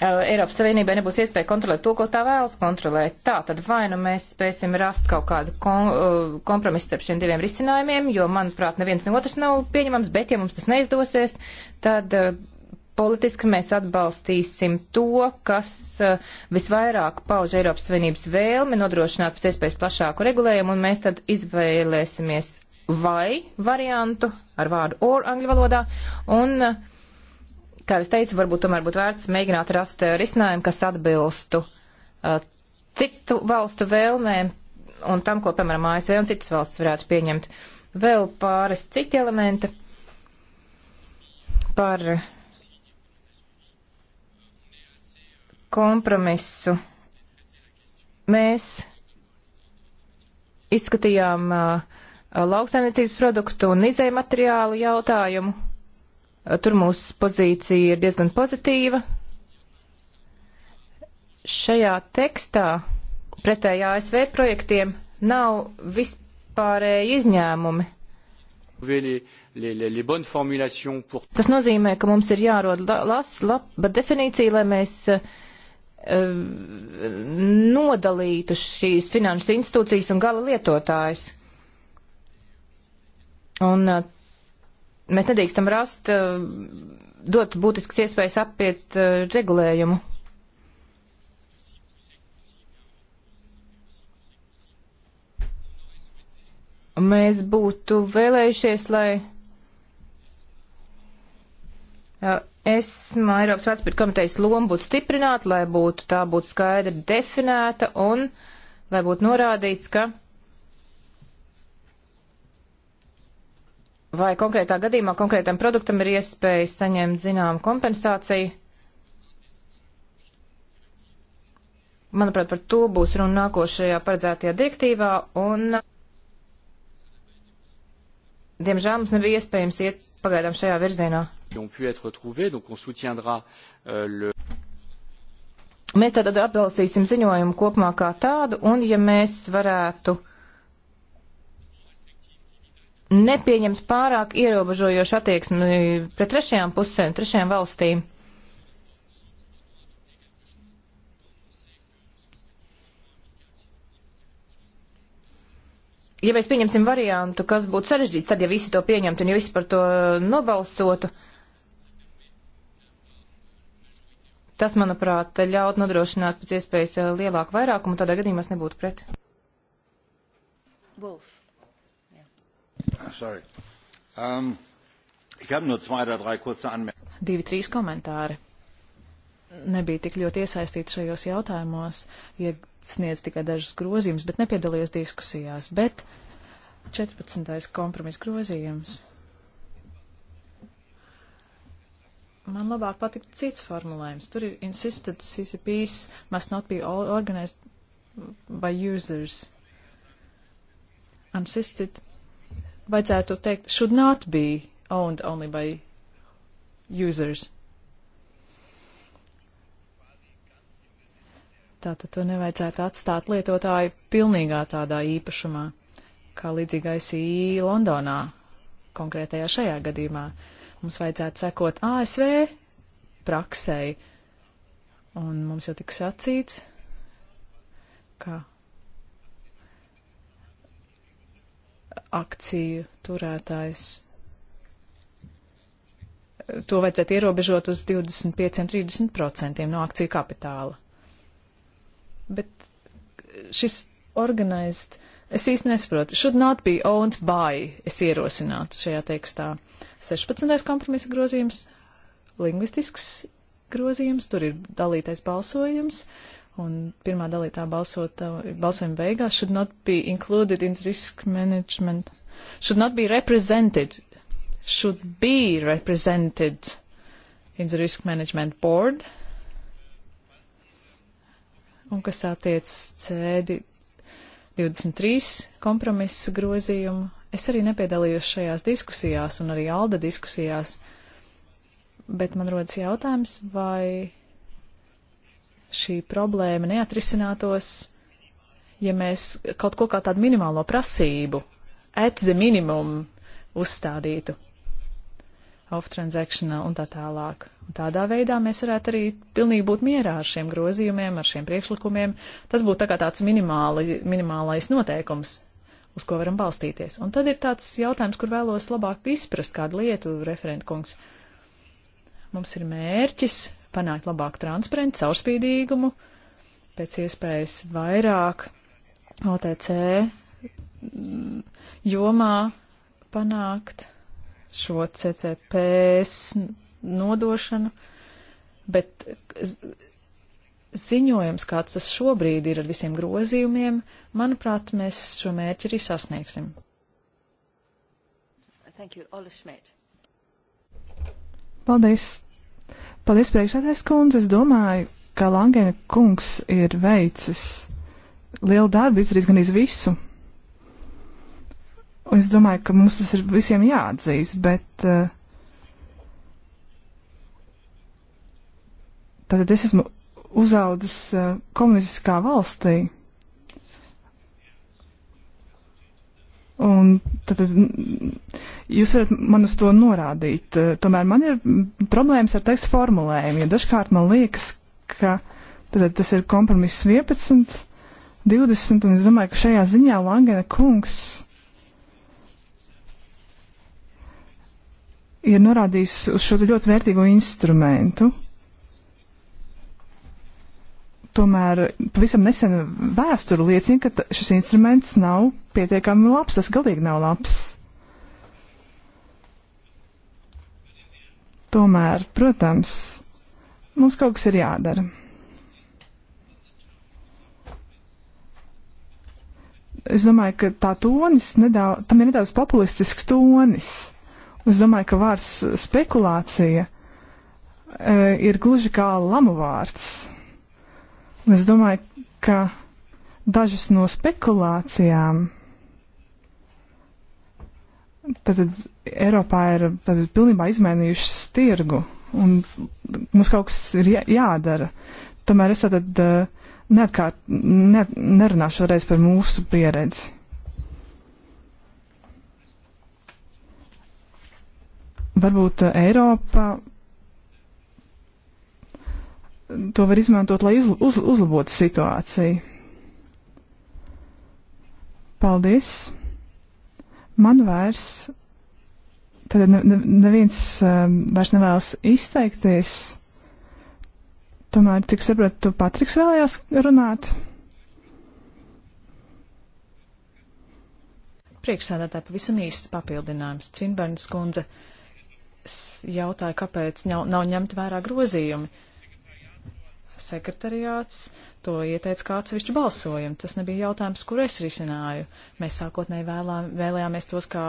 Eh, Eiropas Savienībai nebūs iespēja kontrolēt to, ko tā vēlas kontrolēt. Tā tad vai nu mēs spēsim rast kaut kādu kom, eh, kompromisu starp šiem diviem risinājumiem, jo, manuprāt, neviens ne otrs nav pieņemams, bet ja mums tas neizdosies, tad eh, politiski mēs atbalstīsim to, kas visvairāk pauž Eiropas Savienības vēlmi nodrošināt pēc iespējas plašāku regulējumu, un mēs tad izvēlēsimies vai variantu ar vārdu or angļu valodā, un uh, kā es teicu, varbūt tomēr būtu vērts mēģināt rast eh, risinājumu, kas atbilstu uh, citu valstu vēlmēm un tam, ko, piemēram, ASV un citas valsts varētu pieņemt. Vēl pāris citi elementi par kompromisu. Mēs izskatījām uh, lauksaimniecības produktu un izējumateriālu jautājumu Tur mūsu pozīcija ir diezgan pozitīva. Šajā tekstā pretēji ASV projektiem nav vispārēji izņēmumi. Tas nozīmē, ka mums ir jārod las, laba definīcija, lai mēs uh, nodalītu šīs finanšu institūcijas un gala lietotājus. Un uh, mēs nedrīkstam rast, eh, dot būtisks iespējas apiet eh, regulējumu. Mēs būtu vēlējušies, lai eh, ESMA Eiropas Vārdspēļu komitejas loma būtu stiprināta, lai būtu tā būtu skaidri definēta un lai būtu norādīts, ka vai konkrētā gadījumā konkrētam produktam ir iespēja saņemt zināmu kompensāciju. Manuprāt, par to būs runa nākošajā paredzētajā direktīvā, un, diemžēl, mums nebija iespējams iet pagaidām šajā virzienā. Euh, mēs tātad atbalstīsim ziņojumu kopumā kā tādu, un ja mēs varētu nepieņems pārāk ierobežojošu attieksmi pret trešajām pusēm, trešajām valstīm. Ja mēs pieņemsim variantu, kas būtu sarežģīts, tad ja visi to pieņemtu un ja visi par to nobalsotu, tas, manuprāt, ļaut nodrošināt pēc iespējas lielāku vairākumu, tādā gadījumā es nebūtu pret. Wolf. Ah, sorry. Um, ich habe nur zwei oder drei kurze Anmerkungen. Divi, trīs komentāri. Nebija tik ļoti iesaistīts šajos jautājumos, iesniedz tikai dažas grozījumus, bet nepiedalījos diskusijās. Bet 14. kompromis grozījums. Man labāk patika cits formulējums. Tur ir insisted CCPs must not be organized by users. Insisted vajadzētu teikt should not be owned only by users. Tātad to nevajadzētu atstāt lietotāju pilnīgā tādā īpašumā, kā līdzīga ICI e Londonā, konkrētajā šajā gadījumā. Mums vajadzētu sekot ASV praksei, un mums jau tik sacīts, ka akciju turētājs. To vajadzētu ierobežot uz 25-30% no akciju kapitāla. Bet šis organized, es īsti nesaprotu, should not be owned by, es ierosinātu šajā tekstā. 16. kompromisa grozījums, lingvistisks grozījums, tur ir dalītais balsojums. Uh, un pirmā dalītā balsot, uh, balsojuma beigās should not be included in risk management, should not be represented, should be represented in the risk management board. Un kas attiec cēdi 23 kompromisa grozījumu, es arī nepiedalījos šajās diskusijās un arī Alda diskusijās, bet man rodas jautājums, vai šī problēma neatrisinātos, ja mēs kaut ko kā tādu minimālo prasību, at the minimum, uzstādītu off-transactional un tā tālāk. Un tādā veidā mēs varētu arī pilnīgi būt mierā ar šiem grozījumiem, ar šiem priekšlikumiem. Tas būtu tā kā tāds minimāli, minimālais noteikums, uz ko varam balstīties. Un tad ir tāds jautājums, kur vēlos labāk izprast kādu lietu, referentkungs. Mums ir mērķis panākt labāku transparentu, caurspīdīgumu, pēc iespējas vairāk OTC mm, jomā panākt šo CCPS nodošanu, bet ziņojums, kāds tas šobrīd ir ar visiem grozījumiem, manuprāt, mēs šo mērķi arī sasniegsim. Thank you, Ola Schmidt. Paldies! Paldies, priekšsēdājs kundze. Es domāju, ka Langēna kungs ir veicis lielu darbu, izdarījis gan iz visu. Un es domāju, ka mums tas ir visiem jāatzīst, bet uh, tātad es esmu uzaudzis uh, komunistiskā valstī. Un tad jūs varat man uz to norādīt. Eh, tomēr man ir problēmas ar tekstu formulējumu, jo dažkārt man liekas, ka tad, tas ir kompromiss 11, 20, un es domāju, ka šajā ziņā Langena kungs ir norādījis uz šo ļoti vērtīgo instrumentu. Tomēr pavisam nesena vēsture liecina, ka šis instruments nav pietiekami labs, tas galīgi nav labs. Tomēr, protams, mums kaut kas ir jādara. Es domāju, ka tā tonis nedaudz, tam ir nedaudz populistisks tonis. Es domāju, ka vārds spekulācija e, ir gluži kā lamu vārds. Un es domāju, ka dažas no spekulācijām. Tad Eiropā ir tad, pilnībā izmainījušas tirgu, un mums kaut kas ir jā, jādara. Tomēr es tad eh, neatkārt, ne, nerunāšu vēlreiz par mūsu pieredzi. Varbūt eh, Eiropa to var izmantot, lai izl, uz, uzlabotu situāciju. Paldies! Man vairs, tad ne, ne, neviens um, vairs nevēlas izteikties. Tomēr, cik saprotu, Patriks vēlējās runāt. Priekšsēdētāji pavisam īsti papildinājums. Cvinbērns kundze jautāja, kāpēc nav, nav ņemt vērā grozījumi. Uh, sekretariāts to ieteica kā atsevišķu balsojumu. Tas nebija jautājums, kur es risināju. Mēs sākotnēji vēlā, vēlējāmies tos kā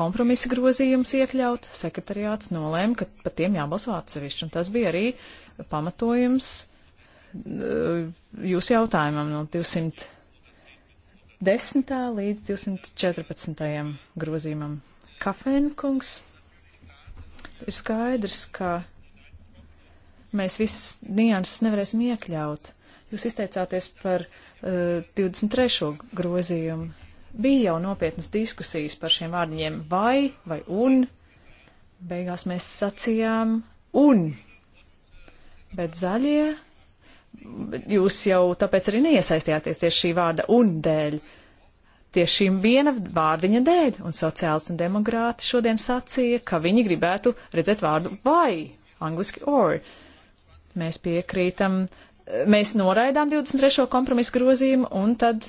kompromisa grozījumus iekļaut. Sekretariāts nolēma, ka par tiem jābalso atsevišķi. Un tas bija arī pamatojums eh, jūsu jautājumam no 210. līdz 214. grozījumam. Kafēnkungs ir skaidrs, ka mēs visas nianses nevarēsim iekļaut. Jūs izteicāties par uh, eh, 23. grozījumu. Bija jau nopietnas diskusijas par šiem vārdiņiem vai vai un. Beigās mēs sacījām un. Bet zaļie, jūs jau tāpēc arī neiesaistījāties tieši šī vārda un dēļ. Tieši šīm viena vārdiņa dēļ, un sociālisti un demokrāti šodien sacīja, ka viņi gribētu redzēt vārdu vai, angliski or. Uh, Mēs piekrītam, mēs noraidām 23. kompromisu grozījumu un tad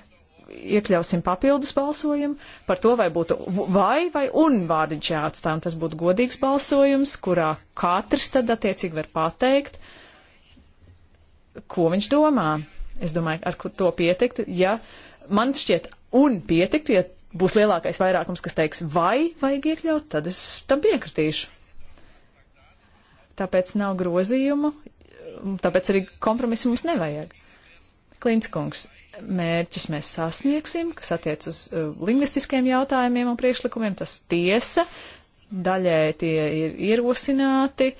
iekļausim papildus balsojumu par to, vai būtu vai vai un vārdiņš jāatstāj, un tas būtu godīgs balsojums, kurā katrs tad attiecīgi var pateikt, ko viņš domā. Es domāju, ar to pietiktu, ja man šķiet un pietiktu, ja būs lielākais vairākums, kas teiks vai vajag iekļaut, tad es tam piekritīšu. Tāpēc nav grozījumu, tāpēc arī kompromisu mums nevajag. Klinskungs, mērķus mēs sasniegsim, kas attiec uz uh, lingvistiskiem jautājumiem un priekšlikumiem, tas tiesa, daļēji tie ir ierosināti,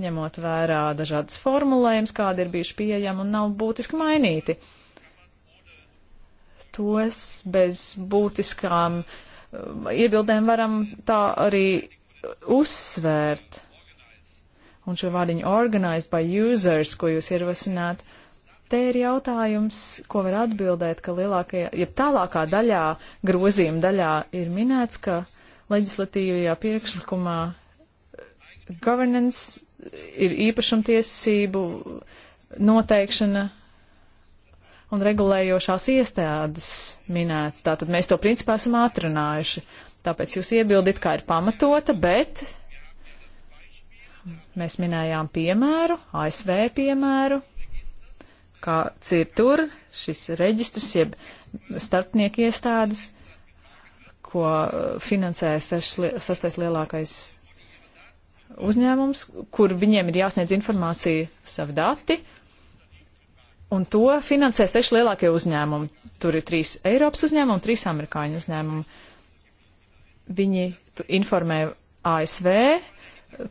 ņemot vērā dažādas formulējums, kādi ir bijuši pieejami un nav būtiski mainīti. Tos bez būtiskām uh, iebildēm varam tā arī uzsvērt un šo vārdiņu organized by users, ko jūs ierosināt, te ir jautājums, ko var atbildēt, ka lielākajā, ja tālākā daļā, grozījuma daļā ir minēts, ka leģislatīvajā priekšlikumā governance ir īpašumtiesību noteikšana un regulējošās iestādes minēts. Tātad mēs to principā esam atrunājuši. Tāpēc jūs iebildat, kā ir pamatota, bet Mēs minējām piemēru, ASV piemēru, kāds ir tur šis reģistrs, jeb starpnieku iestādes, ko finansē sastais lielākais uzņēmums, kur viņiem ir jāsniedz informācija savu dati, un to finansē seši lielākie uzņēmumi. Tur ir trīs Eiropas uzņēmumi un trīs amerikāņu uzņēmumi. Viņi informē ASV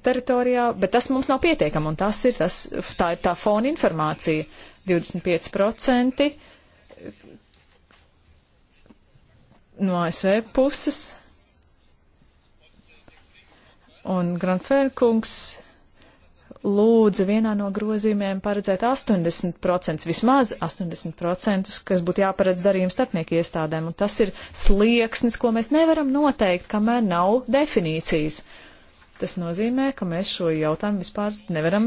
teritorijā, bet tas mums nav pietiekami, un tas ir tas, tā ir tā fona informācija. 25% no ASV puses. Un Granfērkungs lūdza vienā no grozījumiem paredzēt 80%, vismaz 80%, kas būtu jāparedz darījuma starpnieku iestādēm, un tas ir slieksnis, ko mēs nevaram noteikt, kamēr nav definīcijas. Uh, Tas nozīmē, ka mēs šo jautājumu vispār nevaram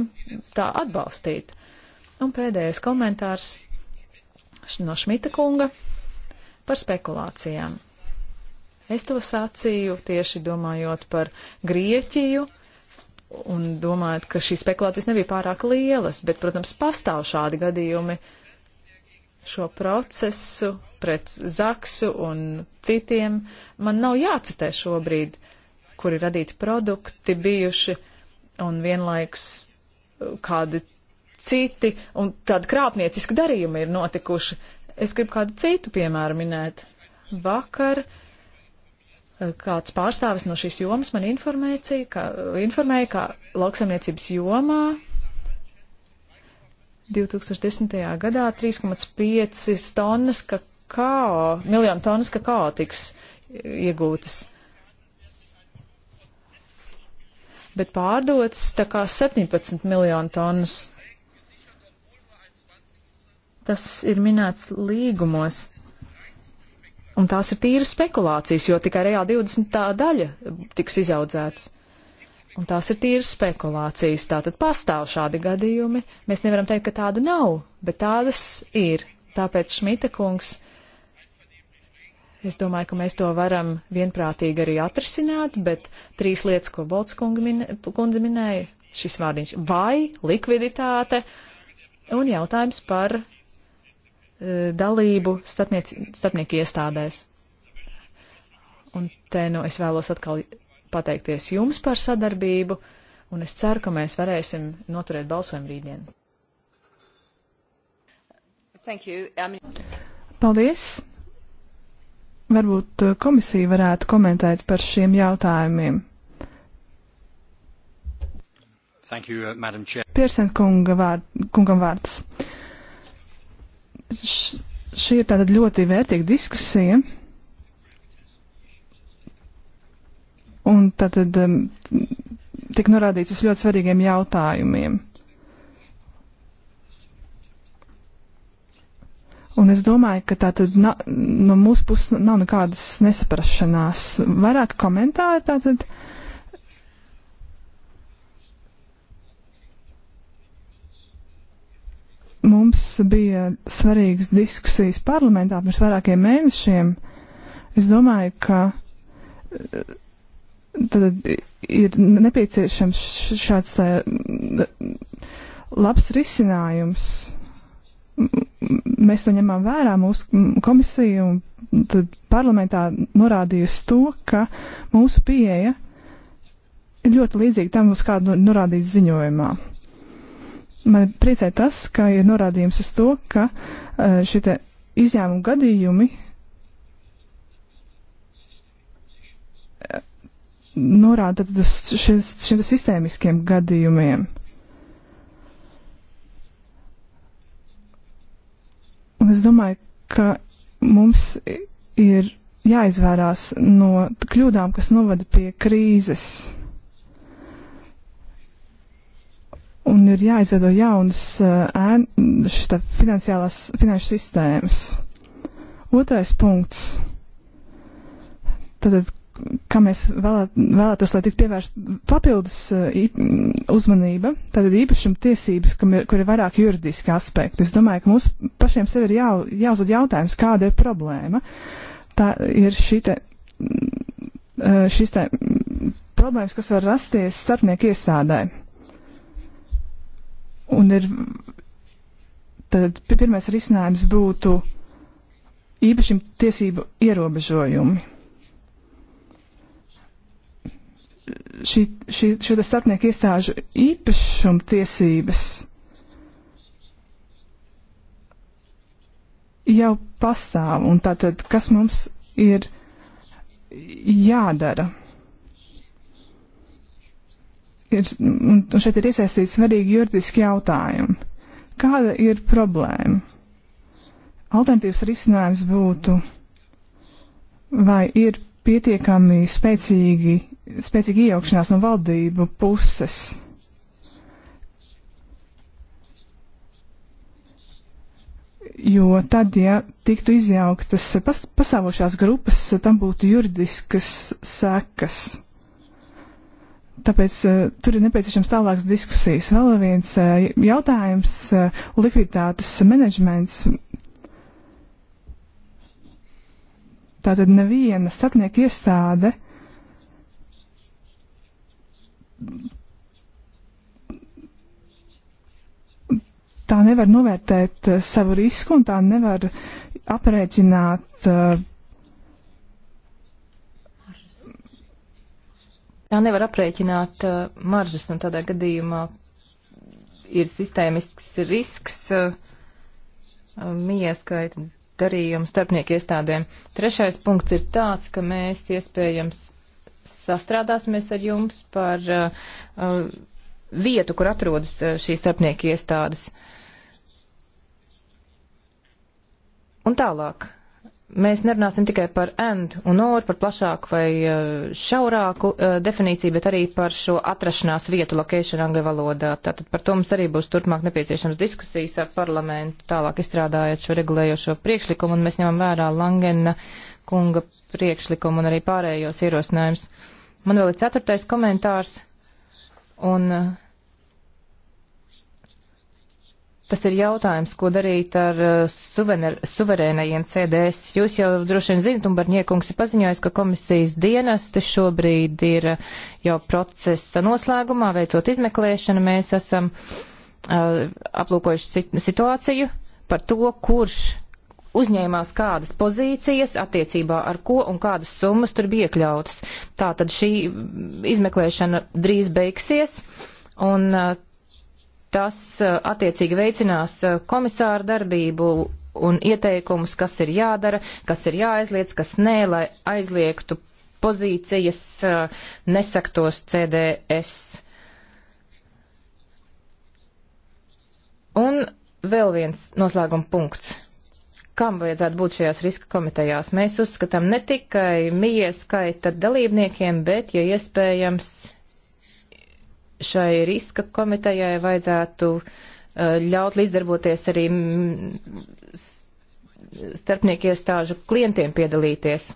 tā atbalstīt. Un pēdējais komentārs no Šmita kunga par spekulācijām. Es to sacīju tieši domājot par Grieķiju un domājot, ka šīs spekulācijas nebija pārāk lielas, bet, protams, pastāv šādi gadījumi šo procesu pret Zaksu un citiem. Man nav jācitē šobrīd. Uh, kur ir radīti produkti bijuši un vienlaiks uh, kādi citi, un tādi krāpnieciski darījumi ir notikuši. Es gribu kādu citu piemēru minēt. Vakar uh, kāds pārstāvis no šīs jomas man informēja, ka, uh, informēja, ka lauksaimniecības jomā 2010. gadā 3,5 tonnas kakao, miljonu tonnas kakao tiks iegūtas. bet pārdotas tā kā 17 miljonu tonnas. Tas ir minēts līgumos. Un tās ir tīras spekulācijas, jo tikai reāli 20 tā daļa tiks izaudzēts. Un tās ir tīras spekulācijas. Tātad pastāv šādi gadījumi. Mēs nevaram teikt, ka tāda nav, bet tādas ir. Tāpēc Šmita kungs uh, Es domāju, ka mēs to varam vienprātīgi arī atrisināt, bet trīs lietas, ko Bolts mine, kundze minēja, šis vārdiņš - vai likviditāte un jautājums par e, dalību starpniec, starpnieku iestādēs. Un te nu es vēlos atkal pateikties jums par sadarbību, un es ceru, ka mēs varēsim noturēt balsojumu rītdien. Paldies! Varbūt eh, komisija varētu komentēt par šiem jautājumiem. Thank you, uh, Madam Chair. Piersens kunga vār, kungam vārds. Š, šī ir tātad ļoti vērtīga diskusija. Un tātad um, tik norādīts uz ļoti svarīgiem jautājumiem. Un es domāju, ka tā tad na, no mūsu puses nav nekādas nesaprašanās. Vairāk komentāri tā tad. Mums bija svarīgas diskusijas parlamentā pirms vairākiem mēnešiem. Es domāju, ka eh, tad ir nepieciešams šāds tā, eh, labs risinājums mēs to ņemam vērā, mūsu komisija un tad parlamentā norādījusi to, ka mūsu pieeja ir ļoti līdzīga tam, uz kādu norādīt ziņojumā. Man priecē tas, ka ir norādījums uz to, ka e, šie izņēmumu gadījumi e, norāda uz šiem sistēmiskiem gadījumiem. Un es domāju, ka mums ir jāizvērās no kļūdām, kas novada pie krīzes. Un ir jāizveido jaunas uh, finansiālās finanšu sistēmas. Otrais punkts. Tātad kā mēs vēlēt, vēlētos, lai tiktu pievērst papildus eh, uzmanība, tātad īpašuma tiesības, ir, kur ir vairāk juridiski aspekti. Es domāju, ka mums pašiem sev ir jā, jāuzdod jautājums, kāda ir problēma. Tā ir šī te, eh, šis te problēmas, kas var rasties starpnieku iestādē. Un ir, tad pirmais risinājums būtu īpašam tiesību ierobežojumi. šī, šī, šo starpnieku iestāžu īpašuma tiesības jau pastāv, un tātad kas mums ir jādara? Ir, un šeit ir iesaistīti svarīgi juridiski jautājumi. Kāda ir problēma? Alternatīvs risinājums būtu, vai ir pietiekami spēcīgi spēcīga iejaukšanās no valdību puses. jo tad, ja tiktu izjauktas pas, pasāvošās grupas, tam būtu juridiskas sekas. Tāpēc uh, tur ir nepieciešams tālākas diskusijas. Vēl viens uh, jautājums uh, - likviditātes menedžments. Tātad neviena starpnieka iestāde uh, tā nevar novērtēt uh, savu risku un tā nevar aprēķināt. Uh, tā nevar aprēķināt uh, maržas, un tādā gadījumā ir sistēmisks risks, uh, mieskaita darījumu starpnieku iestādēm. Trešais punkts ir tāds, ka mēs iespējams sastrādāsimies ar jums par uh, uh vietu, kur atrodas uh, šīs starpnieku iestādes. Un tālāk. Mēs nerunāsim tikai par and un or, par plašāku vai uh, šaurāku uh, definīciju, bet arī par šo atrašanās vietu location angļu valodā. Tātad par to mums arī būs turpmāk nepieciešams diskusijas ar parlamentu, tālāk izstrādājot šo regulējošo priekšlikumu, un mēs ņemam vērā Langena kunga priekšlikumu un arī pārējos ierosinājumus. Man vēl ir ceturtais komentārs, un eh, tas ir jautājums, ko darīt ar eh, suvener, suverēnajiem CDS. Jūs jau droši vien zinat, un Barņiekungs ir paziņojis, ka komisijas dienesti šobrīd ir eh, jau procesa noslēgumā, veicot izmeklēšanu, mēs esam uh, aplūkojuši situāciju par to, kurš uzņēmās kādas pozīcijas, attiecībā ar ko un kādas summas tur bija iekļautas. Tātad šī izmeklēšana drīz beigsies, un eh, tas eh, attiecīgi veicinās eh, komisāru darbību un ieteikumus, kas ir jādara, kas ir jāaizliec, kas nē, lai aizliegtu pozīcijas nesaktos CDS. Un vēl viens noslēguma punkts kam vajadzētu būt šajās riska komitejās. Mēs uzskatām ne tikai mieskaita dalībniekiem, bet, ja iespējams, šai riska komitejai vajadzētu eh, ļaut līdzdarboties arī starpnieku iestāžu klientiem piedalīties.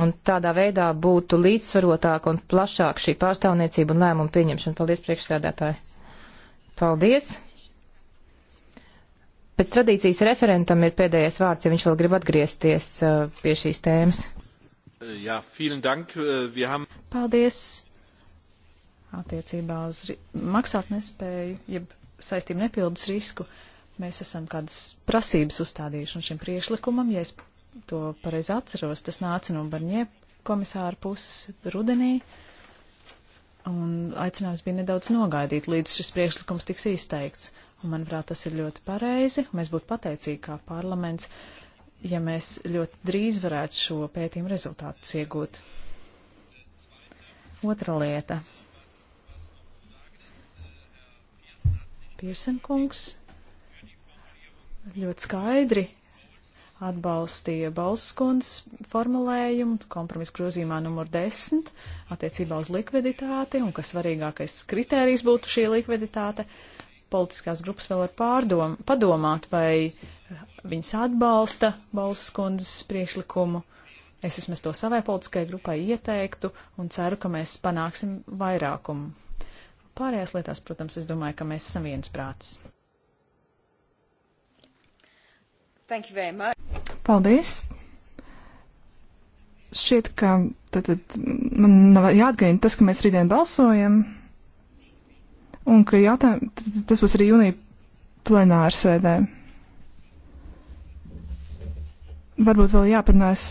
Un tādā veidā būtu līdzsvarotāk un plašāk šī pārstāvniecība un lēmumu pieņemšana. Paldies, priekšsēdētāji! Paldies! Pēc tradīcijas referentam ir pēdējais vārds, ja viņš vēl grib atgriezties uh, pie šīs tēmas. Eh, jā, vielen dank. Eh, Ham... Paldies. Attiecībā uz maksātnespēju, jeb saistību nepildas risku, mēs esam kādas prasības uzstādījuši un šim priešlikumam, ja es to pareizi atceros, tas nāca no Barņē komisāra puses rudenī. Un aicinājums bija nedaudz nogaidīt, līdz šis priekšlikums tiks izteikts. Un, manuprāt, tas ir ļoti pareizi. Mēs būtu pateicīgi kā parlaments, ja mēs ļoti drīz varētu šo pētījumu rezultātus iegūt. Otra lieta. Piersenkungs ļoti skaidri atbalstīja balsskundas formulējumu kompromisa grozījumā numur 10 attiecībā uz likviditāti un, kas svarīgākais kritērijs būtu šī likviditāte. Uh, politiskās grupas vēl var pārdom, padomāt, vai viņas atbalsta balsas kundzes priekšlikumu. Es vismaz to savai politiskajai grupai ieteiktu un ceru, ka mēs panāksim vairākumu. Pārējās lietās, protams, es domāju, ka mēs esam viensprāts. Paldies! Šķiet, ka tad, tad man nav jāatgādina tas, ka mēs rītdien balsojam un ka jautājum, tas būs arī jūnija plenārsēdē. Varbūt vēl jāparunās